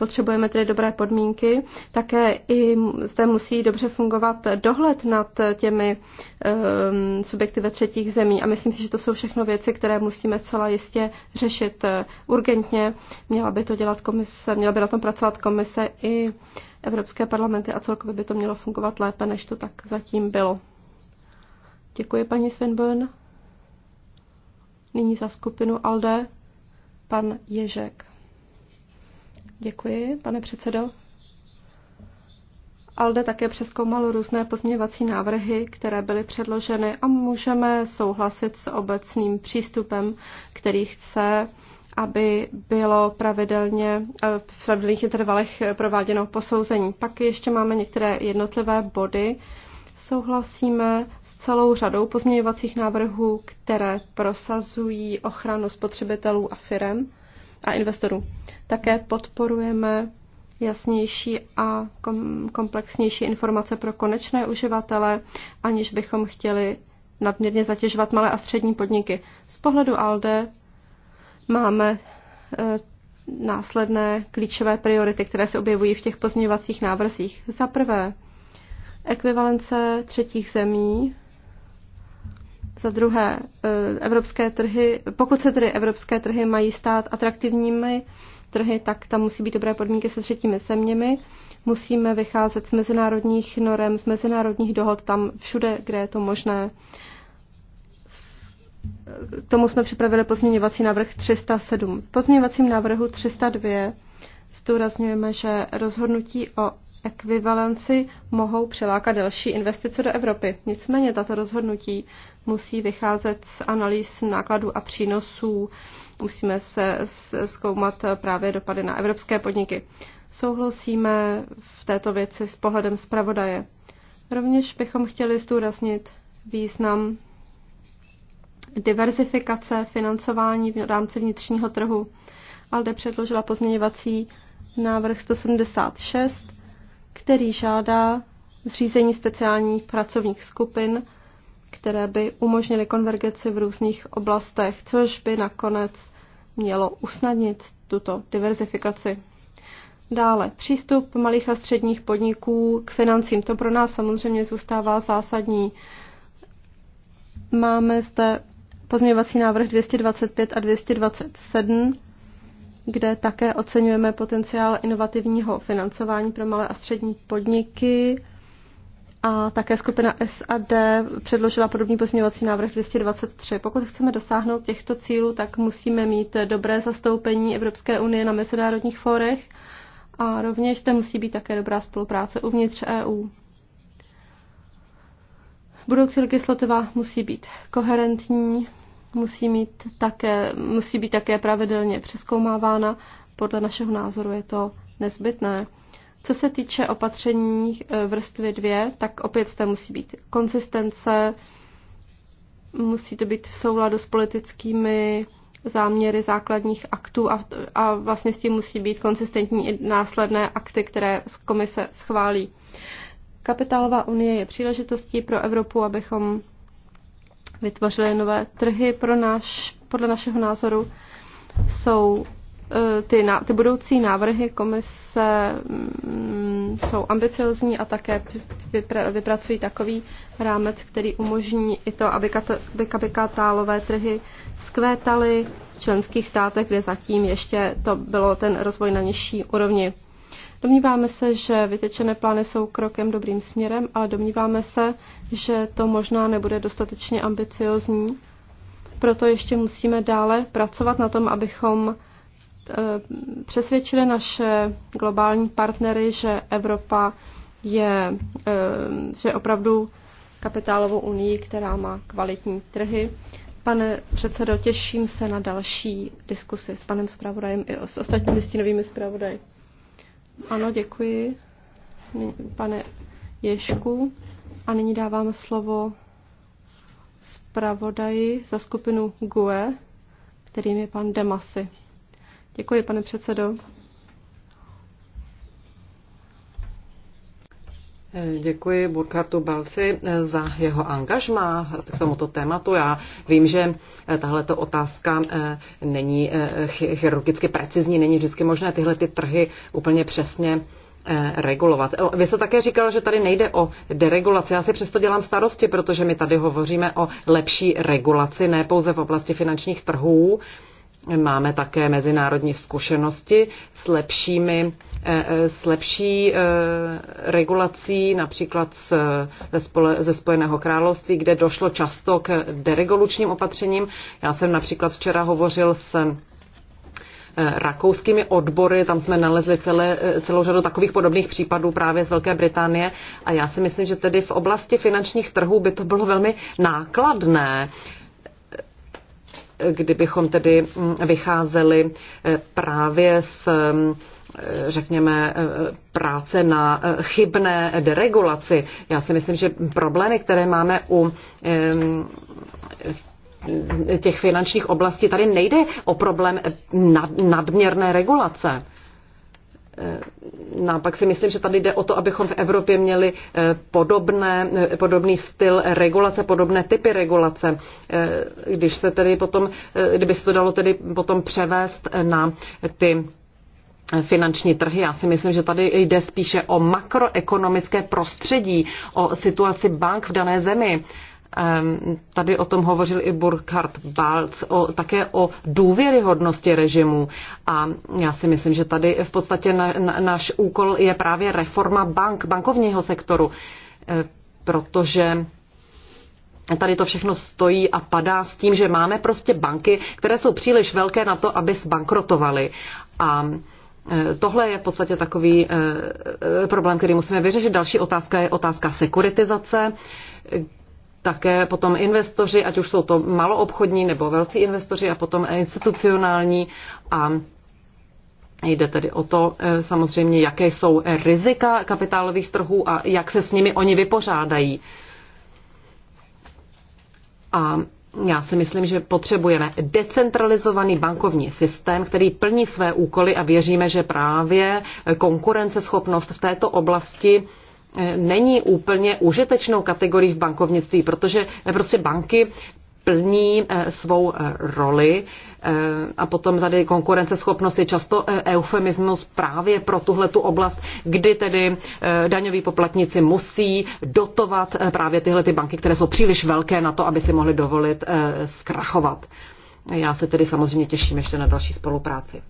Potřebujeme tedy dobré podmínky. Také i zde musí dobře fungovat dohled nad těmi um, subjekty ve třetích zemí. A myslím si, že to jsou všechno věci, které musíme celá jistě řešit eh, urgentně. Měla by to dělat komise, měla by na tom pracovat komise i evropské parlamenty a celkově by to mělo fungovat lépe, než to tak zatím bylo. Děkuji paní Svenborn. Nyní za skupinu ALDE pan Ježek. Děkuji, pane předsedo. ALDE také přeskoumal různé pozměňovací návrhy, které byly předloženy a můžeme souhlasit s obecným přístupem, který chce, aby bylo pravidelně eh, v pravidelných intervalech prováděno posouzení. Pak ještě máme některé jednotlivé body. Souhlasíme s celou řadou pozměňovacích návrhů, které prosazují ochranu spotřebitelů a firem a investorů. Také podporujeme jasnější a komplexnější informace pro konečné uživatele, aniž bychom chtěli nadměrně zatěžovat malé a střední podniky. Z pohledu ALDE máme e, následné klíčové priority, které se objevují v těch pozměňovacích návrzích. Za prvé, ekvivalence třetích zemí za druhé, eh, evropské trhy, pokud se tedy evropské trhy mají stát atraktivními trhy, tak tam musí být dobré podmínky se třetími zeměmi. Musíme vycházet z mezinárodních norem, z mezinárodních dohod tam všude, kde je to možné. K tomu jsme připravili pozměňovací návrh 307. V pozměňovacím návrhu 302 zdůrazňujeme, že rozhodnutí o ekvivalenci mohou přilákat další investice do Evropy. Nicméně tato rozhodnutí musí vycházet z analýz nákladů a přínosů. Musíme se zkoumat právě dopady na evropské podniky. Souhlasíme v této věci s pohledem zpravodaje. Rovněž bychom chtěli zdůraznit význam diverzifikace financování v rámci vnitřního trhu. Alde předložila pozměňovací návrh 176 který žádá zřízení speciálních pracovních skupin, které by umožnily konvergenci v různých oblastech, což by nakonec mělo usnadnit tuto diverzifikaci. Dále přístup malých a středních podniků k financím. To pro nás samozřejmě zůstává zásadní. Máme zde pozměňovací návrh 225 a 227 kde také oceňujeme potenciál inovativního financování pro malé a střední podniky. A také skupina SAD předložila podobný pozměňovací návrh 223. Pokud chceme dosáhnout těchto cílů, tak musíme mít dobré zastoupení Evropské unie na mezinárodních fórech a rovněž to musí být také dobrá spolupráce uvnitř EU. Budoucí legislativa musí být koherentní, musí, mít také, musí být také pravidelně přeskoumávána. Podle našeho názoru je to nezbytné. Co se týče opatření e, vrstvy 2, tak opět zde musí být konsistence, musí to být v souladu s politickými záměry základních aktů a, a vlastně s tím musí být konsistentní i následné akty, které komise schválí. Kapitálová unie je příležitostí pro Evropu, abychom Vytvořili nové trhy pro náš, podle našeho názoru, jsou e, ty, na, ty budoucí návrhy komise mm, jsou ambiciozní a také vypra, vypracují takový rámec, který umožní i to, aby, kat, aby, aby trhy zkvétaly v členských státech, kde zatím ještě to bylo ten rozvoj na nižší úrovni. Domníváme se, že vytečené plány jsou krokem dobrým směrem, ale domníváme se, že to možná nebude dostatečně ambiciozní. Proto ještě musíme dále pracovat na tom, abychom eh, přesvědčili naše globální partnery, že Evropa je eh, že opravdu kapitálovou unii, která má kvalitní trhy. Pane předsedo, těším se na další diskusy s panem zpravodajem i s ostatními stínovými zpravodaji. Ano, děkuji, pane Ješku. A nyní dávám slovo zpravodaji za skupinu GUE, kterým je pan Demasi. Děkuji, pane předsedo. Děkuji Burkhardu Balci za jeho angažma k tomuto tématu. Já vím, že tahle otázka eh, není eh, chirurgicky precizní, není vždycky možné tyhle ty trhy úplně přesně eh, regulovat. Vy jste také říkal, že tady nejde o deregulaci. Já si přesto dělám starosti, protože my tady hovoříme o lepší regulaci, ne pouze v oblasti finančních trhů, Máme také mezinárodní zkušenosti s, lepšími, eh, eh, s lepší eh, regulací, například ze Spojeného království, kde došlo často k deregolučním opatřením. Já jsem například včera hovořil s rakouskými odbory, tam jsme nalezli celé, celou řadu takových podobných případů právě z Velké Británie a já si myslím, že tedy v oblasti finančních trhů by to bylo velmi nákladné kdybychom tedy vycházeli eh, právě s, eh, řekněme, eh, práce na chybné deregulaci. Já si myslím, že problémy, které máme u těch finančních oblastí, tady nejde o problém nadměrné regulace. Eh, Naopak no si myslím, že tady jde o to, abychom v Evropě měli eh, podobné, eh, podobný styl regulace, podobné typy regulace. Když se tedy potom, kdyby se to dalo tedy potom převést na ty finanční trhy. Já si myslím, že tady jde spíše o makroekonomické prostředí, o situaci bank v dané zemi. Tady o tom hovořil i Burkhard Balc, o, také o důvěryhodnosti režimu. A já si myslím, že tady v podstatě na, na, náš úkol je právě reforma bank, bankovního sektoru, e, protože tady to všechno stojí a padá s tím, že máme prostě banky, které jsou příliš velké na to, aby zbankrotovaly. A e, Tohle je v podstatě takový e, problém, který musíme vyřešit. Další otázka je otázka sekuritizace také potom investoři, ať už jsou to maloobchodní nebo velcí investoři a potom institucionální a Jde tedy o to eh, samozřejmě, jaké jsou rizika kapitálových trhů a jak se s nimi oni vypořádají. A já si myslím, že potřebujeme decentralizovaný bankovní systém, který plní své úkoly a věříme, že právě konkurenceschopnost v této oblasti E, není úplně užitečnou kategorií v bankovnictví, protože e, prostě banky plní e, svou roli a potom tady konkurenceschopnost je často eufemismus právě pro tuhle tu oblast, kdy tedy daňoví poplatníci musí dotovat právě tyhle ty banky, které jsou příliš velké na to, aby si mohly dovolit zkrachovat. Já se tedy samozřejmě těším ještě na další spolupráci.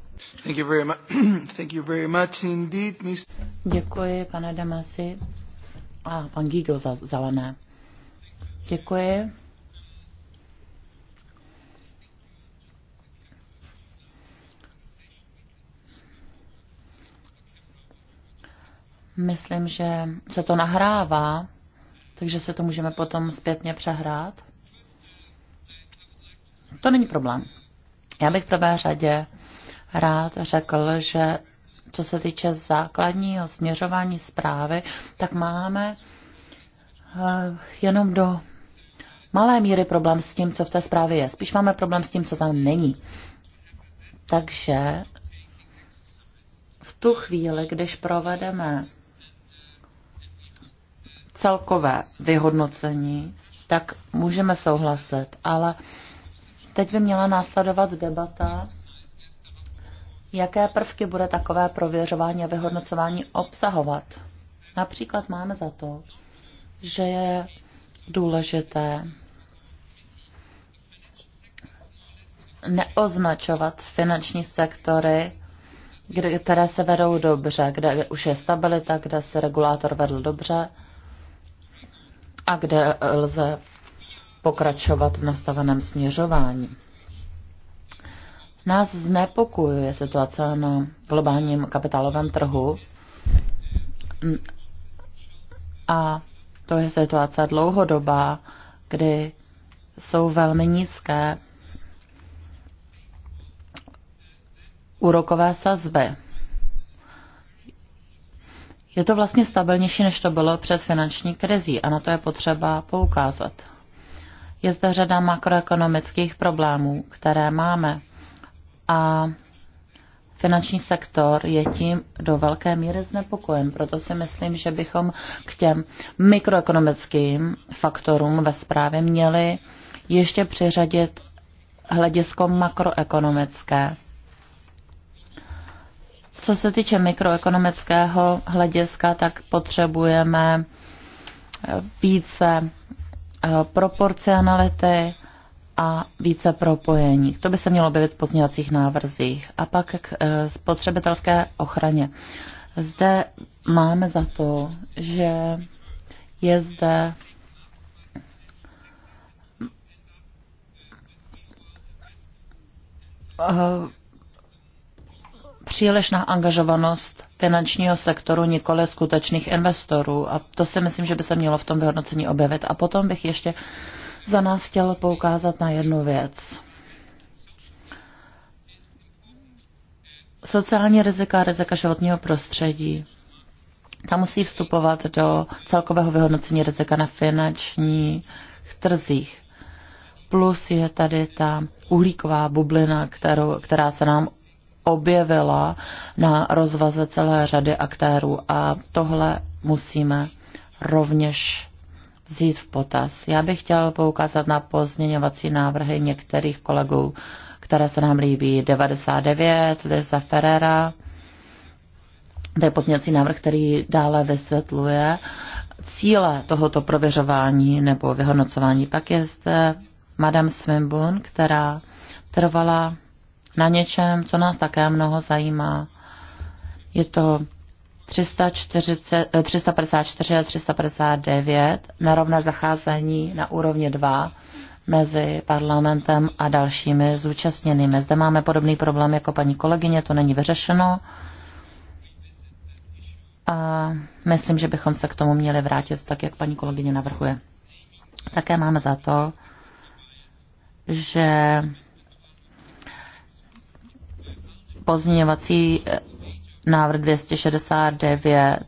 [CLEARS THROAT] Děkuji, pane Damasi. A pan Gigl za zelené. Děkuji. Myslím, že se to nahrává, takže se to můžeme potom zpětně přehrát. To není problém. Já bych v prvé řadě rád řekl, že co se týče základního směřování zprávy, tak máme eh, jenom do malé míry problém s tím, co v té zprávě je. Spíš máme problém s tím, co tam není. Takže v tu chvíli, když provedeme celkové vyhodnocení, tak můžeme souhlasit, ale teď by měla následovat debata Jaké prvky bude takové prověřování a vyhodnocování obsahovat? Například máme za to, že je důležité neoznačovat finanční sektory, kde, které se vedou dobře, kde už je stabilita, kde se regulátor vedl dobře a kde lze pokračovat v nastaveném směřování. Nás znepokojuje situace na globálním kapitálovém trhu a to je situace dlouhodobá, kdy jsou velmi nízké úrokové sazby. Je to vlastně stabilnější, než to bylo před finanční krizí a na to je potřeba poukázat. Je zde řada makroekonomických problémů, které máme a finanční sektor je tím do velké míry znepokojen. Proto si myslím, že bychom k těm mikroekonomickým faktorům ve zprávě měli ještě přiřadit hledisko makroekonomické. Co se týče mikroekonomického hlediska, tak potřebujeme více eh, proporcionality, a více propojení. To by se mělo objevit v pozměňovacích návrzích. A pak k eh, spotřebitelské ochraně. Zde máme za to, že je zde eh, přílišná angažovanost finančního sektoru, nikoli skutečných investorů. A to si myslím, že by se mělo v tom vyhodnocení objevit. A potom bych ještě uh, za nás chtěl poukázat na jednu věc. Sociální rizika a rizika životního prostředí. Ta musí vstupovat do celkového vyhodnocení rizika na finančních trzích. Plus je tady ta uhlíková bublina, kterou, která se nám objevila na rozvaze celé řady aktérů a tohle musíme rovněž vzít v potaz. Já bych chtěl poukázat na pozměňovací návrhy některých kolegů, které se nám líbí. 99, Liza Ferrera, to je pozměňovací návrh, který dále vysvětluje cíle tohoto prověřování nebo vyhodnocování. Pak je zde Madame Swimbun, která trvala na něčem, co nás také mnoho zajímá. Je to 354 eh, a 359 na rovné zacházení na úrovni 2 mezi parlamentem a dalšími zúčastněnými. Zde máme podobný problém jako paní kolegyně, to není vyřešeno. A myslím, že bychom se k tomu měli vrátit tak, jak paní kolegyně navrhuje. Také máme za to, že pozměňovací návrh 269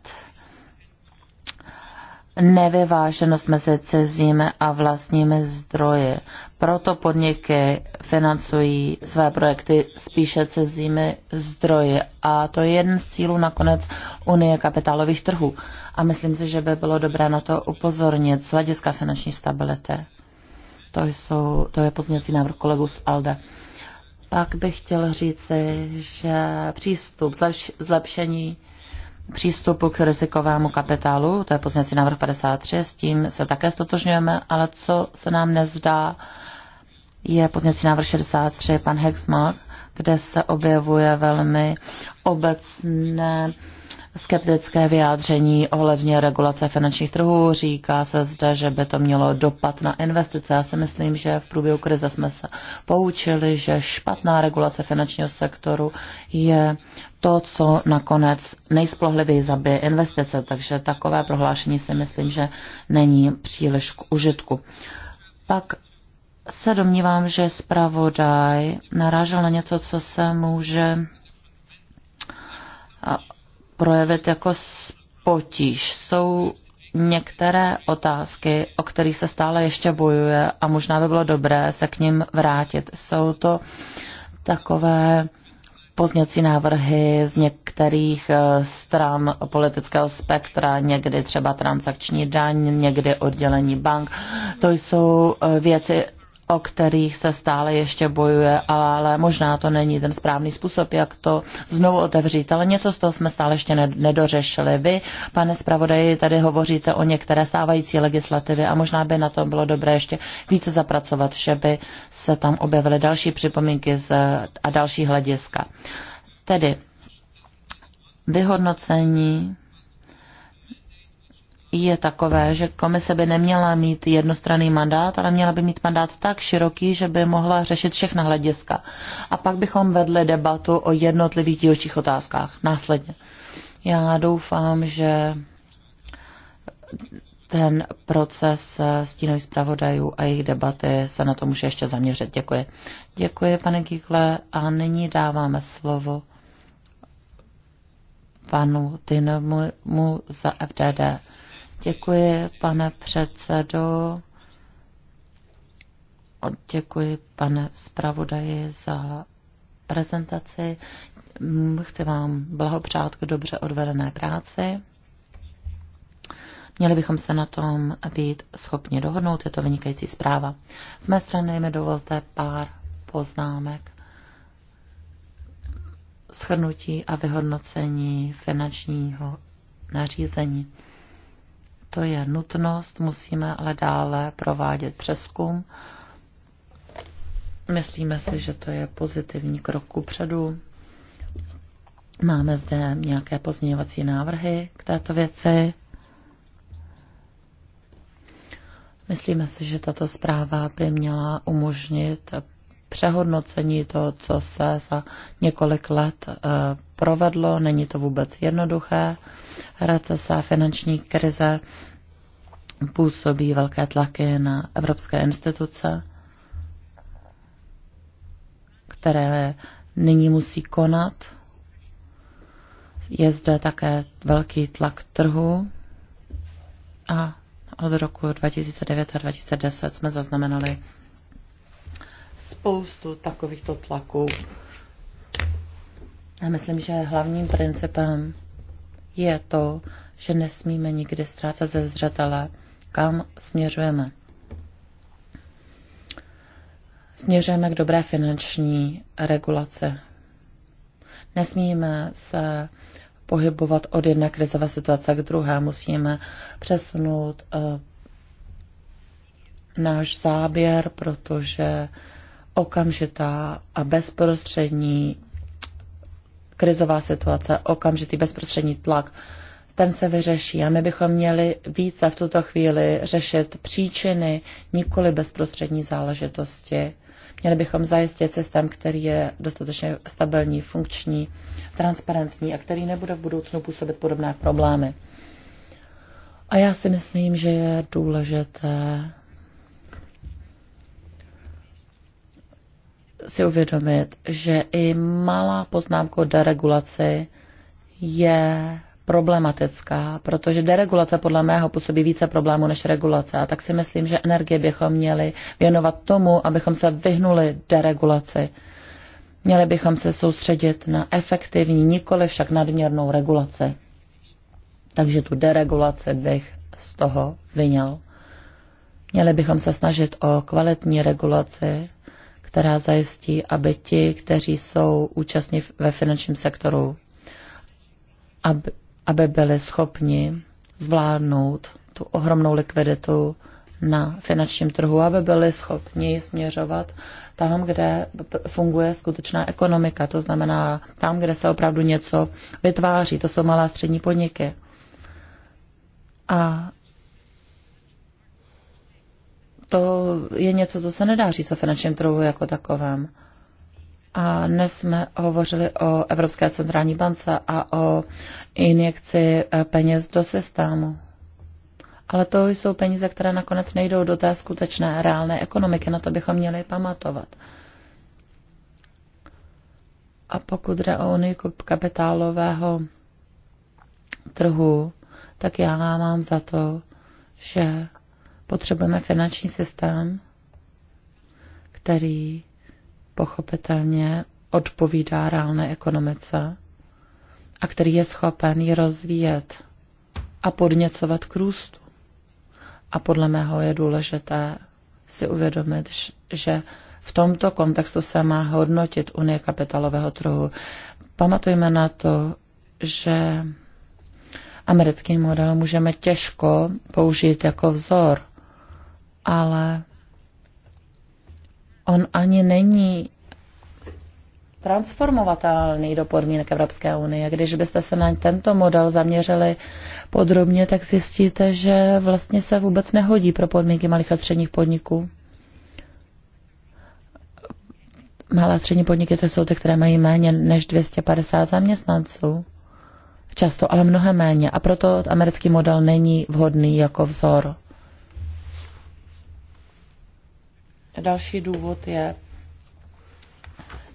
nevyváženost mezi cizími a vlastními zdroji. Proto podniky financují své projekty spíše cizími zdroji. A to je jeden z cílů nakonec Unie kapitálových trhů. A myslím si, že by bylo dobré na to upozornit z hlediska finanční stability. To, jsou, to je pozměňovací návrh kolegů z ALDE. Pak bych chtěl říci, že přístup, zlepšení přístupu k rizikovému kapitálu, to je pozněcí návrh 53, s tím se také stotožňujeme, ale co se nám nezdá, je pozněcí návrh 63, pan Hexmark, kde se objevuje velmi obecné skeptické vyjádření ohledně regulace finančních trhů. Říká se zde, že by to mělo dopad na investice. Já si myslím, že v průběhu krize jsme se poučili, že špatná regulace finančního sektoru je to, co nakonec nejsplohlivěji zabije investice. Takže takové prohlášení si myslím, že není příliš k užitku. Pak se domnívám, že zpravodaj narážel na něco, co se může projevit jako potíž. Jsou některé otázky, o kterých se stále ještě bojuje a možná by bylo dobré se k ním vrátit. Jsou to takové pozněcí návrhy z některých eh, stran politického spektra, někdy třeba transakční daň, někdy oddělení bank. To jsou eh, věci, o kterých se stále ještě bojuje, ale možná to není ten správný způsob, jak to znovu otevřít. Ale něco z toho jsme stále ještě nedořešili. Vy, pane zpravodaji, tady hovoříte o některé stávající legislativy a možná by na to bylo dobré ještě více zapracovat, že by se tam objevily další připomínky z, a další hlediska. Tedy vyhodnocení je takové, že komise by neměla mít jednostranný mandát, ale měla by mít mandát tak široký, že by mohla řešit všechna hlediska. A pak bychom vedli debatu o jednotlivých dílčích otázkách následně. Já doufám, že ten proces stínových zpravodajů a jejich debaty se na to může ještě zaměřit. Děkuji. Děkuji, pane Gikle. A nyní dáváme slovo panu Tynemu za FDD. Děkuji, pane předsedo. Děkuji, pane zpravodaji, za prezentaci. Mm, chci vám blahopřát k dobře odvedené práci. Měli bychom se na tom být schopni dohodnout, je to vynikající zpráva. Z mé strany mi dovolte pár poznámek. Schrnutí a vyhodnocení finančního nařízení. To je nutnost, musíme ale dále provádět přeskum. Myslíme si, že to je pozitivní krok ku předu. Máme zde nějaké pozměňovací návrhy k této věci. Myslíme si, že tato zpráva by měla umožnit přehodnocení toho, co se za několik let eh, provedlo, není to vůbec jednoduché. Recese a finanční krize působí velké tlaky na evropské instituce, které nyní musí konat. Je zde také velký tlak trhu a od roku 2009 a 2010 jsme zaznamenali spoustu takovýchto tlaků já myslím, že hlavním principem je to, že nesmíme nikdy ztrácet ze zřetele, kam směřujeme. Směřujeme k dobré finanční regulaci. Nesmíme se pohybovat od jedné krizové situace k druhé. Musíme přesunout eh, náš záběr, protože okamžitá a bezprostřední krizová situace, okamžitý bezprostřední tlak, ten se vyřeší. A my bychom měli více v tuto chvíli řešit příčiny, nikoli bezprostřední záležitosti. Měli bychom zajistit systém, který je dostatečně stabilní, funkční, transparentní a který nebude v budoucnu působit podobné problémy. A já si myslím, že je důležité si uvědomit, že i malá poznámka o deregulaci je problematická, protože deregulace podle mého působí více problémů než regulace. A tak si myslím, že energie bychom měli věnovat tomu, abychom se vyhnuli deregulaci. Měli bychom se soustředit na efektivní, nikoli však nadměrnou regulaci. Takže tu deregulaci bych z toho vyňal. Měli bychom se snažit o kvalitní regulaci, která zajistí, aby ti, kteří jsou účastní ve finančním sektoru, aby, aby byli schopni zvládnout tu ohromnou likviditu na finančním trhu, aby byli schopni směřovat tam, kde funguje skutečná ekonomika, to znamená tam, kde se opravdu něco vytváří, to jsou malá střední podniky. A to je něco, co se nedá říct o finančním trhu jako takovém. A dnes jsme hovořili o Evropské centrální bance a o injekci eh, peněz do systému. Ale to jsou peníze, které nakonec nejdou do té skutečné reálné ekonomiky. Na to bychom měli pamatovat. A pokud jde o uniku kapitálového trhu, tak já mám za to, že Potřebujeme finanční systém, který pochopitelně odpovídá reálné ekonomice a který je schopen ji rozvíjet a podněcovat k růstu. A podle mého je důležité si uvědomit, že v tomto kontextu se má hodnotit Unie kapitalového trhu. Pamatujme na to, že americký model můžeme těžko použít jako vzor – ale on ani není transformovatelný do podmínek Evropské unie. Když byste se na tento model zaměřili podrobně, tak zjistíte, že vlastně se vůbec nehodí pro podmínky malých a středních podniků. Malé a střední podniky to jsou ty, které mají méně než 250 zaměstnanců. Často, ale mnohem méně. A proto americký model není vhodný jako vzor Další důvod je,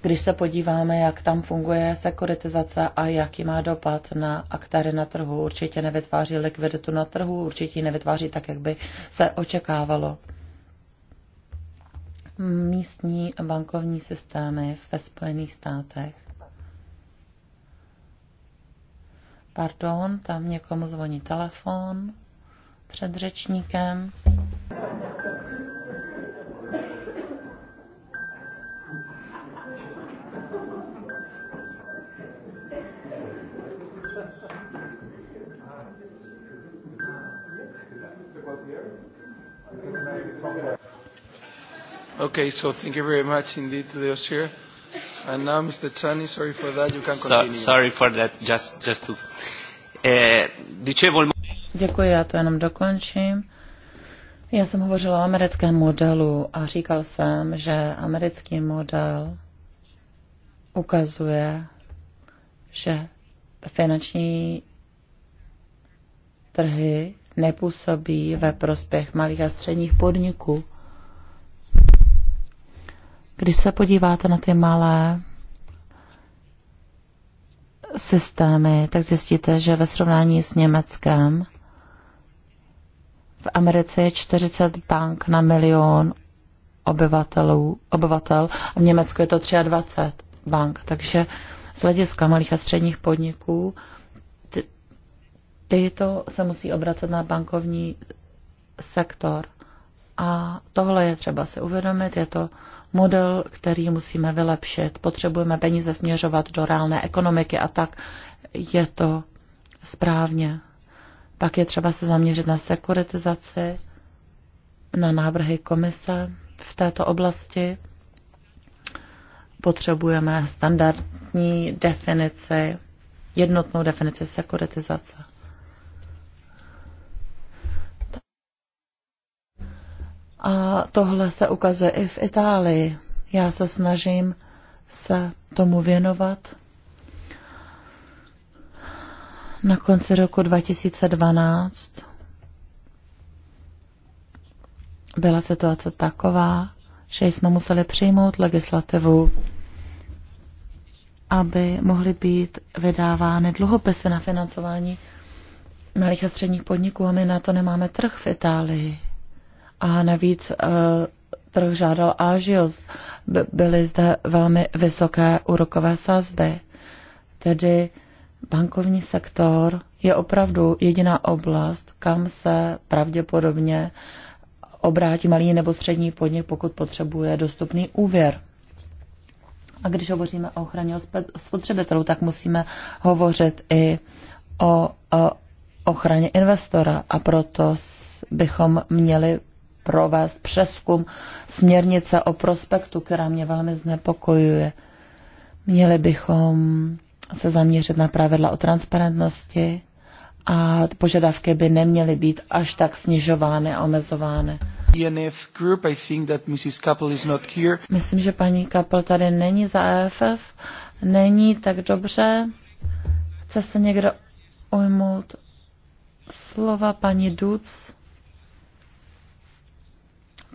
když se podíváme, jak tam funguje sekuritizace a jaký má dopad na aktéry na trhu, určitě nevytváří likviditu na trhu, určitě nevytváří tak, jak by se očekávalo. Místní bankovní systémy ve Spojených státech. Pardon, tam někomu zvoní telefon před řečníkem. Okay, so thank you very much indeed to the OSCE. And now, Mr. Chani, sorry for that, you can continue. So, sorry for that, just, just to... Eh, Děkuji, já to jenom dokončím. Já jsem hovořila o americkém modelu a říkal jsem, že americký model ukazuje, že finanční trhy nepůsobí ve prospěch malých a středních podniků. Když se podíváte na ty malé systémy, tak zjistíte, že ve srovnání s Německem v Americe je 40 bank na milion obyvatelů, obyvatel a v Německu je to 23 bank. Takže z hlediska malých a středních podniků ty, tyto se musí obracet na bankovní sektor. A tohle je třeba si uvědomit, je to model, který musíme vylepšit. Potřebujeme peníze směřovat do reálné ekonomiky a tak je to správně. Pak je třeba se zaměřit na sekuritizaci, na návrhy komise v této oblasti. Potřebujeme standardní definici, jednotnou definici sekuritizace. A tohle se ukazuje i v Itálii. Já se snažím se tomu věnovat. Na konci roku 2012 byla situace taková, že jsme museli přijmout legislativu, aby mohly být vydávány dluhopisy na financování malých a středních podniků a my na to nemáme trh v Itálii a navíc eh, trh žádal ážios. Byly zde velmi vysoké úrokové sazby. Tedy bankovní sektor je opravdu jediná oblast, kam se pravděpodobně obrátí malý nebo střední podnik, pokud potřebuje dostupný úvěr. A když hovoříme o ochraně spotřebitelů, tak musíme hovořit i o, o ochraně investora a proto bychom měli provést přeskum směrnice o prospektu, která mě velmi znepokojuje. Měli bychom se zaměřit na pravidla o transparentnosti a požadavky by neměly být až tak snižovány a omezovány. E Group, I think that Mrs. is not here. Myslím, že paní Kapel tady není za EFF. Není, tak dobře. Chce se někdo ujmout slova paní Duc?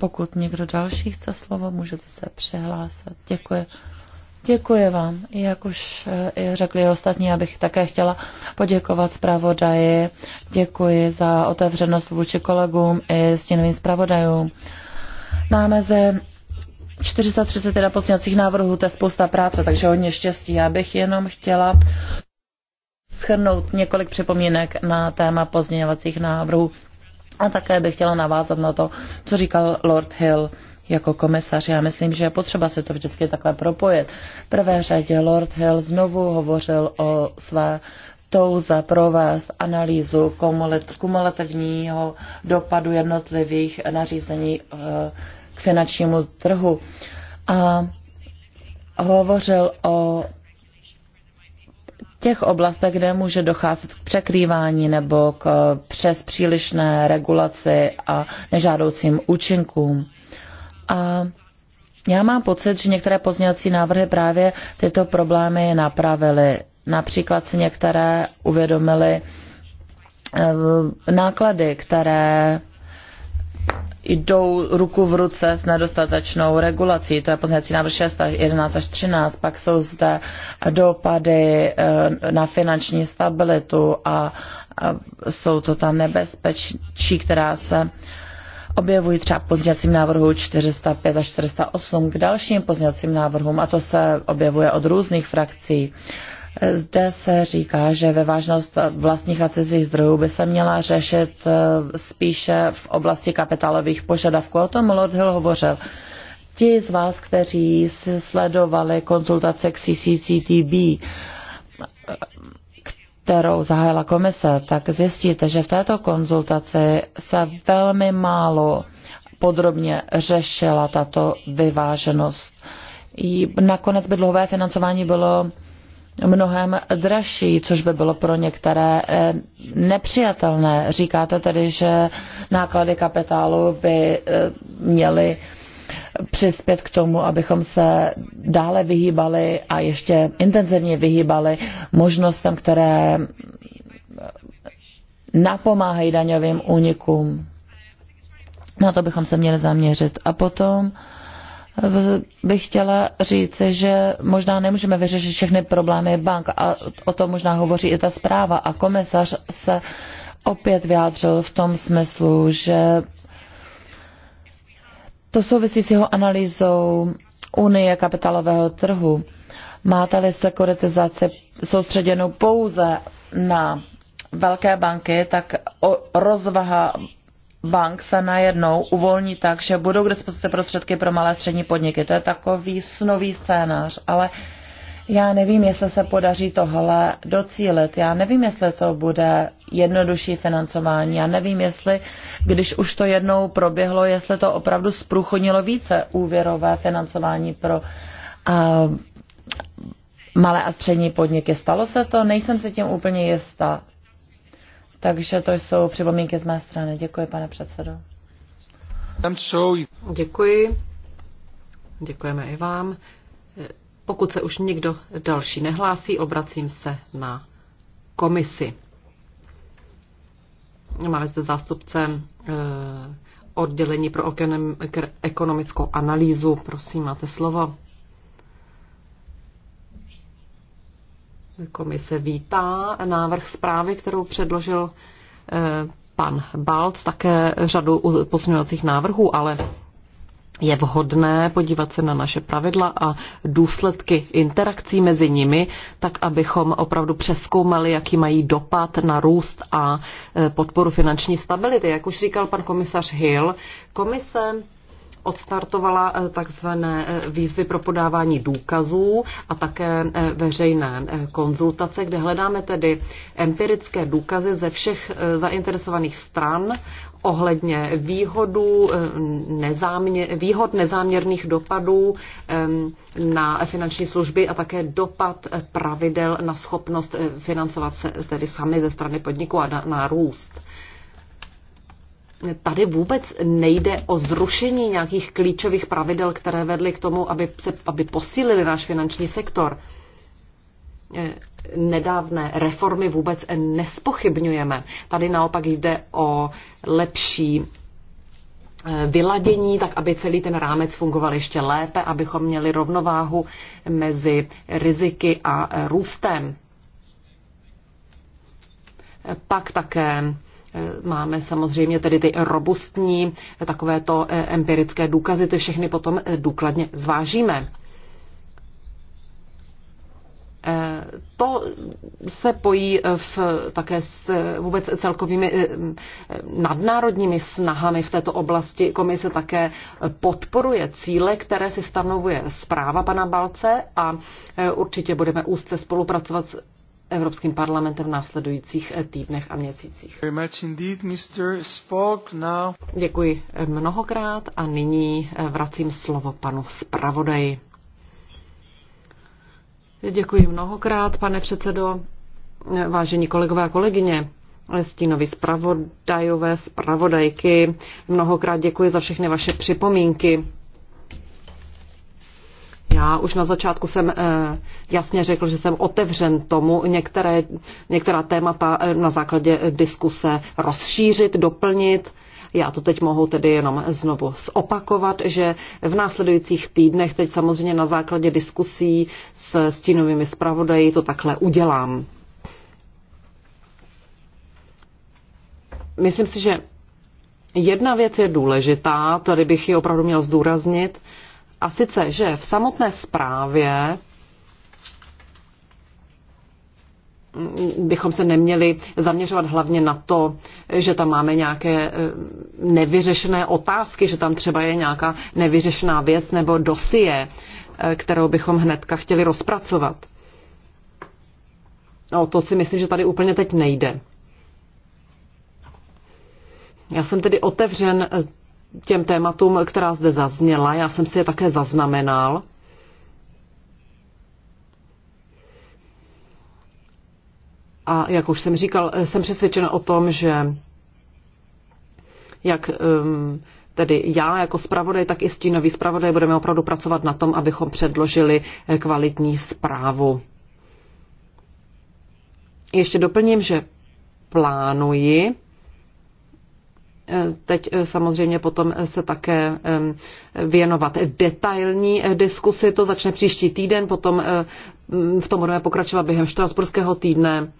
Pokud někdo další chce slovo, můžete se přihlásit. Děkuji. Děkuji vám. Jak už eh, řekli ostatní, abych také chtěla poděkovat zpravodaji. Děkuji za otevřenost vůči kolegům i stěnovým zpravodajům. Máme zde 431 posněcích návrhů, to je spousta práce, takže hodně štěstí. Já bych jenom chtěla schrnout několik připomínek na téma pozměňovacích návrhů. A také bych chtěla navázat na to, co říkal Lord Hill jako komisař. Já myslím, že je potřeba se to vždycky takhle propojit. V prvé řadě Lord Hill znovu hovořil o své touze provést analýzu kumulativního dopadu jednotlivých nařízení eh, k finančnímu trhu. A hovořil o těch oblastech, kde může docházet k překrývání nebo k eh, přes přílišné regulaci a nežádoucím účinkům. A já mám pocit, že některé pozměňovací návrhy právě tyto problémy napravily. Například si některé uvědomily eh, náklady, které jdou ruku v ruce s nedostatečnou regulací. To je pozměňovací návrh 6, 11 až 13. Pak jsou zde dopady eh, na finanční stabilitu a jsou to tam nebezpečí, která se objevují třeba v pozměňovacím návrhu 405 a 408 k dalším pozměňovacím návrhům a to se objevuje od různých frakcí. Zde se říká, že vyvážnost vlastních a cizích zdrojů by se měla řešit eh, spíše v oblasti kapitálových požadavků. O tom Lord Hill hovořil. Ti z vás, kteří sledovali konzultace k CCTB, kterou zahájila komise, tak zjistíte, že v této konzultaci se velmi málo podrobně řešila tato vyváženost. Nakonec by dlouhové financování bylo mnohem dražší, což by bylo pro některé eh, nepřijatelné. Říkáte tedy, že náklady kapitálu by eh, měly přispět k tomu, abychom se dále vyhýbali a ještě intenzivně vyhýbali možnostem, které napomáhají daňovým únikům. Na to bychom se měli zaměřit. A potom bych chtěla říct, že možná nemůžeme vyřešit všechny problémy bank a o tom možná hovoří i ta zpráva a komisař se opět vyjádřil v tom smyslu, že to souvisí s jeho analýzou Unie kapitálového trhu. Máte-li sekuritizaci soustředěnou pouze na velké banky, tak rozvaha bank se najednou uvolní tak, že budou k dispozici prostředky pro malé a střední podniky. To je takový snový scénář, ale já nevím, jestli se podaří tohle docílit. Já nevím, jestli to bude jednodušší financování. Já nevím, jestli, když už to jednou proběhlo, jestli to opravdu zprůchodnilo více úvěrové financování pro a, malé a střední podniky. Stalo se to? Nejsem si tím úplně jistá. Takže to jsou připomínky z mé strany. Děkuji, pane předsedo. Děkuji. Děkujeme i vám. Pokud se už někdo další nehlásí, obracím se na komisi. Máme zde zástupce eh, oddělení pro ekonomickou analýzu. Prosím, máte slovo. Komise vítá návrh zprávy, kterou předložil eh, pan Balc, také řadu pozměňovacích návrhů, ale je vhodné podívat se na naše pravidla a důsledky interakcí mezi nimi, tak abychom opravdu přeskoumali, jaký mají dopad na růst a eh, podporu finanční stability. Jak už říkal pan komisař Hill, komise odstartovala eh, takzvané eh, výzvy pro podávání důkazů a také eh, veřejné konzultace, kde hledáme tedy empirické důkazy ze všech zainteresovaných stran ohledně výhodu, nezámě, výhod nezáměrných dopadů na finanční služby a také dopad pravidel na schopnost financovat se tedy sami ze strany podniku a na, na růst tady vůbec nejde o zrušení nějakých klíčových pravidel, které vedly k tomu, aby, se, aby posílili náš finanční sektor. Eh, nedávné reformy vůbec nespochybňujeme. Tady naopak jde o lepší eh, vyladění, tak aby celý ten rámec fungoval ještě lépe, abychom měli rovnováhu mezi riziky a eh, růstem. Pak také Eh, máme samozřejmě tedy ty robustní, eh, takovéto eh, empirické důkazy, ty všechny potom důkladně zvážíme. To se pojí v, také s vůbec celkovými nadnárodními snahami v této oblasti. Komise také podporuje cíle, které si stanovuje zpráva pana Balce a určitě budeme úzce spolupracovat s Evropským parlamentem v následujících eh, týdnech a měsících. Děkuji eh, mnohokrát a nyní eh, vracím slovo panu zpravodaji. Děkuji mnohokrát, pane předsedo, vážení kolegové a kolegyně. Stínovi zpravodajové, zpravodajky. Mnohokrát děkuji za všechny vaše připomínky. Já už na začátku jsem eh, jasně řekl, že jsem otevřen tomu některé, některá témata eh, na základě diskuse rozšířit, doplnit. Já to teď mohu tedy jenom znovu zopakovat, že v následujících týdnech, teď samozřejmě na základě diskusí s stínovými zpravodaji, to takhle udělám. Myslím si, že jedna věc je důležitá, tady bych ji opravdu měl zdůraznit, a sice, že v samotné zprávě bychom se neměli zaměřovat hlavně na to, že tam máme nějaké eh, nevyřešené otázky, že tam třeba je nějaká nevyřešená věc nebo dosie, eh, kterou bychom hnedka chtěli rozpracovat. O no, to si myslím, že tady úplně teď nejde. Já jsem tedy otevřen eh, těm tématům, která zde zazněla. Já jsem si je také zaznamenal. A jak už jsem říkal, jsem přesvědčen o tom, že jak um, tedy já jako zpravodaj, tak i stínový zpravodaj budeme opravdu pracovat na tom, abychom předložili eh, kvalitní zprávu. Ještě doplním, že plánuji teď eh, samozřejmě potom eh, se také věnovat detailní eh, diskusy. To začne příští týden, potom v tom budeme pokračovat během štrasburského týdne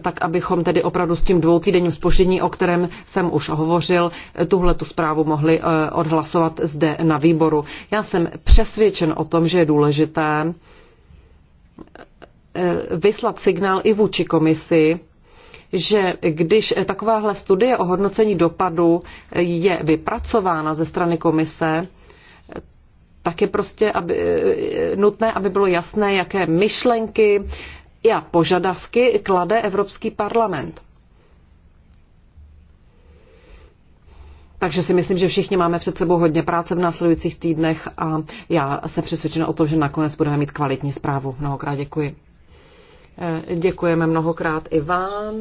tak abychom tedy opravdu s tím dvoutýdenním spoždění, o kterém jsem už hovořil, tuhle tu zprávu mohli odhlasovat zde na výboru. Já jsem přesvědčen o tom, že je důležité vyslat signál i vůči komisi, že když takováhle studie o hodnocení dopadu je vypracována ze strany komise, tak je prostě aby, nutné, aby bylo jasné, jaké myšlenky a požadavky klade Evropský parlament. Takže si myslím, že všichni máme před sebou hodně práce v následujících týdnech a já jsem přesvědčena o tom, že nakonec budeme mít kvalitní zprávu. Mnohokrát děkuji. Eh, děkujeme mnohokrát i vám,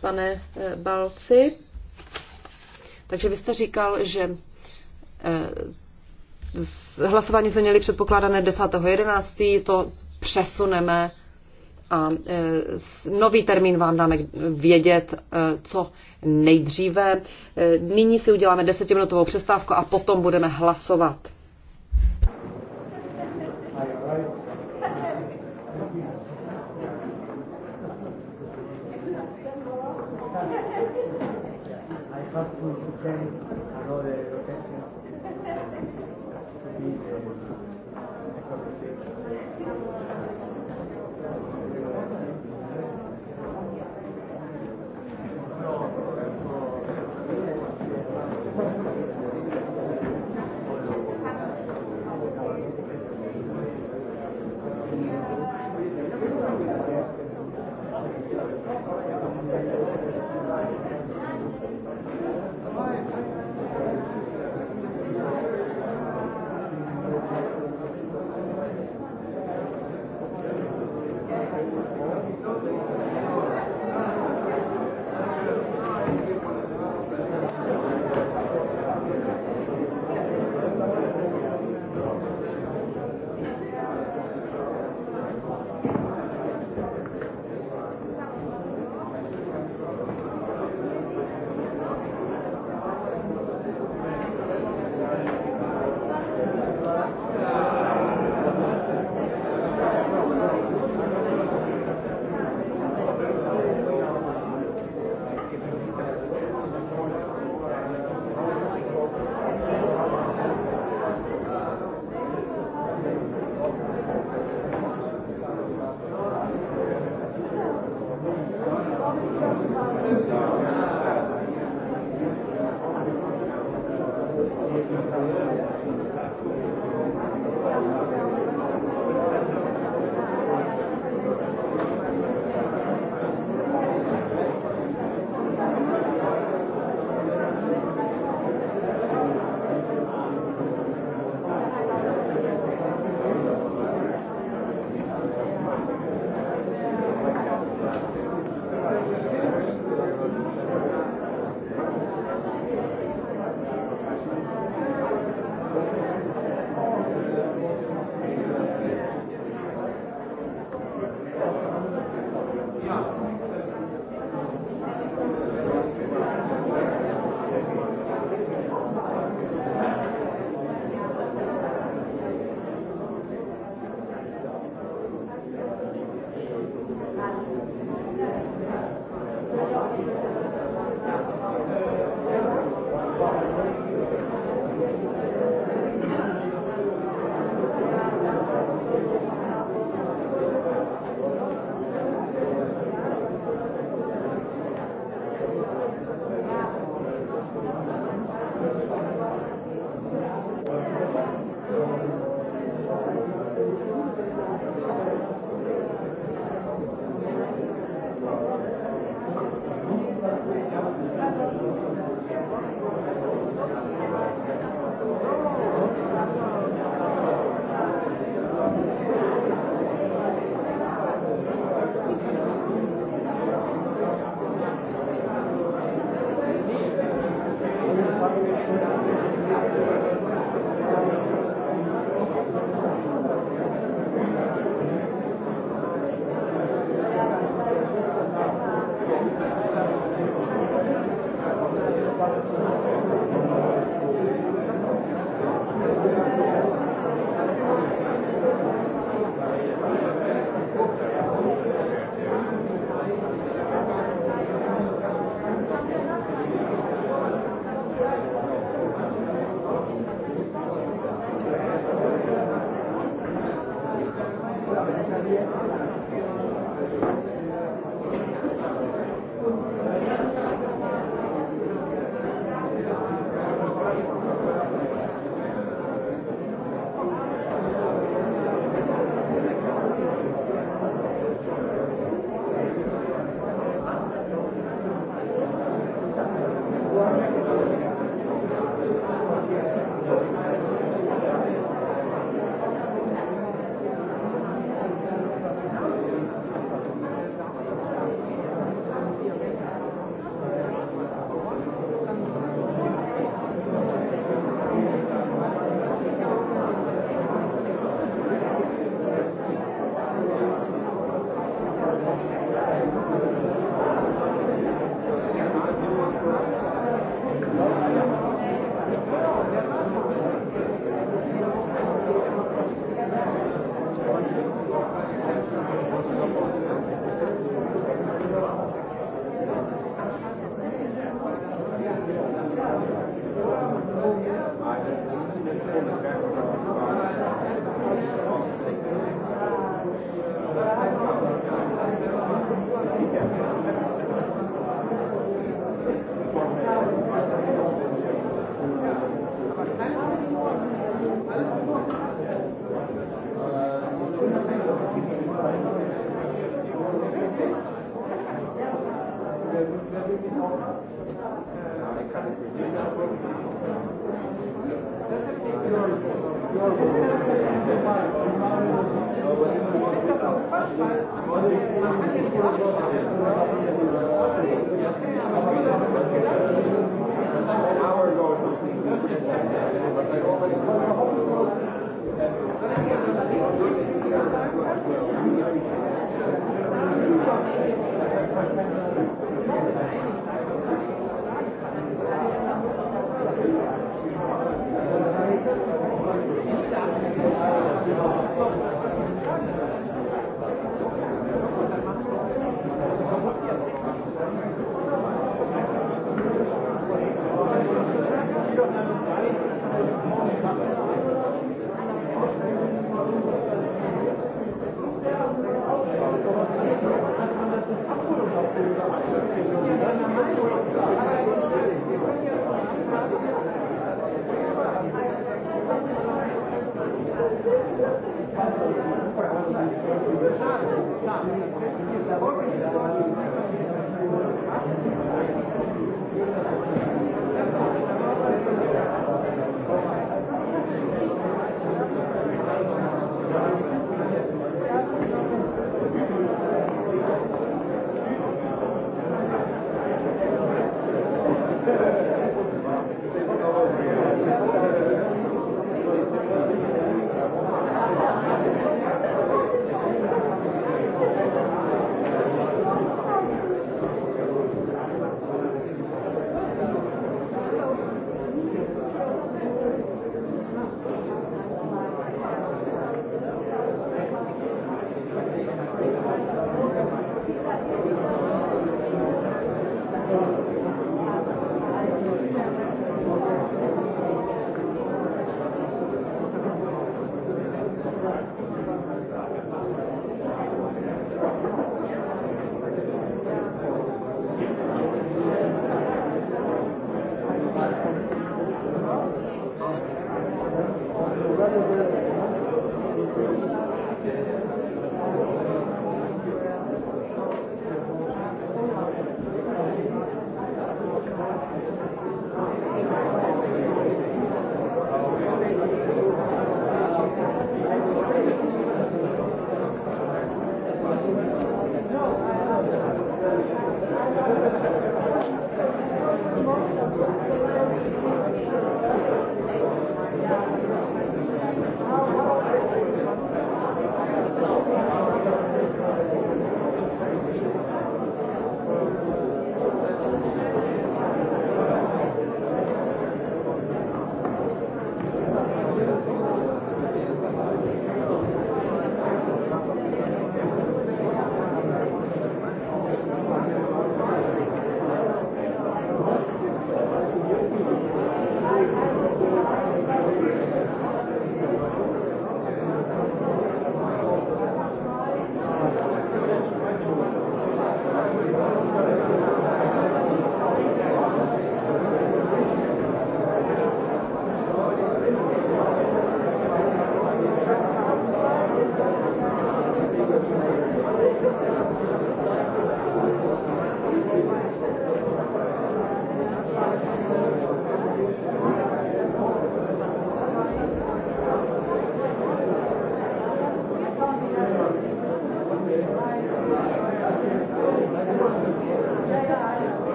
pane eh, Balci. Takže vy jste říkal, že eh, hlasování jsme měli předpokládané 10.11. To přesuneme a nový termín vám dáme vědět, co nejdříve. Nyní si uděláme desetiminutovou přestávku a potom budeme hlasovat. Thank [LAUGHS] you.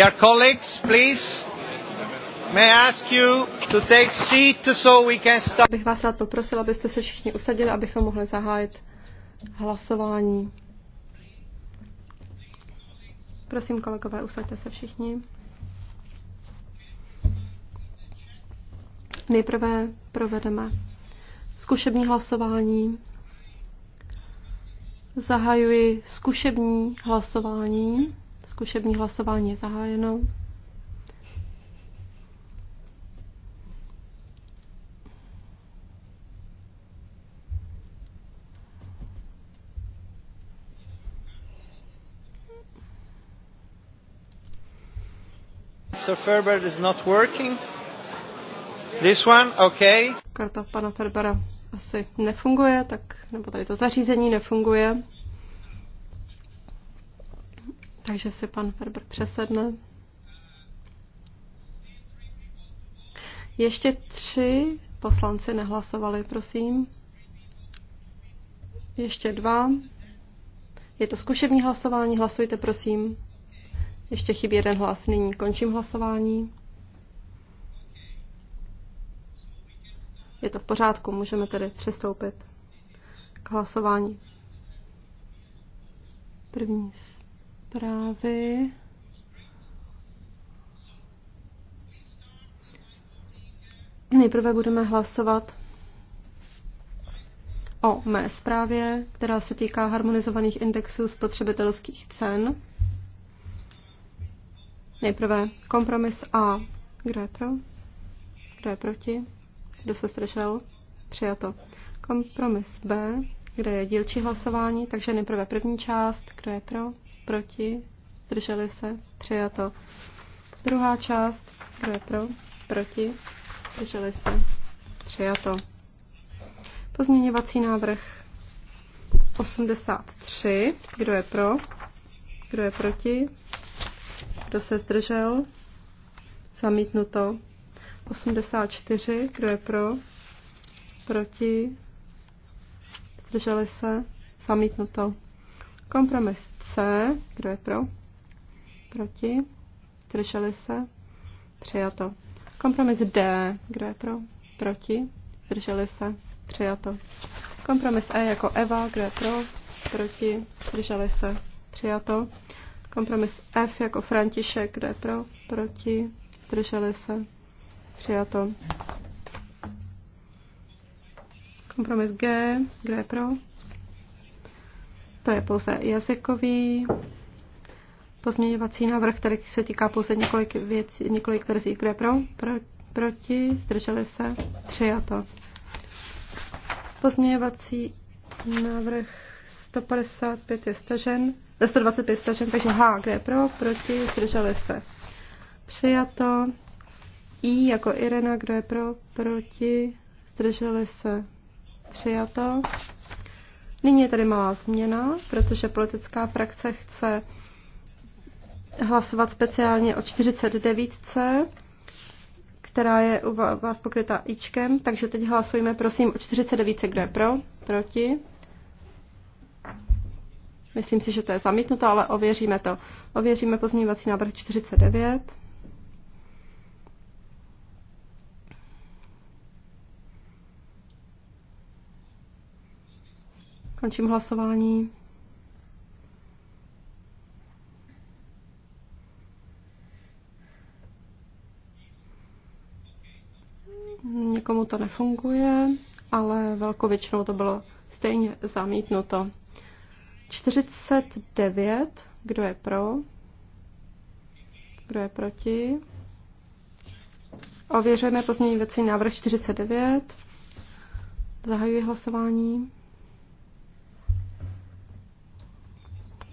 Dear colleagues, please, may I ask you to take seat so we can start. Bych vás rád poprosil, abyste se všichni usadili, abychom mohli zahájit hlasování. Prosím, kolegové, usaďte se všichni. Nejprve provedeme zkušební hlasování. Zahajuji zkušební hlasování. Zkušební hlasování je zahájeno. Mr. Ferber is not working. This one, okay. Karta pana Ferbera asi nefunguje, tak, nebo tady to zařízení nefunguje. Takže si pan Ferber přesedne. Ještě tři poslanci nehlasovali, prosím. Ještě dva. Je to zkušební hlasování, hlasujte, prosím. Ještě chybí jeden hlas, nyní končím hlasování. Je to v pořádku, můžeme tedy přistoupit k hlasování. První zprávy. Nejprve budeme hlasovat o mé zprávě, která se týká harmonizovaných indexů spotřebitelských cen. Nejprve kompromis A. Kdo je pro? Kdo je proti? Kdo se zdržel? Přijato. Kompromis B, kde je dílčí hlasování, takže nejprve první část. Kdo je pro? proti, zdrželi se, přijato. Druhá část, kdo je pro, proti, zdrželi se, přijato. Pozměňovací návrh 83, kdo je pro, kdo je proti, kdo se zdržel, zamítnuto. 84, kdo je pro, proti, zdrželi se, zamítnuto. Kompromis C, kdo je pro? Proti? Zdrželi se? Přijato. Kompromis D, kdo je pro? Proti? Zdrželi se? Přijato. Kompromis E jako Eva, kdo je pro? Proti? Zdrželi se? Přijato. Kompromis F jako František, kdo je pro? Proti? Zdrželi se? Přijato. Kompromis G, kdo je pro? To je pouze jazykový pozměňovací návrh, který se týká pouze několik, věcí, několik verzí. Kdo je pro? pro? Proti? Zdrželi se? Přijato. Pozměňovací návrh 155 je stažen, 125 eh, stažen, takže H, kde je pro, proti, zdrželi se. Přijato. I jako Irena, kdo je pro, proti, zdrželi se. Přijato. Nyní je tady malá změna, protože politická frakce chce hlasovat speciálně o 49, která je u vás pokryta ičkem, takže teď hlasujeme prosím o 49, kdo je pro, proti. Myslím si, že to je zamítnuto, ale ověříme to. Ověříme pozměňovací návrh 49. Končím hlasování. Někomu to nefunguje, ale velkou většinou to bylo stejně zamítnuto. 49, kdo je pro? Kdo je proti? Ověřujeme pozměňovací návrh 49. Zahajuji hlasování.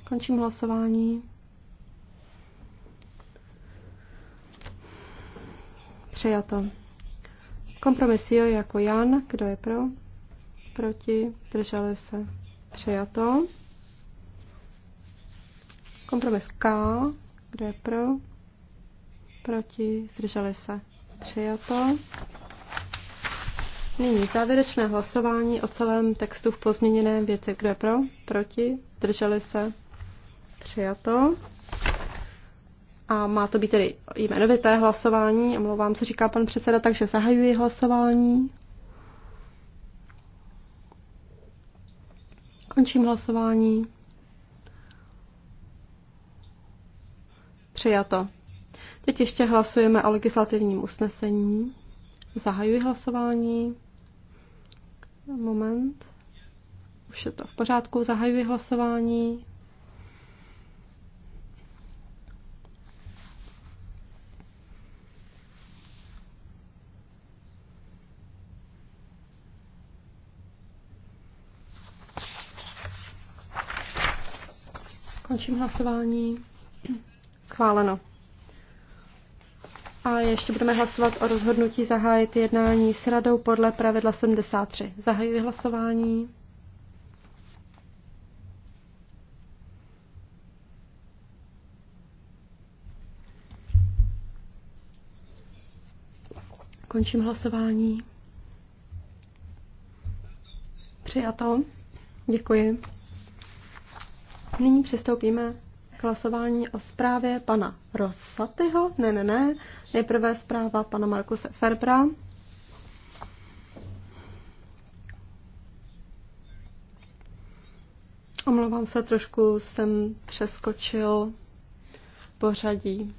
Končím hlasování. Přijato. Kompromis je jako Jan. Kdo je pro? Proti? Drželi se? Přijato. Kompromis K. Kdo je pro? Proti? Zdrželi se? Přijato. Nyní závěrečné hlasování o celém textu v pozměněném věci. Kdo je pro? Proti? Zdrželi se? Přijato. A má to být tedy jmenovité hlasování, omlouvám se, říká pan předseda, takže zahajuji hlasování. Končím hlasování. Přijato. Teď ještě hlasujeme o legislativním usnesení. Zahajuji hlasování. Moment. Už je to v pořádku. Zahajuji hlasování. Končím hlasování. Schváleno. A ještě budeme hlasovat o rozhodnutí zahájit jednání s radou podle pravidla 73. Zahajuji hlasování. Končím hlasování. Přijato. Děkuji. Nyní přistoupíme k hlasování o zprávě pana Rosatyho. Ne, ne, ne. Nejprve zpráva pana Markuse Ferbra. Omlouvám se, trošku jsem přeskočil pořadí.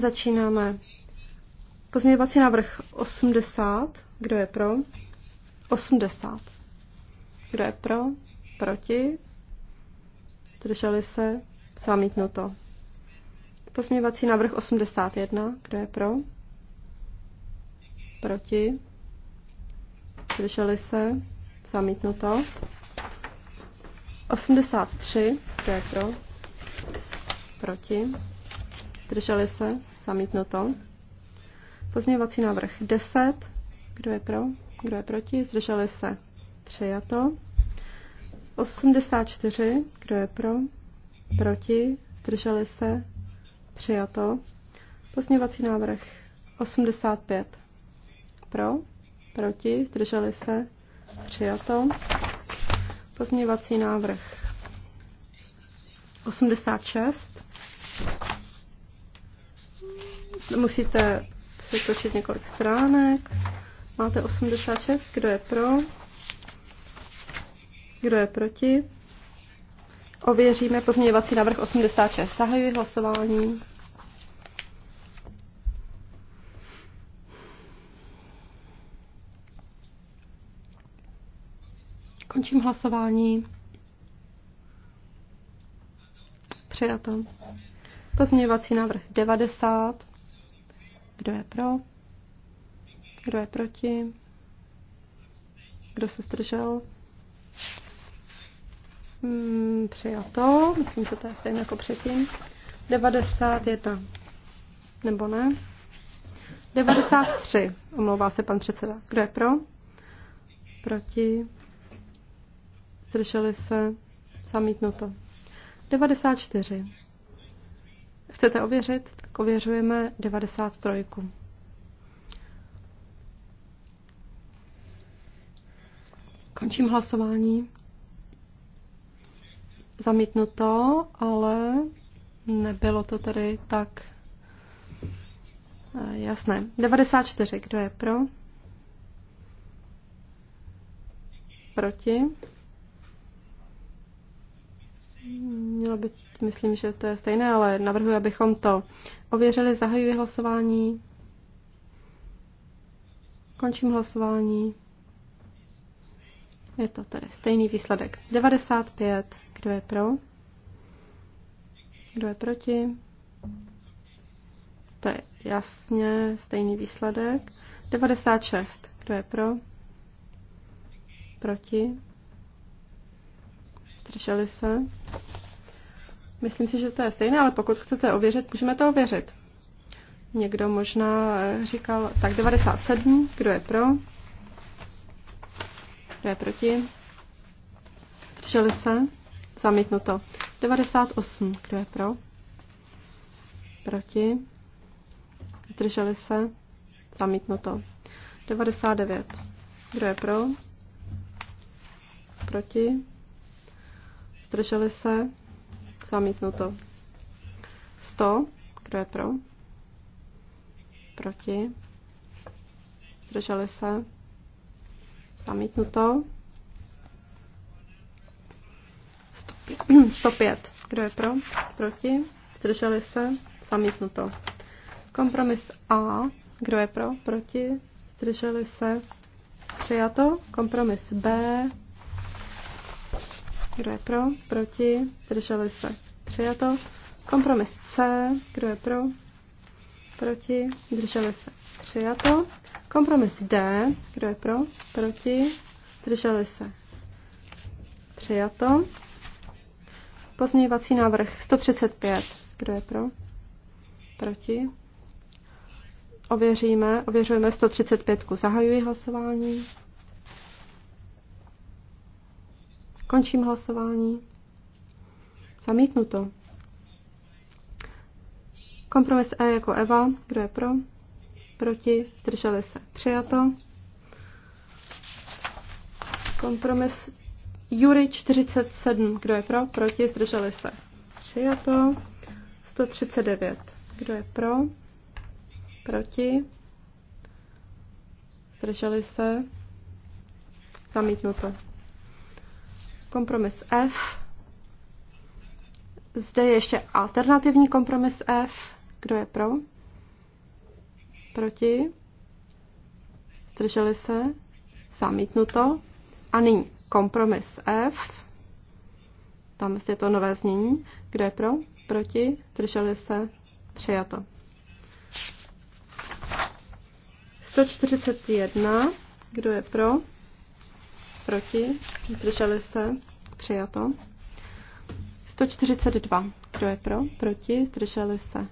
Začínáme. Pozměňovací návrh 80. Kdo je pro? 80. Kdo je pro? Proti? Zdrželi se? Zamítnuto. Pozměňovací návrh 81. Kdo je pro? Proti? Zdrželi se? Zamítnuto. 83. Kdo je pro? Proti? Drželi se? Zamítnuto. Pozměňovací návrh 10. Kdo je pro? Kdo je proti? Zdrželi se? Přijato. 84. Kdo je pro? Proti? Zdrželi se? Přijato. Pozměňovací návrh 85. Pro? Proti? Zdrželi se? Přijato. Pozměňovací návrh 86 musíte přetočit několik stránek. Máte 86, kdo je pro, kdo je proti. Ověříme pozměňovací návrh 86. Zahajuji hlasování. Končím hlasování. Přijato. Pozměňovací návrh 90. Kdo je pro? Kdo je proti? Kdo se zdržel? Hmm, přijato. Myslím, že to je stejné jako předtím. 91. Nebo ne? 93. Omlouvá se pan předseda. Kdo je pro? Proti? Zdrželi se? Zamítnuto. 94. Chcete ověřit? Tak ověřujeme 93. Končím hlasování. Zamítnuto, ale nebylo to tedy tak eh, jasné. 94, kdo je pro? Proti? Mělo by Myslím, že to je stejné, ale navrhuji, abychom to ověřili. Zahajuji hlasování. Končím hlasování. Je to tedy stejný výsledek. 95. Kdo je pro? Kdo je proti? To je jasně stejný výsledek. 96. Kdo je pro? Proti? Zdrželi se? Myslím si, že to je stejné, ale pokud chcete ověřit, můžeme to ověřit. Někdo možná eh, říkal, tak 97, kdo je pro? Kdo je proti? Drželi se? Zamítnuto. 98, kdo je pro? Proti? Zdrželi se? Zamítnuto. 99, kdo je pro? Proti? Zdrželi se? Zamítnuto. 100. Kdo je pro? Proti? Zdrželi se? Zamítnuto. 105. 105. [CLEARS THROAT] Kdo je pro? Proti? Zdrželi se? Zamítnuto. Kompromis A. Kdo je pro? Proti? Zdrželi se? Přijato. Kompromis B. Kdo je pro? Proti? Zdrželi se? Přijato. Kompromis C. Kdo je pro? Proti? Zdrželi se? Přijato. Kompromis D. Kdo je pro? Proti? Zdrželi se? Přijato. Pozměňovací návrh 135. Kdo je pro? Proti? Ověříme, ověřujeme 135. Zahajuji hlasování. Končím hlasování. Zamítnuto. Kompromis E jako Eva. Kdo je pro? Proti? Zdrželi se. Přijato. Kompromis Jury 47. Kdo je pro? Proti? Zdrželi se. Přijato. 139. Kdo je pro? Proti? Zdrželi se. Zamítnuto. Kompromis F. Zde je ještě alternativní kompromis F. Kdo je pro? Proti? Zdrželi se? Zamítnuto. A nyní kompromis F. Tam je to nové znění. Kdo je pro? Proti? Zdrželi se? Přijato. 141. Kdo je pro? Proti? Zdrželi se? Přijato. 142. Kdo je pro? Proti? Zdrželi se?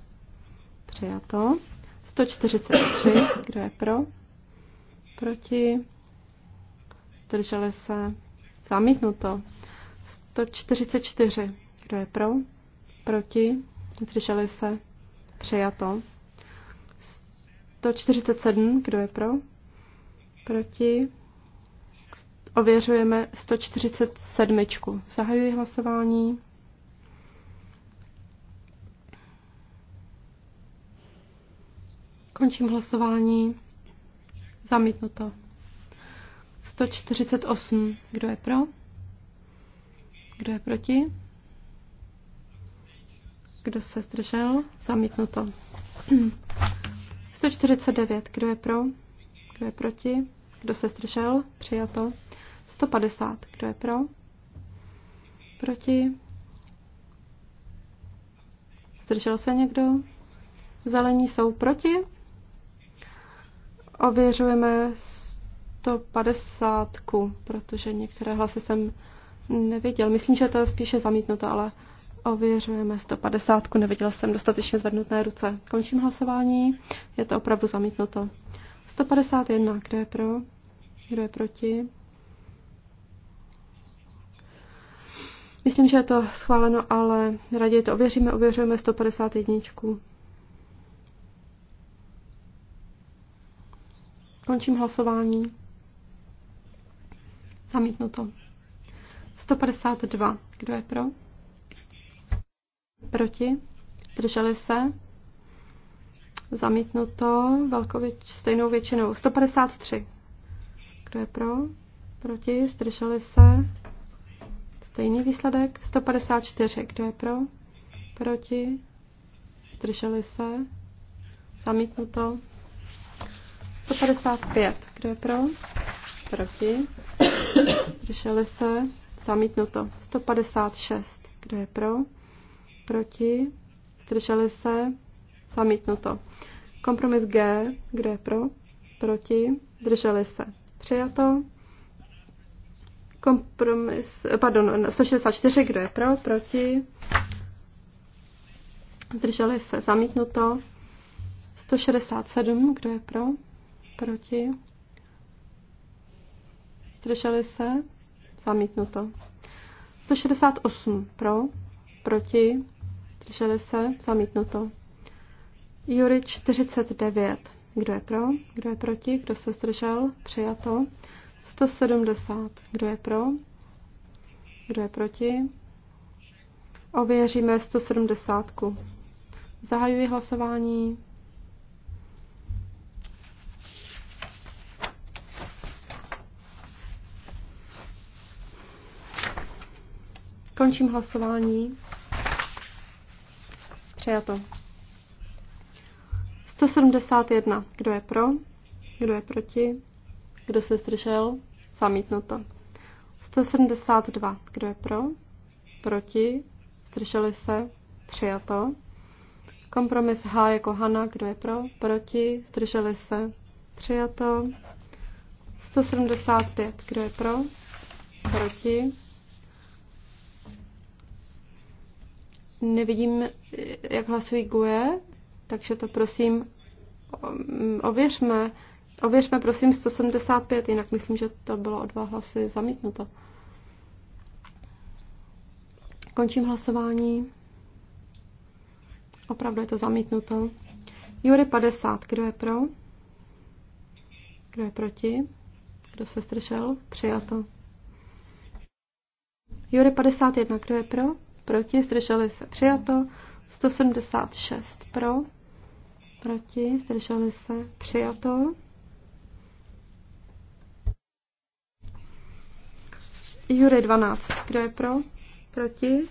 Přijato. 143. Kdo je pro? Proti? Zdrželi se? Zamítnuto. 144. Kdo je pro? Proti? Zdrželi se? Přijato. 147. Kdo je pro? Proti? Ověřujeme 147. Zahajuji hlasování. Končím hlasování. Zamítnuto. 148. Kdo je pro? Kdo je proti? Kdo se zdržel? Zamítnuto. 149. Kdo je pro? Kdo je proti? Kdo se zdržel? Přijato. 150. Kdo je pro? Proti? Zdržel se někdo? Zelení jsou proti? Ověřujeme 150, protože některé hlasy jsem neviděl. Myslím, že to je spíše zamítnuto, ale ověřujeme 150. Neviděl jsem dostatečně zvednuté ruce. Končím hlasování. Je to opravdu zamítnuto. 151. Kdo je pro? Kdo je proti? Myslím, že je to schváleno, ale raději to ověříme. Ověřujeme 151. Končím hlasování. Zamítnuto. 152. Kdo je pro? Proti? Drželi se? Zamítnuto to. věč, stejnou většinou. 153. Kdo je pro? Proti? Zdrželi se? Stejný výsledek. 154. Kdo je pro? Proti? Zdrželi se? Zamítnuto. 155. Kdo je pro? Proti? Zdrželi se? Zamítnuto. 156. Kdo je pro? Proti? Zdrželi se? Zamítnuto. Kompromis G. Kdo je pro? Proti? Zdrželi se? Přijato. Kompromis, pardon, 164, kdo je pro, proti. Zdrželi se, zamítnuto. 167, kdo je pro, proti. Zdrželi se, zamítnuto. 168 pro, proti, zdrželi se, zamítnuto. Jury 49, kdo je pro, kdo je proti, kdo se zdržel, přijato. 170. Kdo je pro? Kdo je proti? Ověříme 170. Zahajuji hlasování. Končím hlasování. Přijato. 171. Kdo je pro? Kdo je proti? Kdo se zdržel? Zamítnuto. 172. Kdo je pro? Proti? Zdrželi se? Přijato. Kompromis H jako Hana. Kdo je pro? Proti? Zdrželi se? Přijato. 175. Kdo je pro? Proti? Nevidím, jak hlasují GUE, takže to prosím um, ověřme. Ověřme prosím 175, jinak myslím, že to bylo o dva hlasy zamítnuto. Končím hlasování. Opravdu je to zamítnuto. Jury 50, kdo je pro? Kdo je proti? Kdo se zdržel? Přijato. Jury 51, kdo je pro? Proti, zdrželi se. Přijato. 176 pro, proti, zdrželi se. Přijato. Jury 12. Kdo je pro? Proti?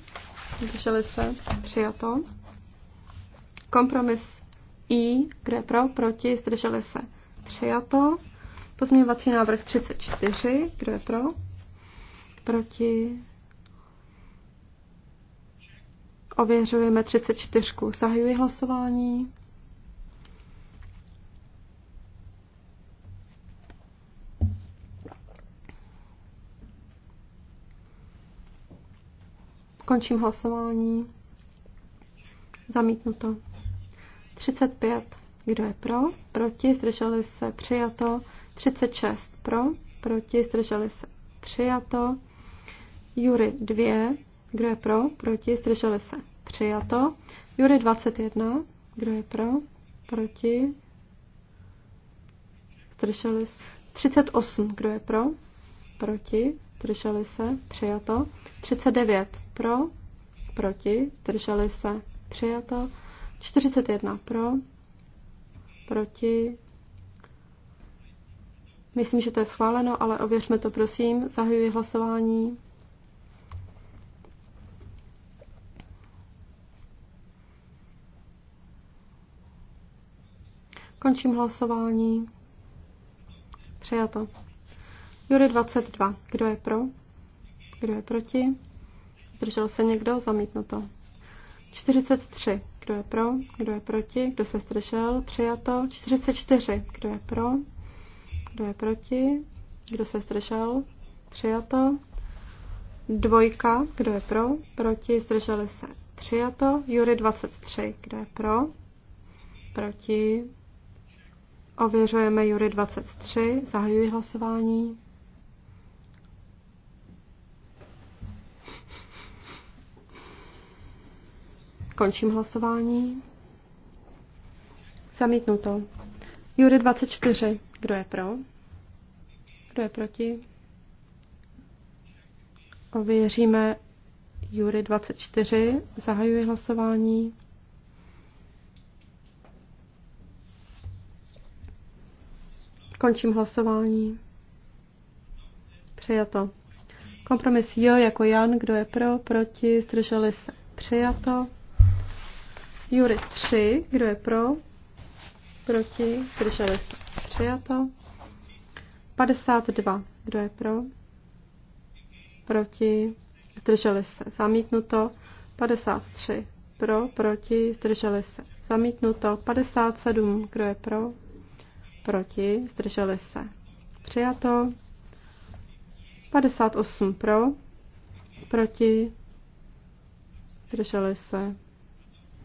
Zdrželi se? Přijato. Kompromis I. Kdo je pro? Proti? Zdrželi se? Přijato. Pozměňovací návrh 34. Kdo je pro? Proti? Ověřujeme 34. Zahajuji hlasování. Končím hlasování. Zamítnuto. 35. Kdo je pro? Proti? Zdrželi se? Přijato. 36. Pro? Proti? Zdrželi se? Přijato. Jury 2. Kdo je pro? Proti? Zdrželi se? Přijato. Jury 21. Kdo je pro? Proti? Zdrželi se? 38. Kdo je pro? Proti? Zdrželi se? Přijato. 39 pro, proti, drželi se, přijato. 41 pro, proti. Myslím, že to je schváleno, ale ověřme to, prosím. Zahajuji hlasování. Končím hlasování. Přijato. Jury 22. Kdo je pro? Kdo je proti? Zdržel se někdo? Zamítnuto. 43. Kdo je pro? Kdo je proti? Kdo se zdržel? Přijato. 44. Kdo je pro? Kdo je proti? Kdo se zdržel? Přijato. Dvojka. Kdo je pro? Proti? Zdrželi se. Přijato. Jury 23. Kdo je pro? Proti? Ověřujeme Jury 23. Zahajuji hlasování. Končím hlasování. Zamítnuto. Jury 24. Kdo je pro? Kdo je proti? Ověříme Jury 24. Zahajuji hlasování. Končím hlasování. Přijato. Kompromis jo jako Jan, kdo je pro, proti, zdrželi se. Přijato. Jury 3, kdo je pro? Proti? Zdrželi se. Přijato. 52, kdo je pro? Proti? Zdrželi se. Zamítnuto. 53, pro? Proti? Zdrželi se. Zamítnuto. 57, kdo je pro? Proti? Zdrželi se. Přijato. 58 pro, proti, zdrželi se,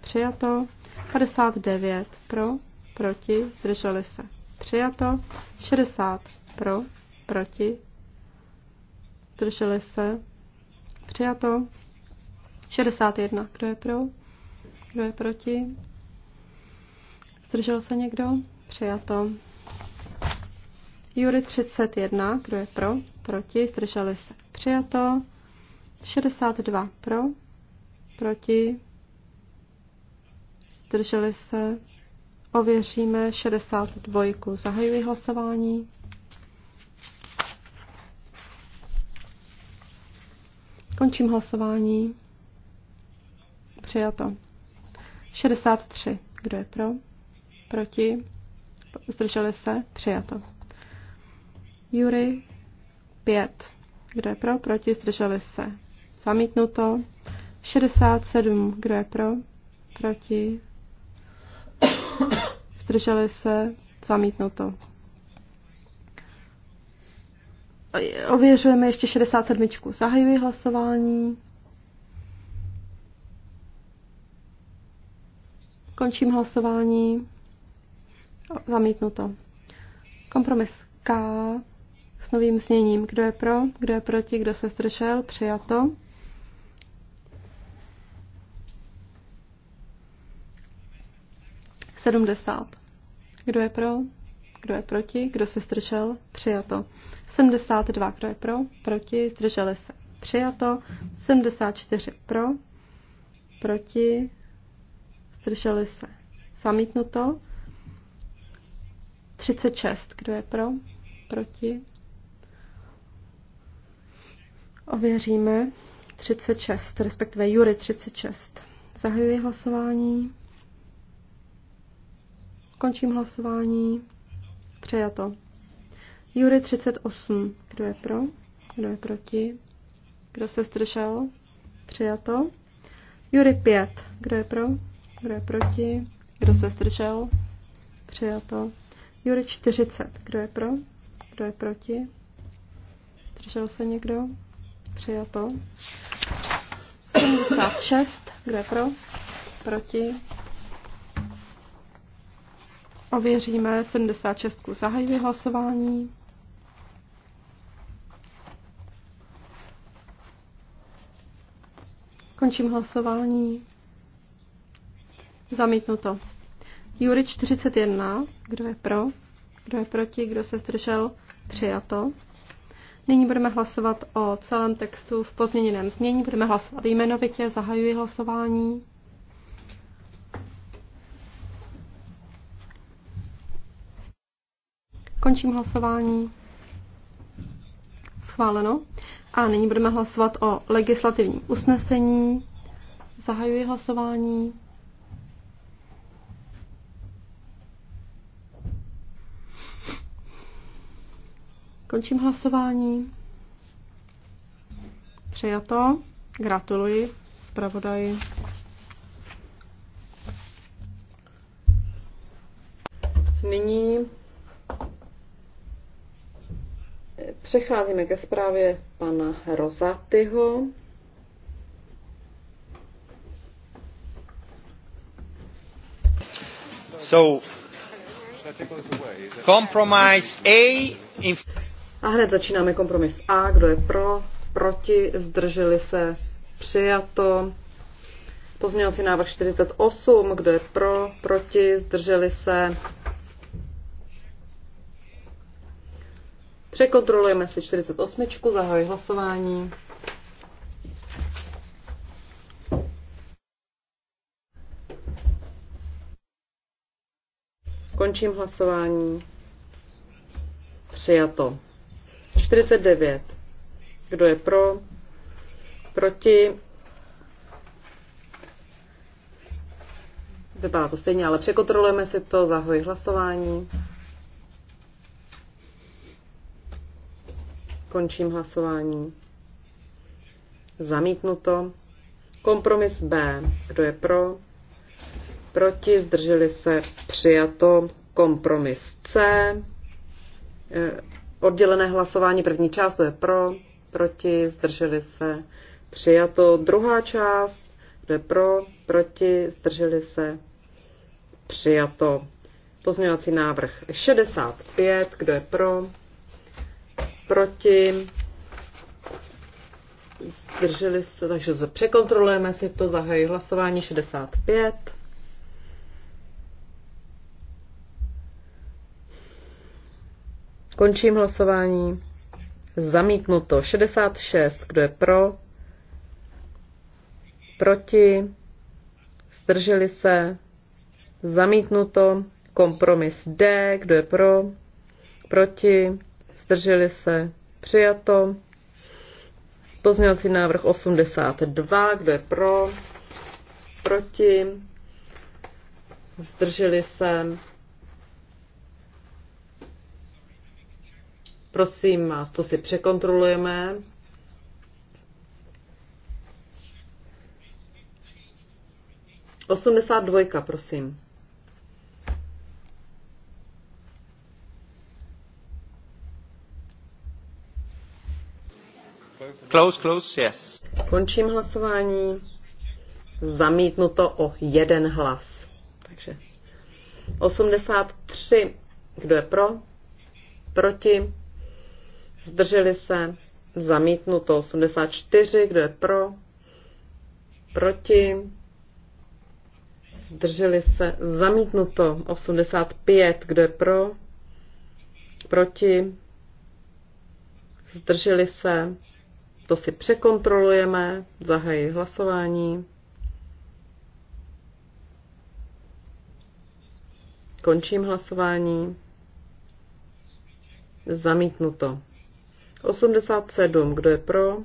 přijato. 59 pro, proti, zdrželi se, přijato. 60 pro, proti, zdrželi se, přijato. 61, kdo je pro, kdo je proti, zdržel se někdo, přijato. Jury 31, kdo je pro, proti, zdrželi se, přijato. 62 pro, proti, zdrželi se, ověříme 62. Zahajuji hlasování. Končím hlasování. Přijato. 63. Kdo je pro? Proti? Zdrželi se? Přijato. Jury 5. Kdo je pro? Proti? Zdrželi se. Zamítnuto. 67. Kdo je pro? Proti? zdrželi se, zamítnuto. Ověřujeme ještě 67. Zahajuji hlasování. Končím hlasování. Zamítnuto. Kompromis K s novým zněním. Kdo je pro, kdo je proti, kdo se zdržel, přijato. Sedmdesát. Kdo je pro? Kdo je proti? Kdo se zdržel? Přijato. 72. Kdo je pro? Proti? Zdrželi se. Přijato. 74. Pro? Proti? Zdrželi se. Zamítnuto. 36. Kdo je pro? Proti? Ověříme. 36, respektive Jury 36. Zahajuji hlasování. Končím hlasování. Přejato. Jury 38. Kdo je pro? Kdo je proti? Kdo se zdržel? Přijato. Jury 5. Kdo je pro? Kdo je proti? Kdo se zdržel? Přijato. Jury 40. Kdo je pro? Kdo je proti? Zdržel se někdo? Přijato. 76. Kdo je pro? Proti? Ověříme 76. Zahajuji hlasování. Končím hlasování. Zamítnuto. Jury 41. Kdo je pro? Kdo je proti? Kdo se zdržel? Přijato. Nyní budeme hlasovat o celém textu v pozměněném změní. Budeme hlasovat jmenovitě. Zahajuji hlasování. Končím hlasování. Schváleno. A nyní budeme hlasovat o legislativním usnesení. Zahajuji hlasování. Končím hlasování. Přijato. Gratuluji zpravodaji. Nyní Přecházíme ke zprávě pana Rozatyho. So, compromise A. A hned začínáme kompromis A. Kdo je pro? Proti? Zdrželi se? Přijato. Pozměňovací návrh 48. Kdo je pro? Proti? Zdrželi se? Překontrolujeme si 48. zahajuji hlasování. Končím hlasování. Přijato. 49. Kdo je pro? Proti? Vypadá to stejně, ale překontrolujeme si to. Zahoji hlasování. Končím hlasování. Zamítnuto. Kompromis B. Kdo je pro? Proti. Zdrželi se. Přijato. Kompromis C. Eh, oddělené hlasování. První část. Kdo je pro? Proti. Zdrželi se. Přijato. Druhá část. Kdo je pro? Proti. Zdrželi se. Přijato. Pozměňovací návrh 65. Kdo je pro? proti, zdrželi se, takže překontrolujeme si to, zahají hlasování 65. Končím hlasování. Zamítnuto 66. Kdo je pro? Proti? Zdrželi se? Zamítnuto. Kompromis D. Kdo je pro? Proti? zdrželi se, přijato. Pozměňovací návrh 82, kdo je pro, proti, zdrželi se. Prosím vás, to si překontrolujeme. Osmdesát dvojka, prosím. Close, close, yes. Končím hlasování. Zamítnuto o jeden hlas. Takže 83. Kdo je pro? Proti? Zdrželi se? Zamítnuto 84. Kdo je pro? Proti? Zdrželi se? Zamítnuto 85. Kdo je pro? Proti? Zdrželi se? To si překontrolujeme, zahají hlasování. Končím hlasování. Zamítnuto. 87. Kdo je pro?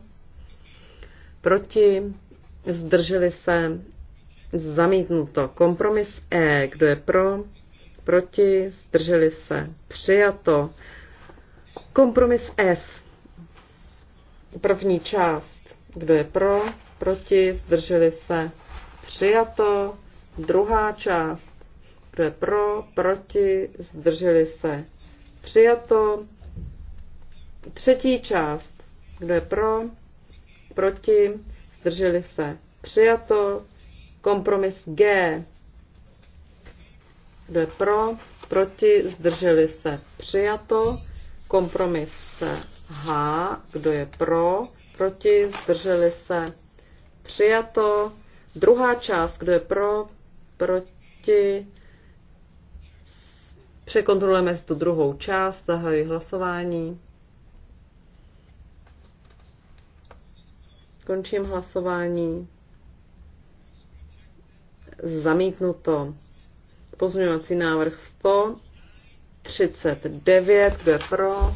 Proti? Zdrželi se? Zamítnuto. Kompromis E. Kdo je pro? Proti? Zdrželi se? Přijato. Kompromis F. První část. Kdo je pro? Proti? Zdrželi se? Přijato. Druhá část. Kdo je pro? Proti? Zdrželi se? Přijato. Třetí část. Kdo je pro? Proti? Zdrželi se? Přijato. Kompromis G. Kdo je pro? Proti? Zdrželi se? Přijato. Kompromis H, kdo je pro, proti, zdrželi se, přijato. Druhá část, kdo je pro, proti, překontrolujeme si tu druhou část, zahajuji hlasování. Končím hlasování. Zamítnuto. Pozměňovací návrh 139, kdo je pro,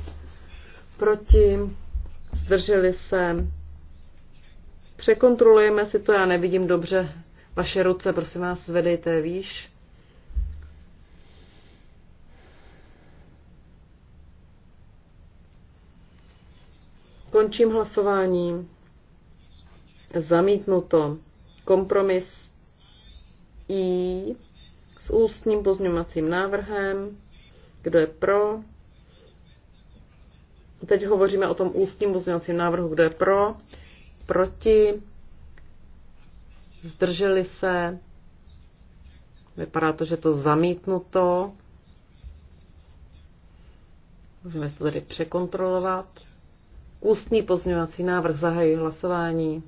proti, zdrželi se. Překontrolujeme si to, já nevidím dobře vaše ruce, prosím vás, zvedejte výš. Končím hlasování. Zamítnuto. Kompromis I s ústním pozměňovacím návrhem. Kdo je pro? Teď hovoříme o tom ústním pozměňovacím návrhu, kdo je pro, proti, zdrželi se, vypadá to, že to zamítnuto. Můžeme si to tady překontrolovat. Ústní pozměňovací návrh zahají hlasování.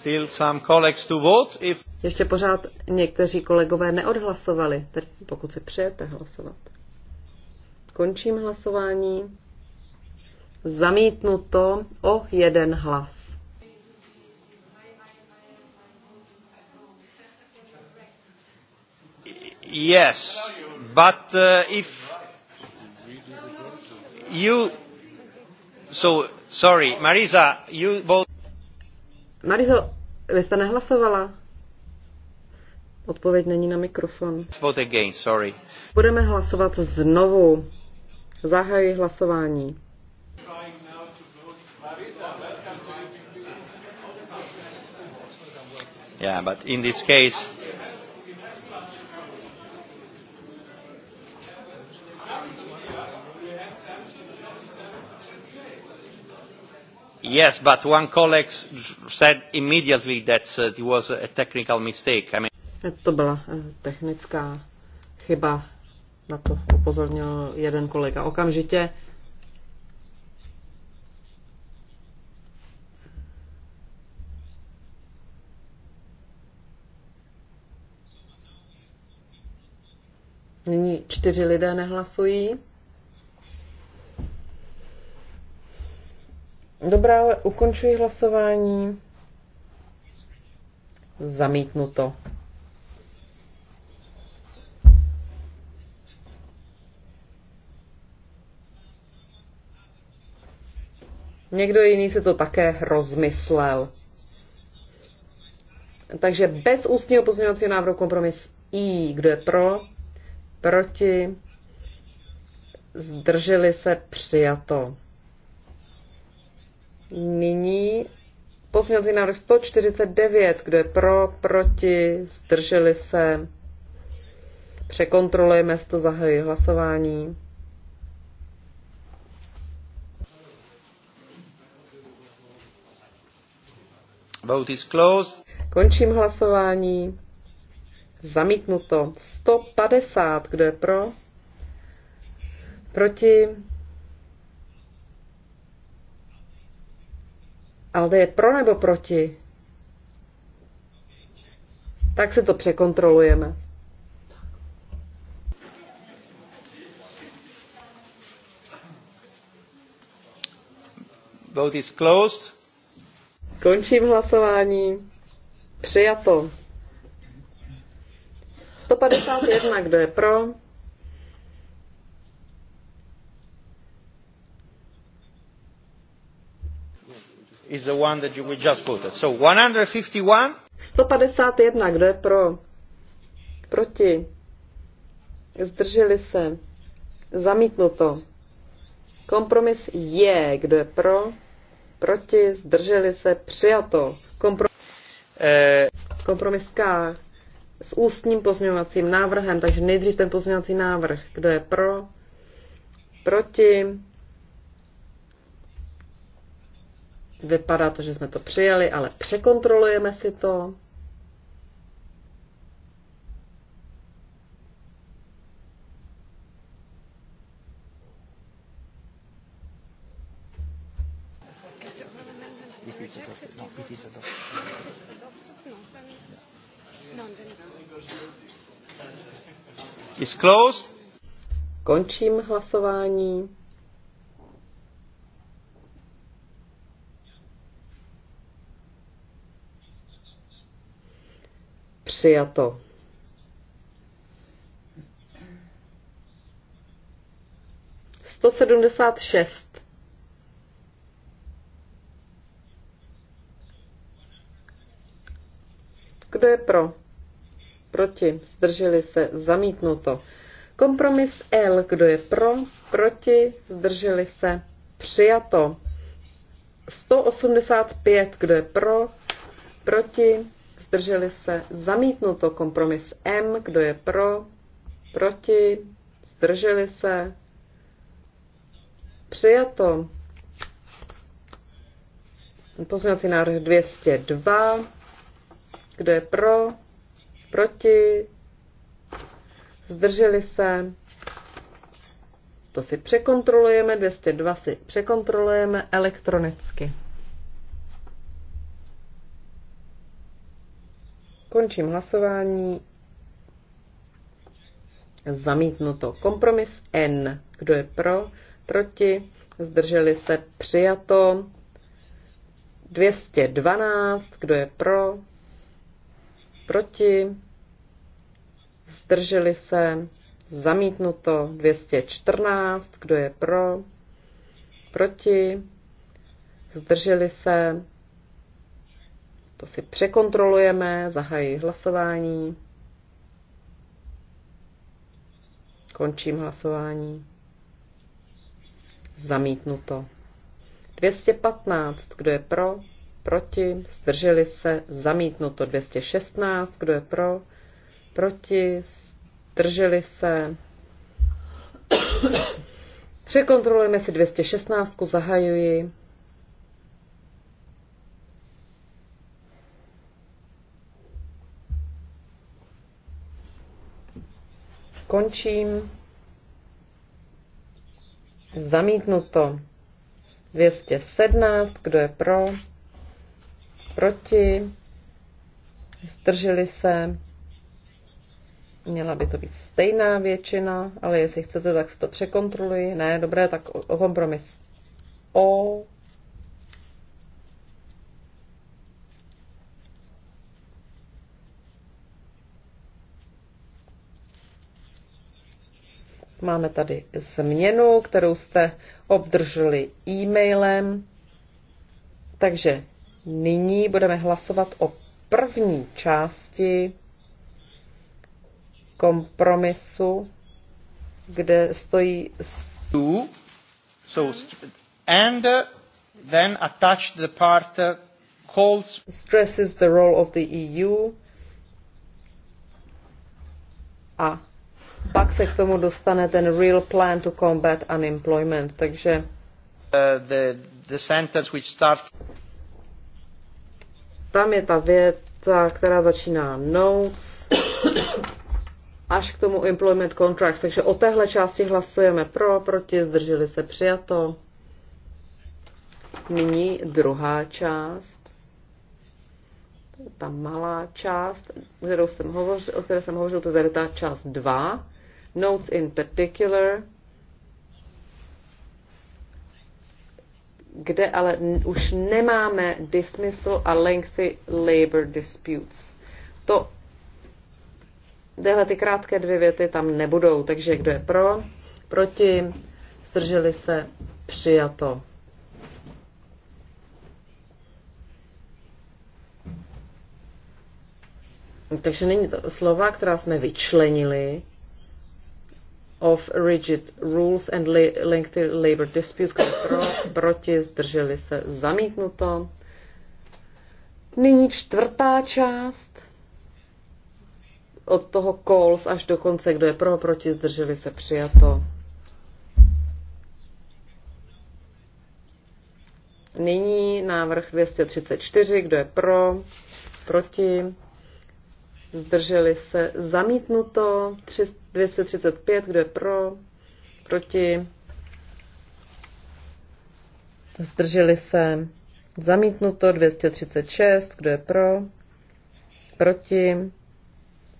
still some colleagues to vote if... Ještě pořád někteří kolegové neodhlasovali, tedy pokud si přejete hlasovat. Končím hlasování. Zamítnuto o jeden hlas. Yes, but uh, if you so sorry, Marisa, you vote. Marizo, vy jste nehlasovala? Odpověď není na mikrofon. Vote again, sorry. Budeme hlasovat znovu. Zahajuji hlasování. Yeah, but in this case, Yes, but one colleague said immediately that uh, it was a technical mistake. I mean... To byla eh, technická chyba. Na to upozornil jeden kolega okamžitě. Nyní čtyři lidé nehlasují. Dobrá, ale ukončuji hlasování. Zamítnuto. Někdo jiný se to také rozmyslel. Takže bez ústního pozměňovacího návrhu kompromis I. Kdo je pro? Proti? Zdrželi se přijato. Nyní pozměňovací návrh 149, kdo je pro, proti, zdrželi se. Překontrolujeme, to zahajuji hlasování. Vote is closed. Končím hlasování. Zamítnuto. 150, kdo je pro? Proti? Ale je pro nebo proti? Tak se to překontrolujeme. Vote is closed. Končím hlasování. Přijato. 151, kdo je pro? is the one that you, we just voted. So 151. 151, kdo je pro? Proti. Zdrželi se. Zamítnuto. Kompromis je, kdo je pro? Proti, zdrželi se, přijato. Kompromis, eh. kompromis K s ústním pozměňovacím návrhem, takže nejdřív ten pozměňovací návrh. Kdo je pro? Proti? Vypadá to, že jsme to přijali, ale překontrolujeme si to. Is closed. Končím hlasování. přijato. Sto sedmdesát šest. Kdo je pro? Proti. Zdrželi se. Zamítnuto. Kompromis L. Kdo je pro? Proti. Zdrželi se. Přijato. 185. Kdo je pro? Proti zdrželi se, zamítnuto kompromis M, kdo je pro, proti, zdrželi se, přijato pozměňovací návrh 202, kdo je pro, proti, zdrželi se, to si překontrolujeme, 202 si překontrolujeme elektronicky. Končím hlasování. Zamítnuto. Kompromis N. Kdo je pro? Proti? Zdrželi se? Přijato. 212. Kdo je pro? Proti? Zdrželi se? Zamítnuto. 214. Kdo je pro? Proti? Zdrželi se? To si překontrolujeme, zahají hlasování. Končím hlasování. Zamítnuto. 215, kdo je pro, proti, zdrželi se, zamítnuto. 216, kdo je pro, proti, zdrželi se. Překontrolujeme si 216, zahajuji. končím. Zamítnuto. 217, kdo je pro? Proti? Zdrželi se? Měla by to být stejná většina, ale jestli chcete, tak si to překontroluji. Ne, dobré, tak o kompromis. O Máme tady změnu, kterou jste obdrželi e-mailem. Takže nyní budeme hlasovat o první části kompromisu, kde stojí two, so and uh, then attach the part uh, calls stresses the role of the EU a pak se k tomu dostane ten Real Plan to Combat Unemployment. Takže uh, the, the sentence which start... tam je ta věta, která začíná notes až k tomu employment contracts. Takže o téhle části hlasujeme pro, proti, zdrželi se přijato. Nyní druhá část. Ta malá část, kterou jsem hovořil, o které jsem hovořil, to je tady ta část 2 notes in particular, kde ale už nemáme dismissal a lengthy labor disputes. To tyhle ty krátké dvě věty tam nebudou, takže kdo je pro, proti, zdrželi se, přijato. Takže není to slova, která jsme vyčlenili, of rigid rules and lengthy labor disputes, kdo pro, proti, zdrželi se, zamítnuto. Nyní čtvrtá část od toho calls až do konce, kdo je pro, proti, zdrželi se, přijato. Nyní návrh 234, kdo je pro, proti, zdrželi se zamítnuto, 235, kdo je pro, proti, zdrželi se zamítnuto, 236, kdo je pro, proti,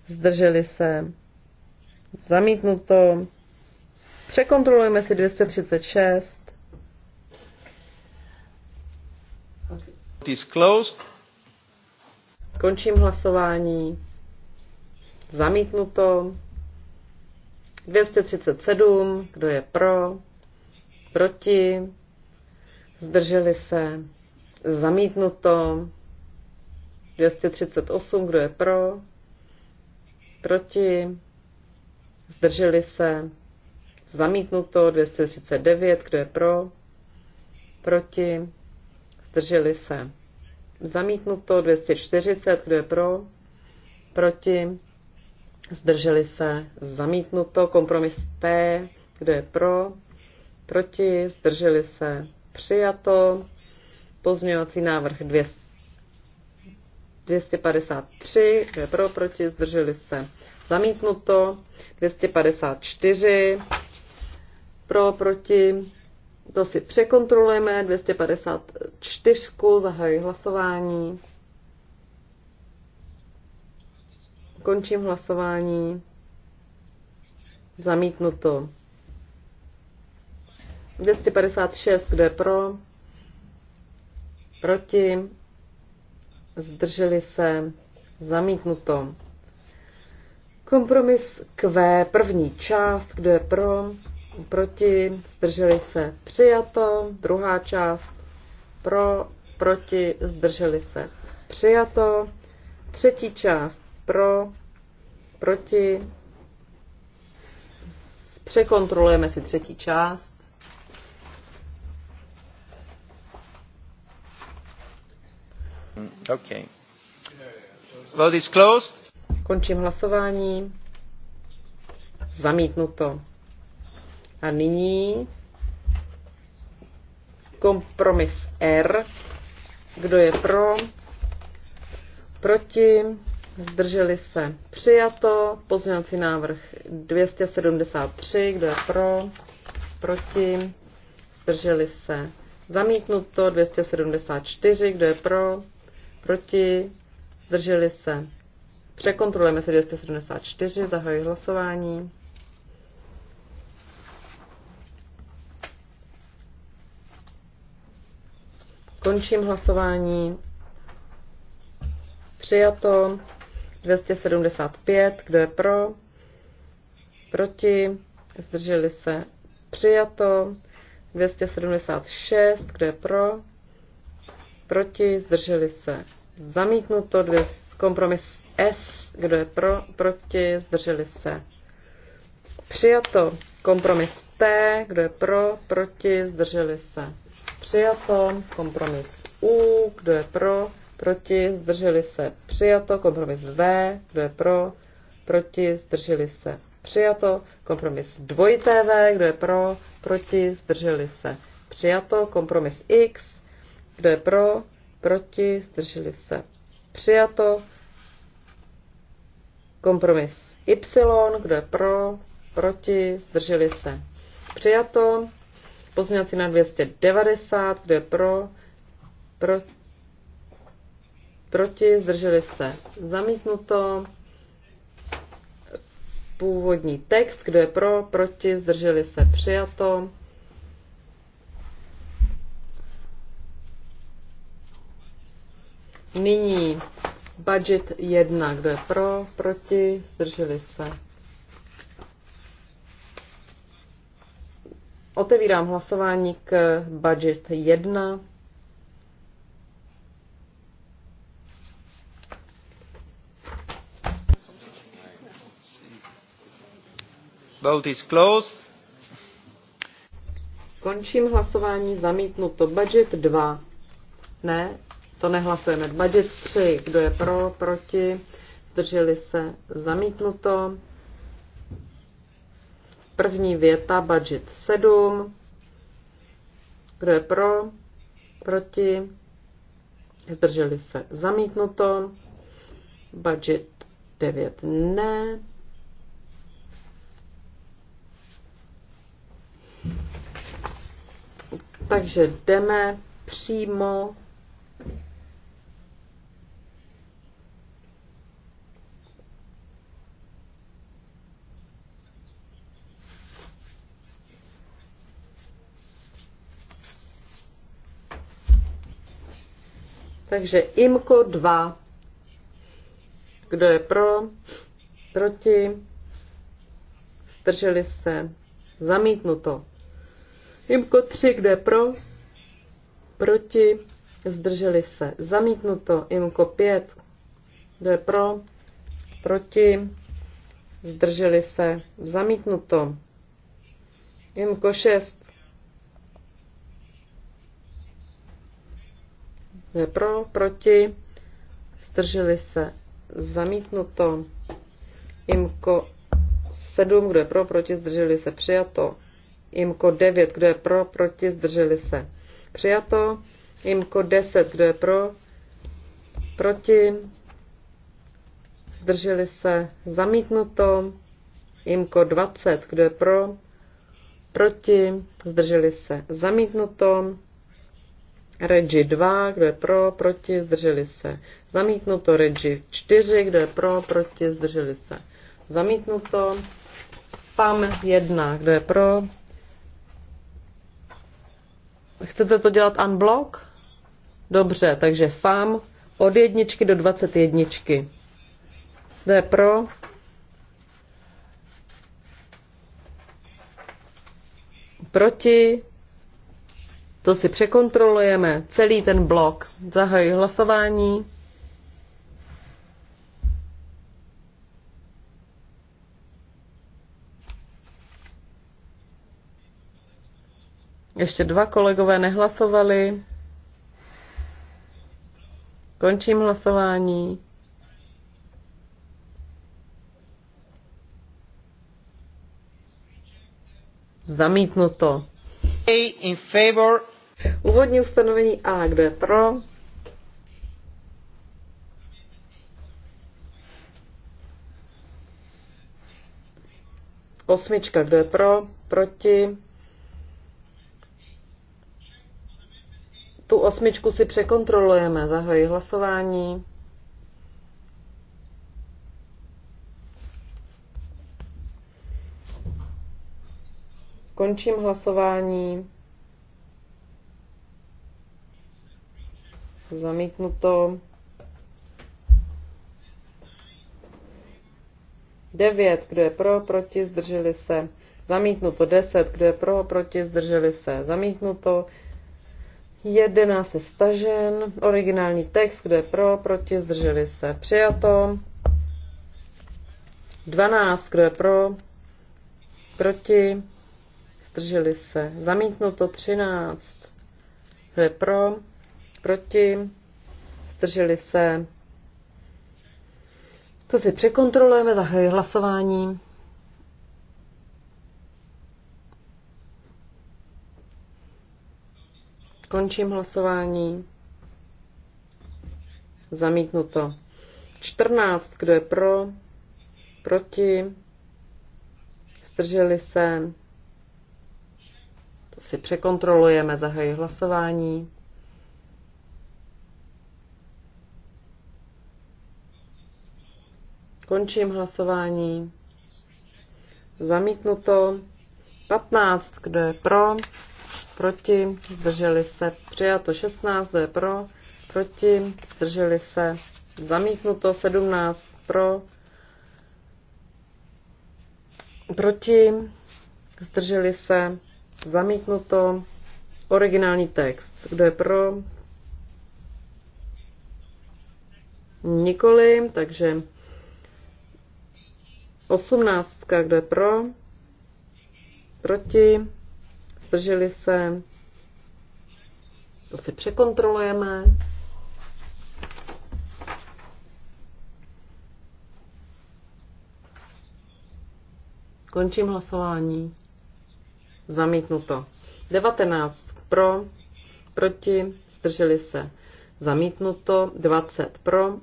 zdrželi se zamítnuto, překontrolujeme si 236, Is closed? Končím hlasování. Zamítnuto. 237. Kdo je pro? Proti? Zdrželi se? Zamítnuto. 238. Kdo je pro? Proti? Zdrželi se? Zamítnuto. 239. Kdo je pro? Proti? Zdrželi se? Zamítnuto. 240. Kdo je pro? Proti? zdrželi se, zamítnuto, kompromis P, kdo je pro, proti, zdrželi se, přijato, pozměňovací návrh 253, kdo je pro, proti, zdrželi se, zamítnuto, 254, pro, proti, to si překontrolujeme, 254, zahajuji hlasování. Končím hlasování. Zamítnuto. 256, kdo je pro? Proti? Zdrželi se? Zamítnuto. Kompromis Q, první část, kdo je pro? Proti? Zdrželi se? Přijato. Druhá část, pro? Proti? Zdrželi se? Přijato. Třetí část, pro, proti. Překontrolujeme si třetí část. Okay. Vote is closed. Končím hlasování. Zamítnuto. A nyní kompromis R. Kdo je pro? Proti? zdrželi se, přijato. Pozměňovací návrh 273, kdo je pro, proti, zdrželi se, zamítnuto. 274, kdo je pro, proti, zdrželi se. Překontrolujeme se 274, zahajuji hlasování. Končím hlasování. Přijato. 275, kdo je pro, proti, zdrželi se, přijato. 276, kdo je pro, proti, zdrželi se, zamítnuto. Dvě, kompromis S, kdo je pro, proti, zdrželi se, přijato. Kompromis T, kdo je pro, proti, zdrželi se, přijato. Kompromis U, kdo je pro, proti, zdrželi se, přijato, kompromis V, kdo je pro, proti, zdrželi se, přijato, kompromis dvojité V, kdo je pro, proti, zdrželi se, přijato, kompromis X, kdo je pro, proti, zdrželi se, přijato, kompromis Y, kdo je pro, proti, zdrželi se, přijato, pozměňovací na 290, kdo je pro, proti, proti, zdrželi se zamítnuto. Původní text, kdo je pro, proti, zdrželi se přijato. Nyní budget 1, kdo je pro, proti, zdrželi se. Otevírám hlasování k budget 1. Vote is closed. Končím hlasování zamítnuto. Budget 2. Ne, to nehlasujeme. Budget 3. Kdo je pro, proti? Zdrželi se zamítnuto. První věta, budget 7. Kdo je pro, proti? Zdrželi se zamítnuto. Budget 9 ne. Takže jdeme přímo Takže IMKO 2. Kdo je pro? Proti? Zdrželi se? Zamítnuto. Imko 3, kdo je pro? Proti? Zdrželi se. Zamítnuto. Imko 5, kdo je pro? Proti? Zdrželi se. Zamítnuto. Imko 6. Kdo je pro? Proti? Zdrželi se. Zamítnuto. Imko 7, kdo je pro? Proti? Zdrželi se. Přijato. IMKO 9, kdo je pro, proti, zdrželi se. Přijato. IMKO 10, kdo je pro, proti, zdrželi se. Zamítnuto. IMKO 20, kdo je pro, proti, zdrželi se. Zamítnuto. Regi 2, kdo je pro, proti, zdrželi se. Zamítnuto Regi 4, kdo je pro, proti, zdrželi se. Zamítnuto. PAM 1, kdo je pro, Chcete to dělat unblock? Dobře, takže FAM od jedničky do 21. To je pro? Proti? To si překontrolujeme. Celý ten blok. Zahajuji hlasování. Ještě dva kolegové nehlasovali. Končím hlasování. Zamítnuto. A in favor. Úvodní ustanovení A, kdo je pro? Osmička, kdo je pro? Proti? Tu osmičku si překontrolujeme. Zahoji hlasování. Končím hlasování. Zamítnuto. 9, kdo je pro, proti, zdrželi se. Zamítnuto 10, kdo je pro, proti, zdrželi se. Zamítnuto 11 je stažen, originální text, kde je pro, proti, zdrželi se, přijato. 12, kdo je pro, proti, zdrželi se, zamítnuto. 13, kdo je pro, proti, zdrželi se. To si překontrolujeme, zahajuji hlasování. Končím hlasování. Zamítnuto. 14. Kdo je pro? Proti? Zdrželi se? To si překontrolujeme. Zahajuji hlasování. Končím hlasování. Zamítnuto. 15. Kdo je pro? proti, zdrželi se, přijato 16, kdo je pro, proti, zdrželi se, zamítnuto 17, pro, proti, zdrželi se, zamítnuto, originální text, kdo je pro, nikoli, takže 18, kdo je pro, proti, zdrželi se, to si překontrolujeme. Končím hlasování. Zamítnuto. 19 pro, proti, zdrželi se. Zamítnuto. 20 pro,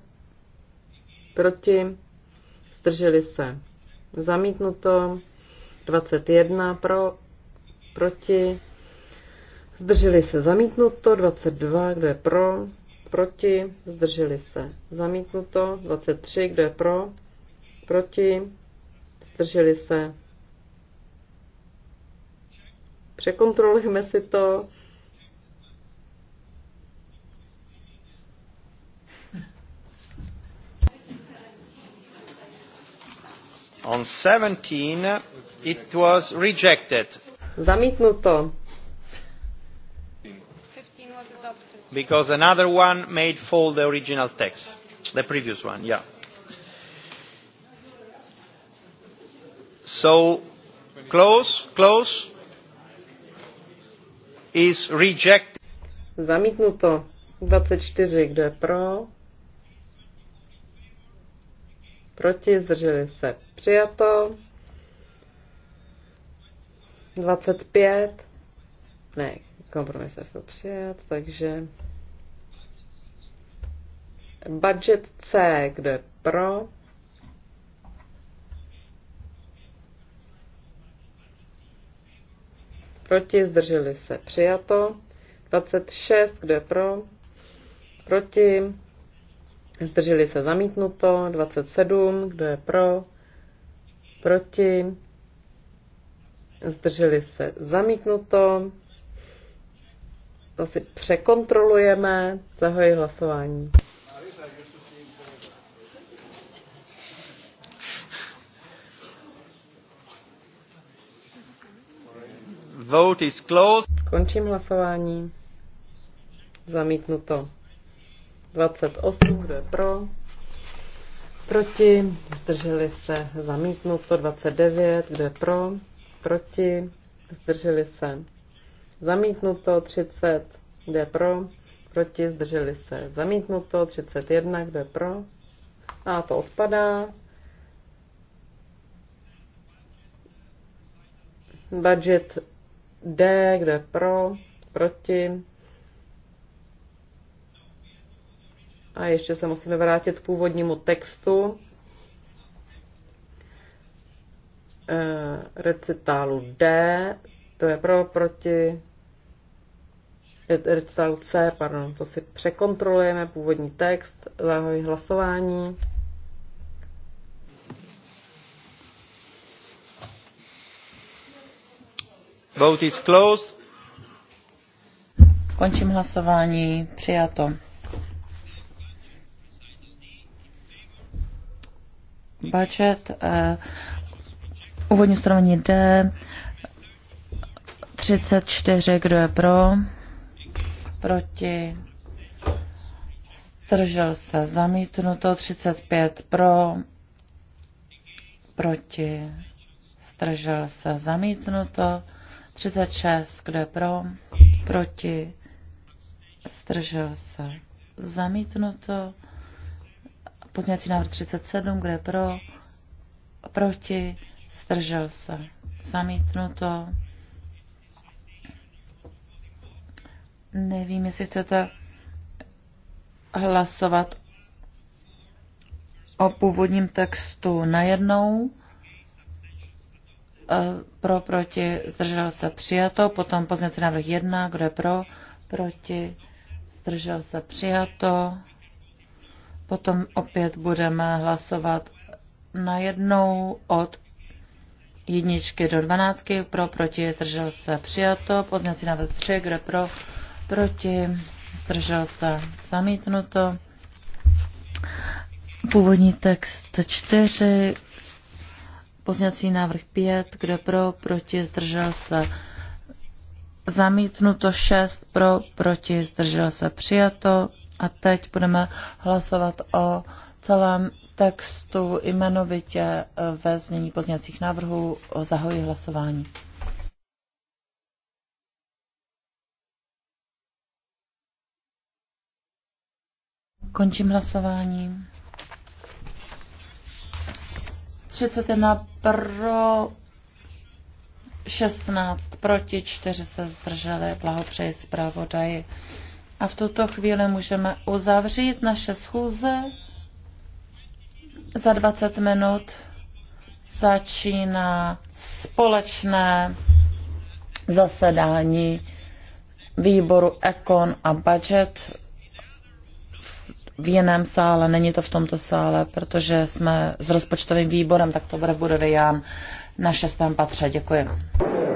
proti, zdrželi se. Zamítnuto. 21 pro, proti, zdrželi se zamítnuto, 22, kdo je pro, proti, zdrželi se zamítnuto, 23, kdo je pro, proti, zdrželi se. Překontrolujeme si to. On 17 it was rejected. Zamítnuto. Because another one made fall the original text. The previous one, yeah. So, close, close is rejected. Zamítnuto. 24, kdo je pro? Proti, zdrželi se. Přijato. 25. Ne, kompromis nebyl přijat, takže budget C, kdo je pro? Proti, zdrželi se, přijato. 26, kdo je pro? Proti, zdrželi se, zamítnuto. 27, kdo je pro? Proti, zdrželi se zamítnuto. To si překontrolujeme, zahojí hlasování. Vote is closed. Končím hlasování. Zamítnuto. 28, kdo je pro? Proti, zdrželi se, zamítnuto, 29, kdo je pro? proti, zdrželi se. Zamítnuto 30, kde pro, proti, zdrželi se. Zamítnuto 31, kde pro. A to odpadá. Budget D, kde pro, proti. A ještě se musíme vrátit k původnímu textu. Eh, recitálu D, to je pro, proti, eh, recitálu C, pardon, to si překontrolujeme, původní text, zahoji hlasování. Vote is closed. Končím hlasování. Přijato. Budget eh, Úvodní ustanovení D. 34. Kdo je pro? Proti? Zdržel se. Zamítnuto. 35. Pro? Proti? Zdržel se. Zamítnuto. 36. Kdo je pro? Proti? Zdržel se. Zamítnuto. Pozněcí návrh 37. Kdo je pro? Proti? zdržel se, zamítnuto. Nevím, jestli chcete hlasovat o původním textu najednou. E, pro, proti, zdržel se, přijato. Potom pozměnce návrh jedna, kdo je pro, proti, zdržel se, přijato. Potom opět budeme hlasovat najednou od jedničky do dvanáctky, pro, proti, zdržel se, přijato, poznací návrh 3, kdo pro, proti, zdržel se, zamítnuto, původní text 4, pozněcí návrh 5, kde pro, proti, zdržel se, zamítnuto 6, pro, proti, zdržel se, přijato, a teď budeme hlasovat o celém textu jmenovitě eh, ve znění pozněcích návrhů zahojí hlasování. Končím hlasování. 31 pro, 16 proti, 4 se zdrželi. Blahopřeji zpravodaji. A v tuto chvíli můžeme uzavřít naše schůze. Za 20 minut začíná společné zasedání výboru Econ a Budget v jiném sále, není to v tomto sále, protože jsme s rozpočtovým výborem, tak to bude v budově Jan na šestém patře. Děkuji.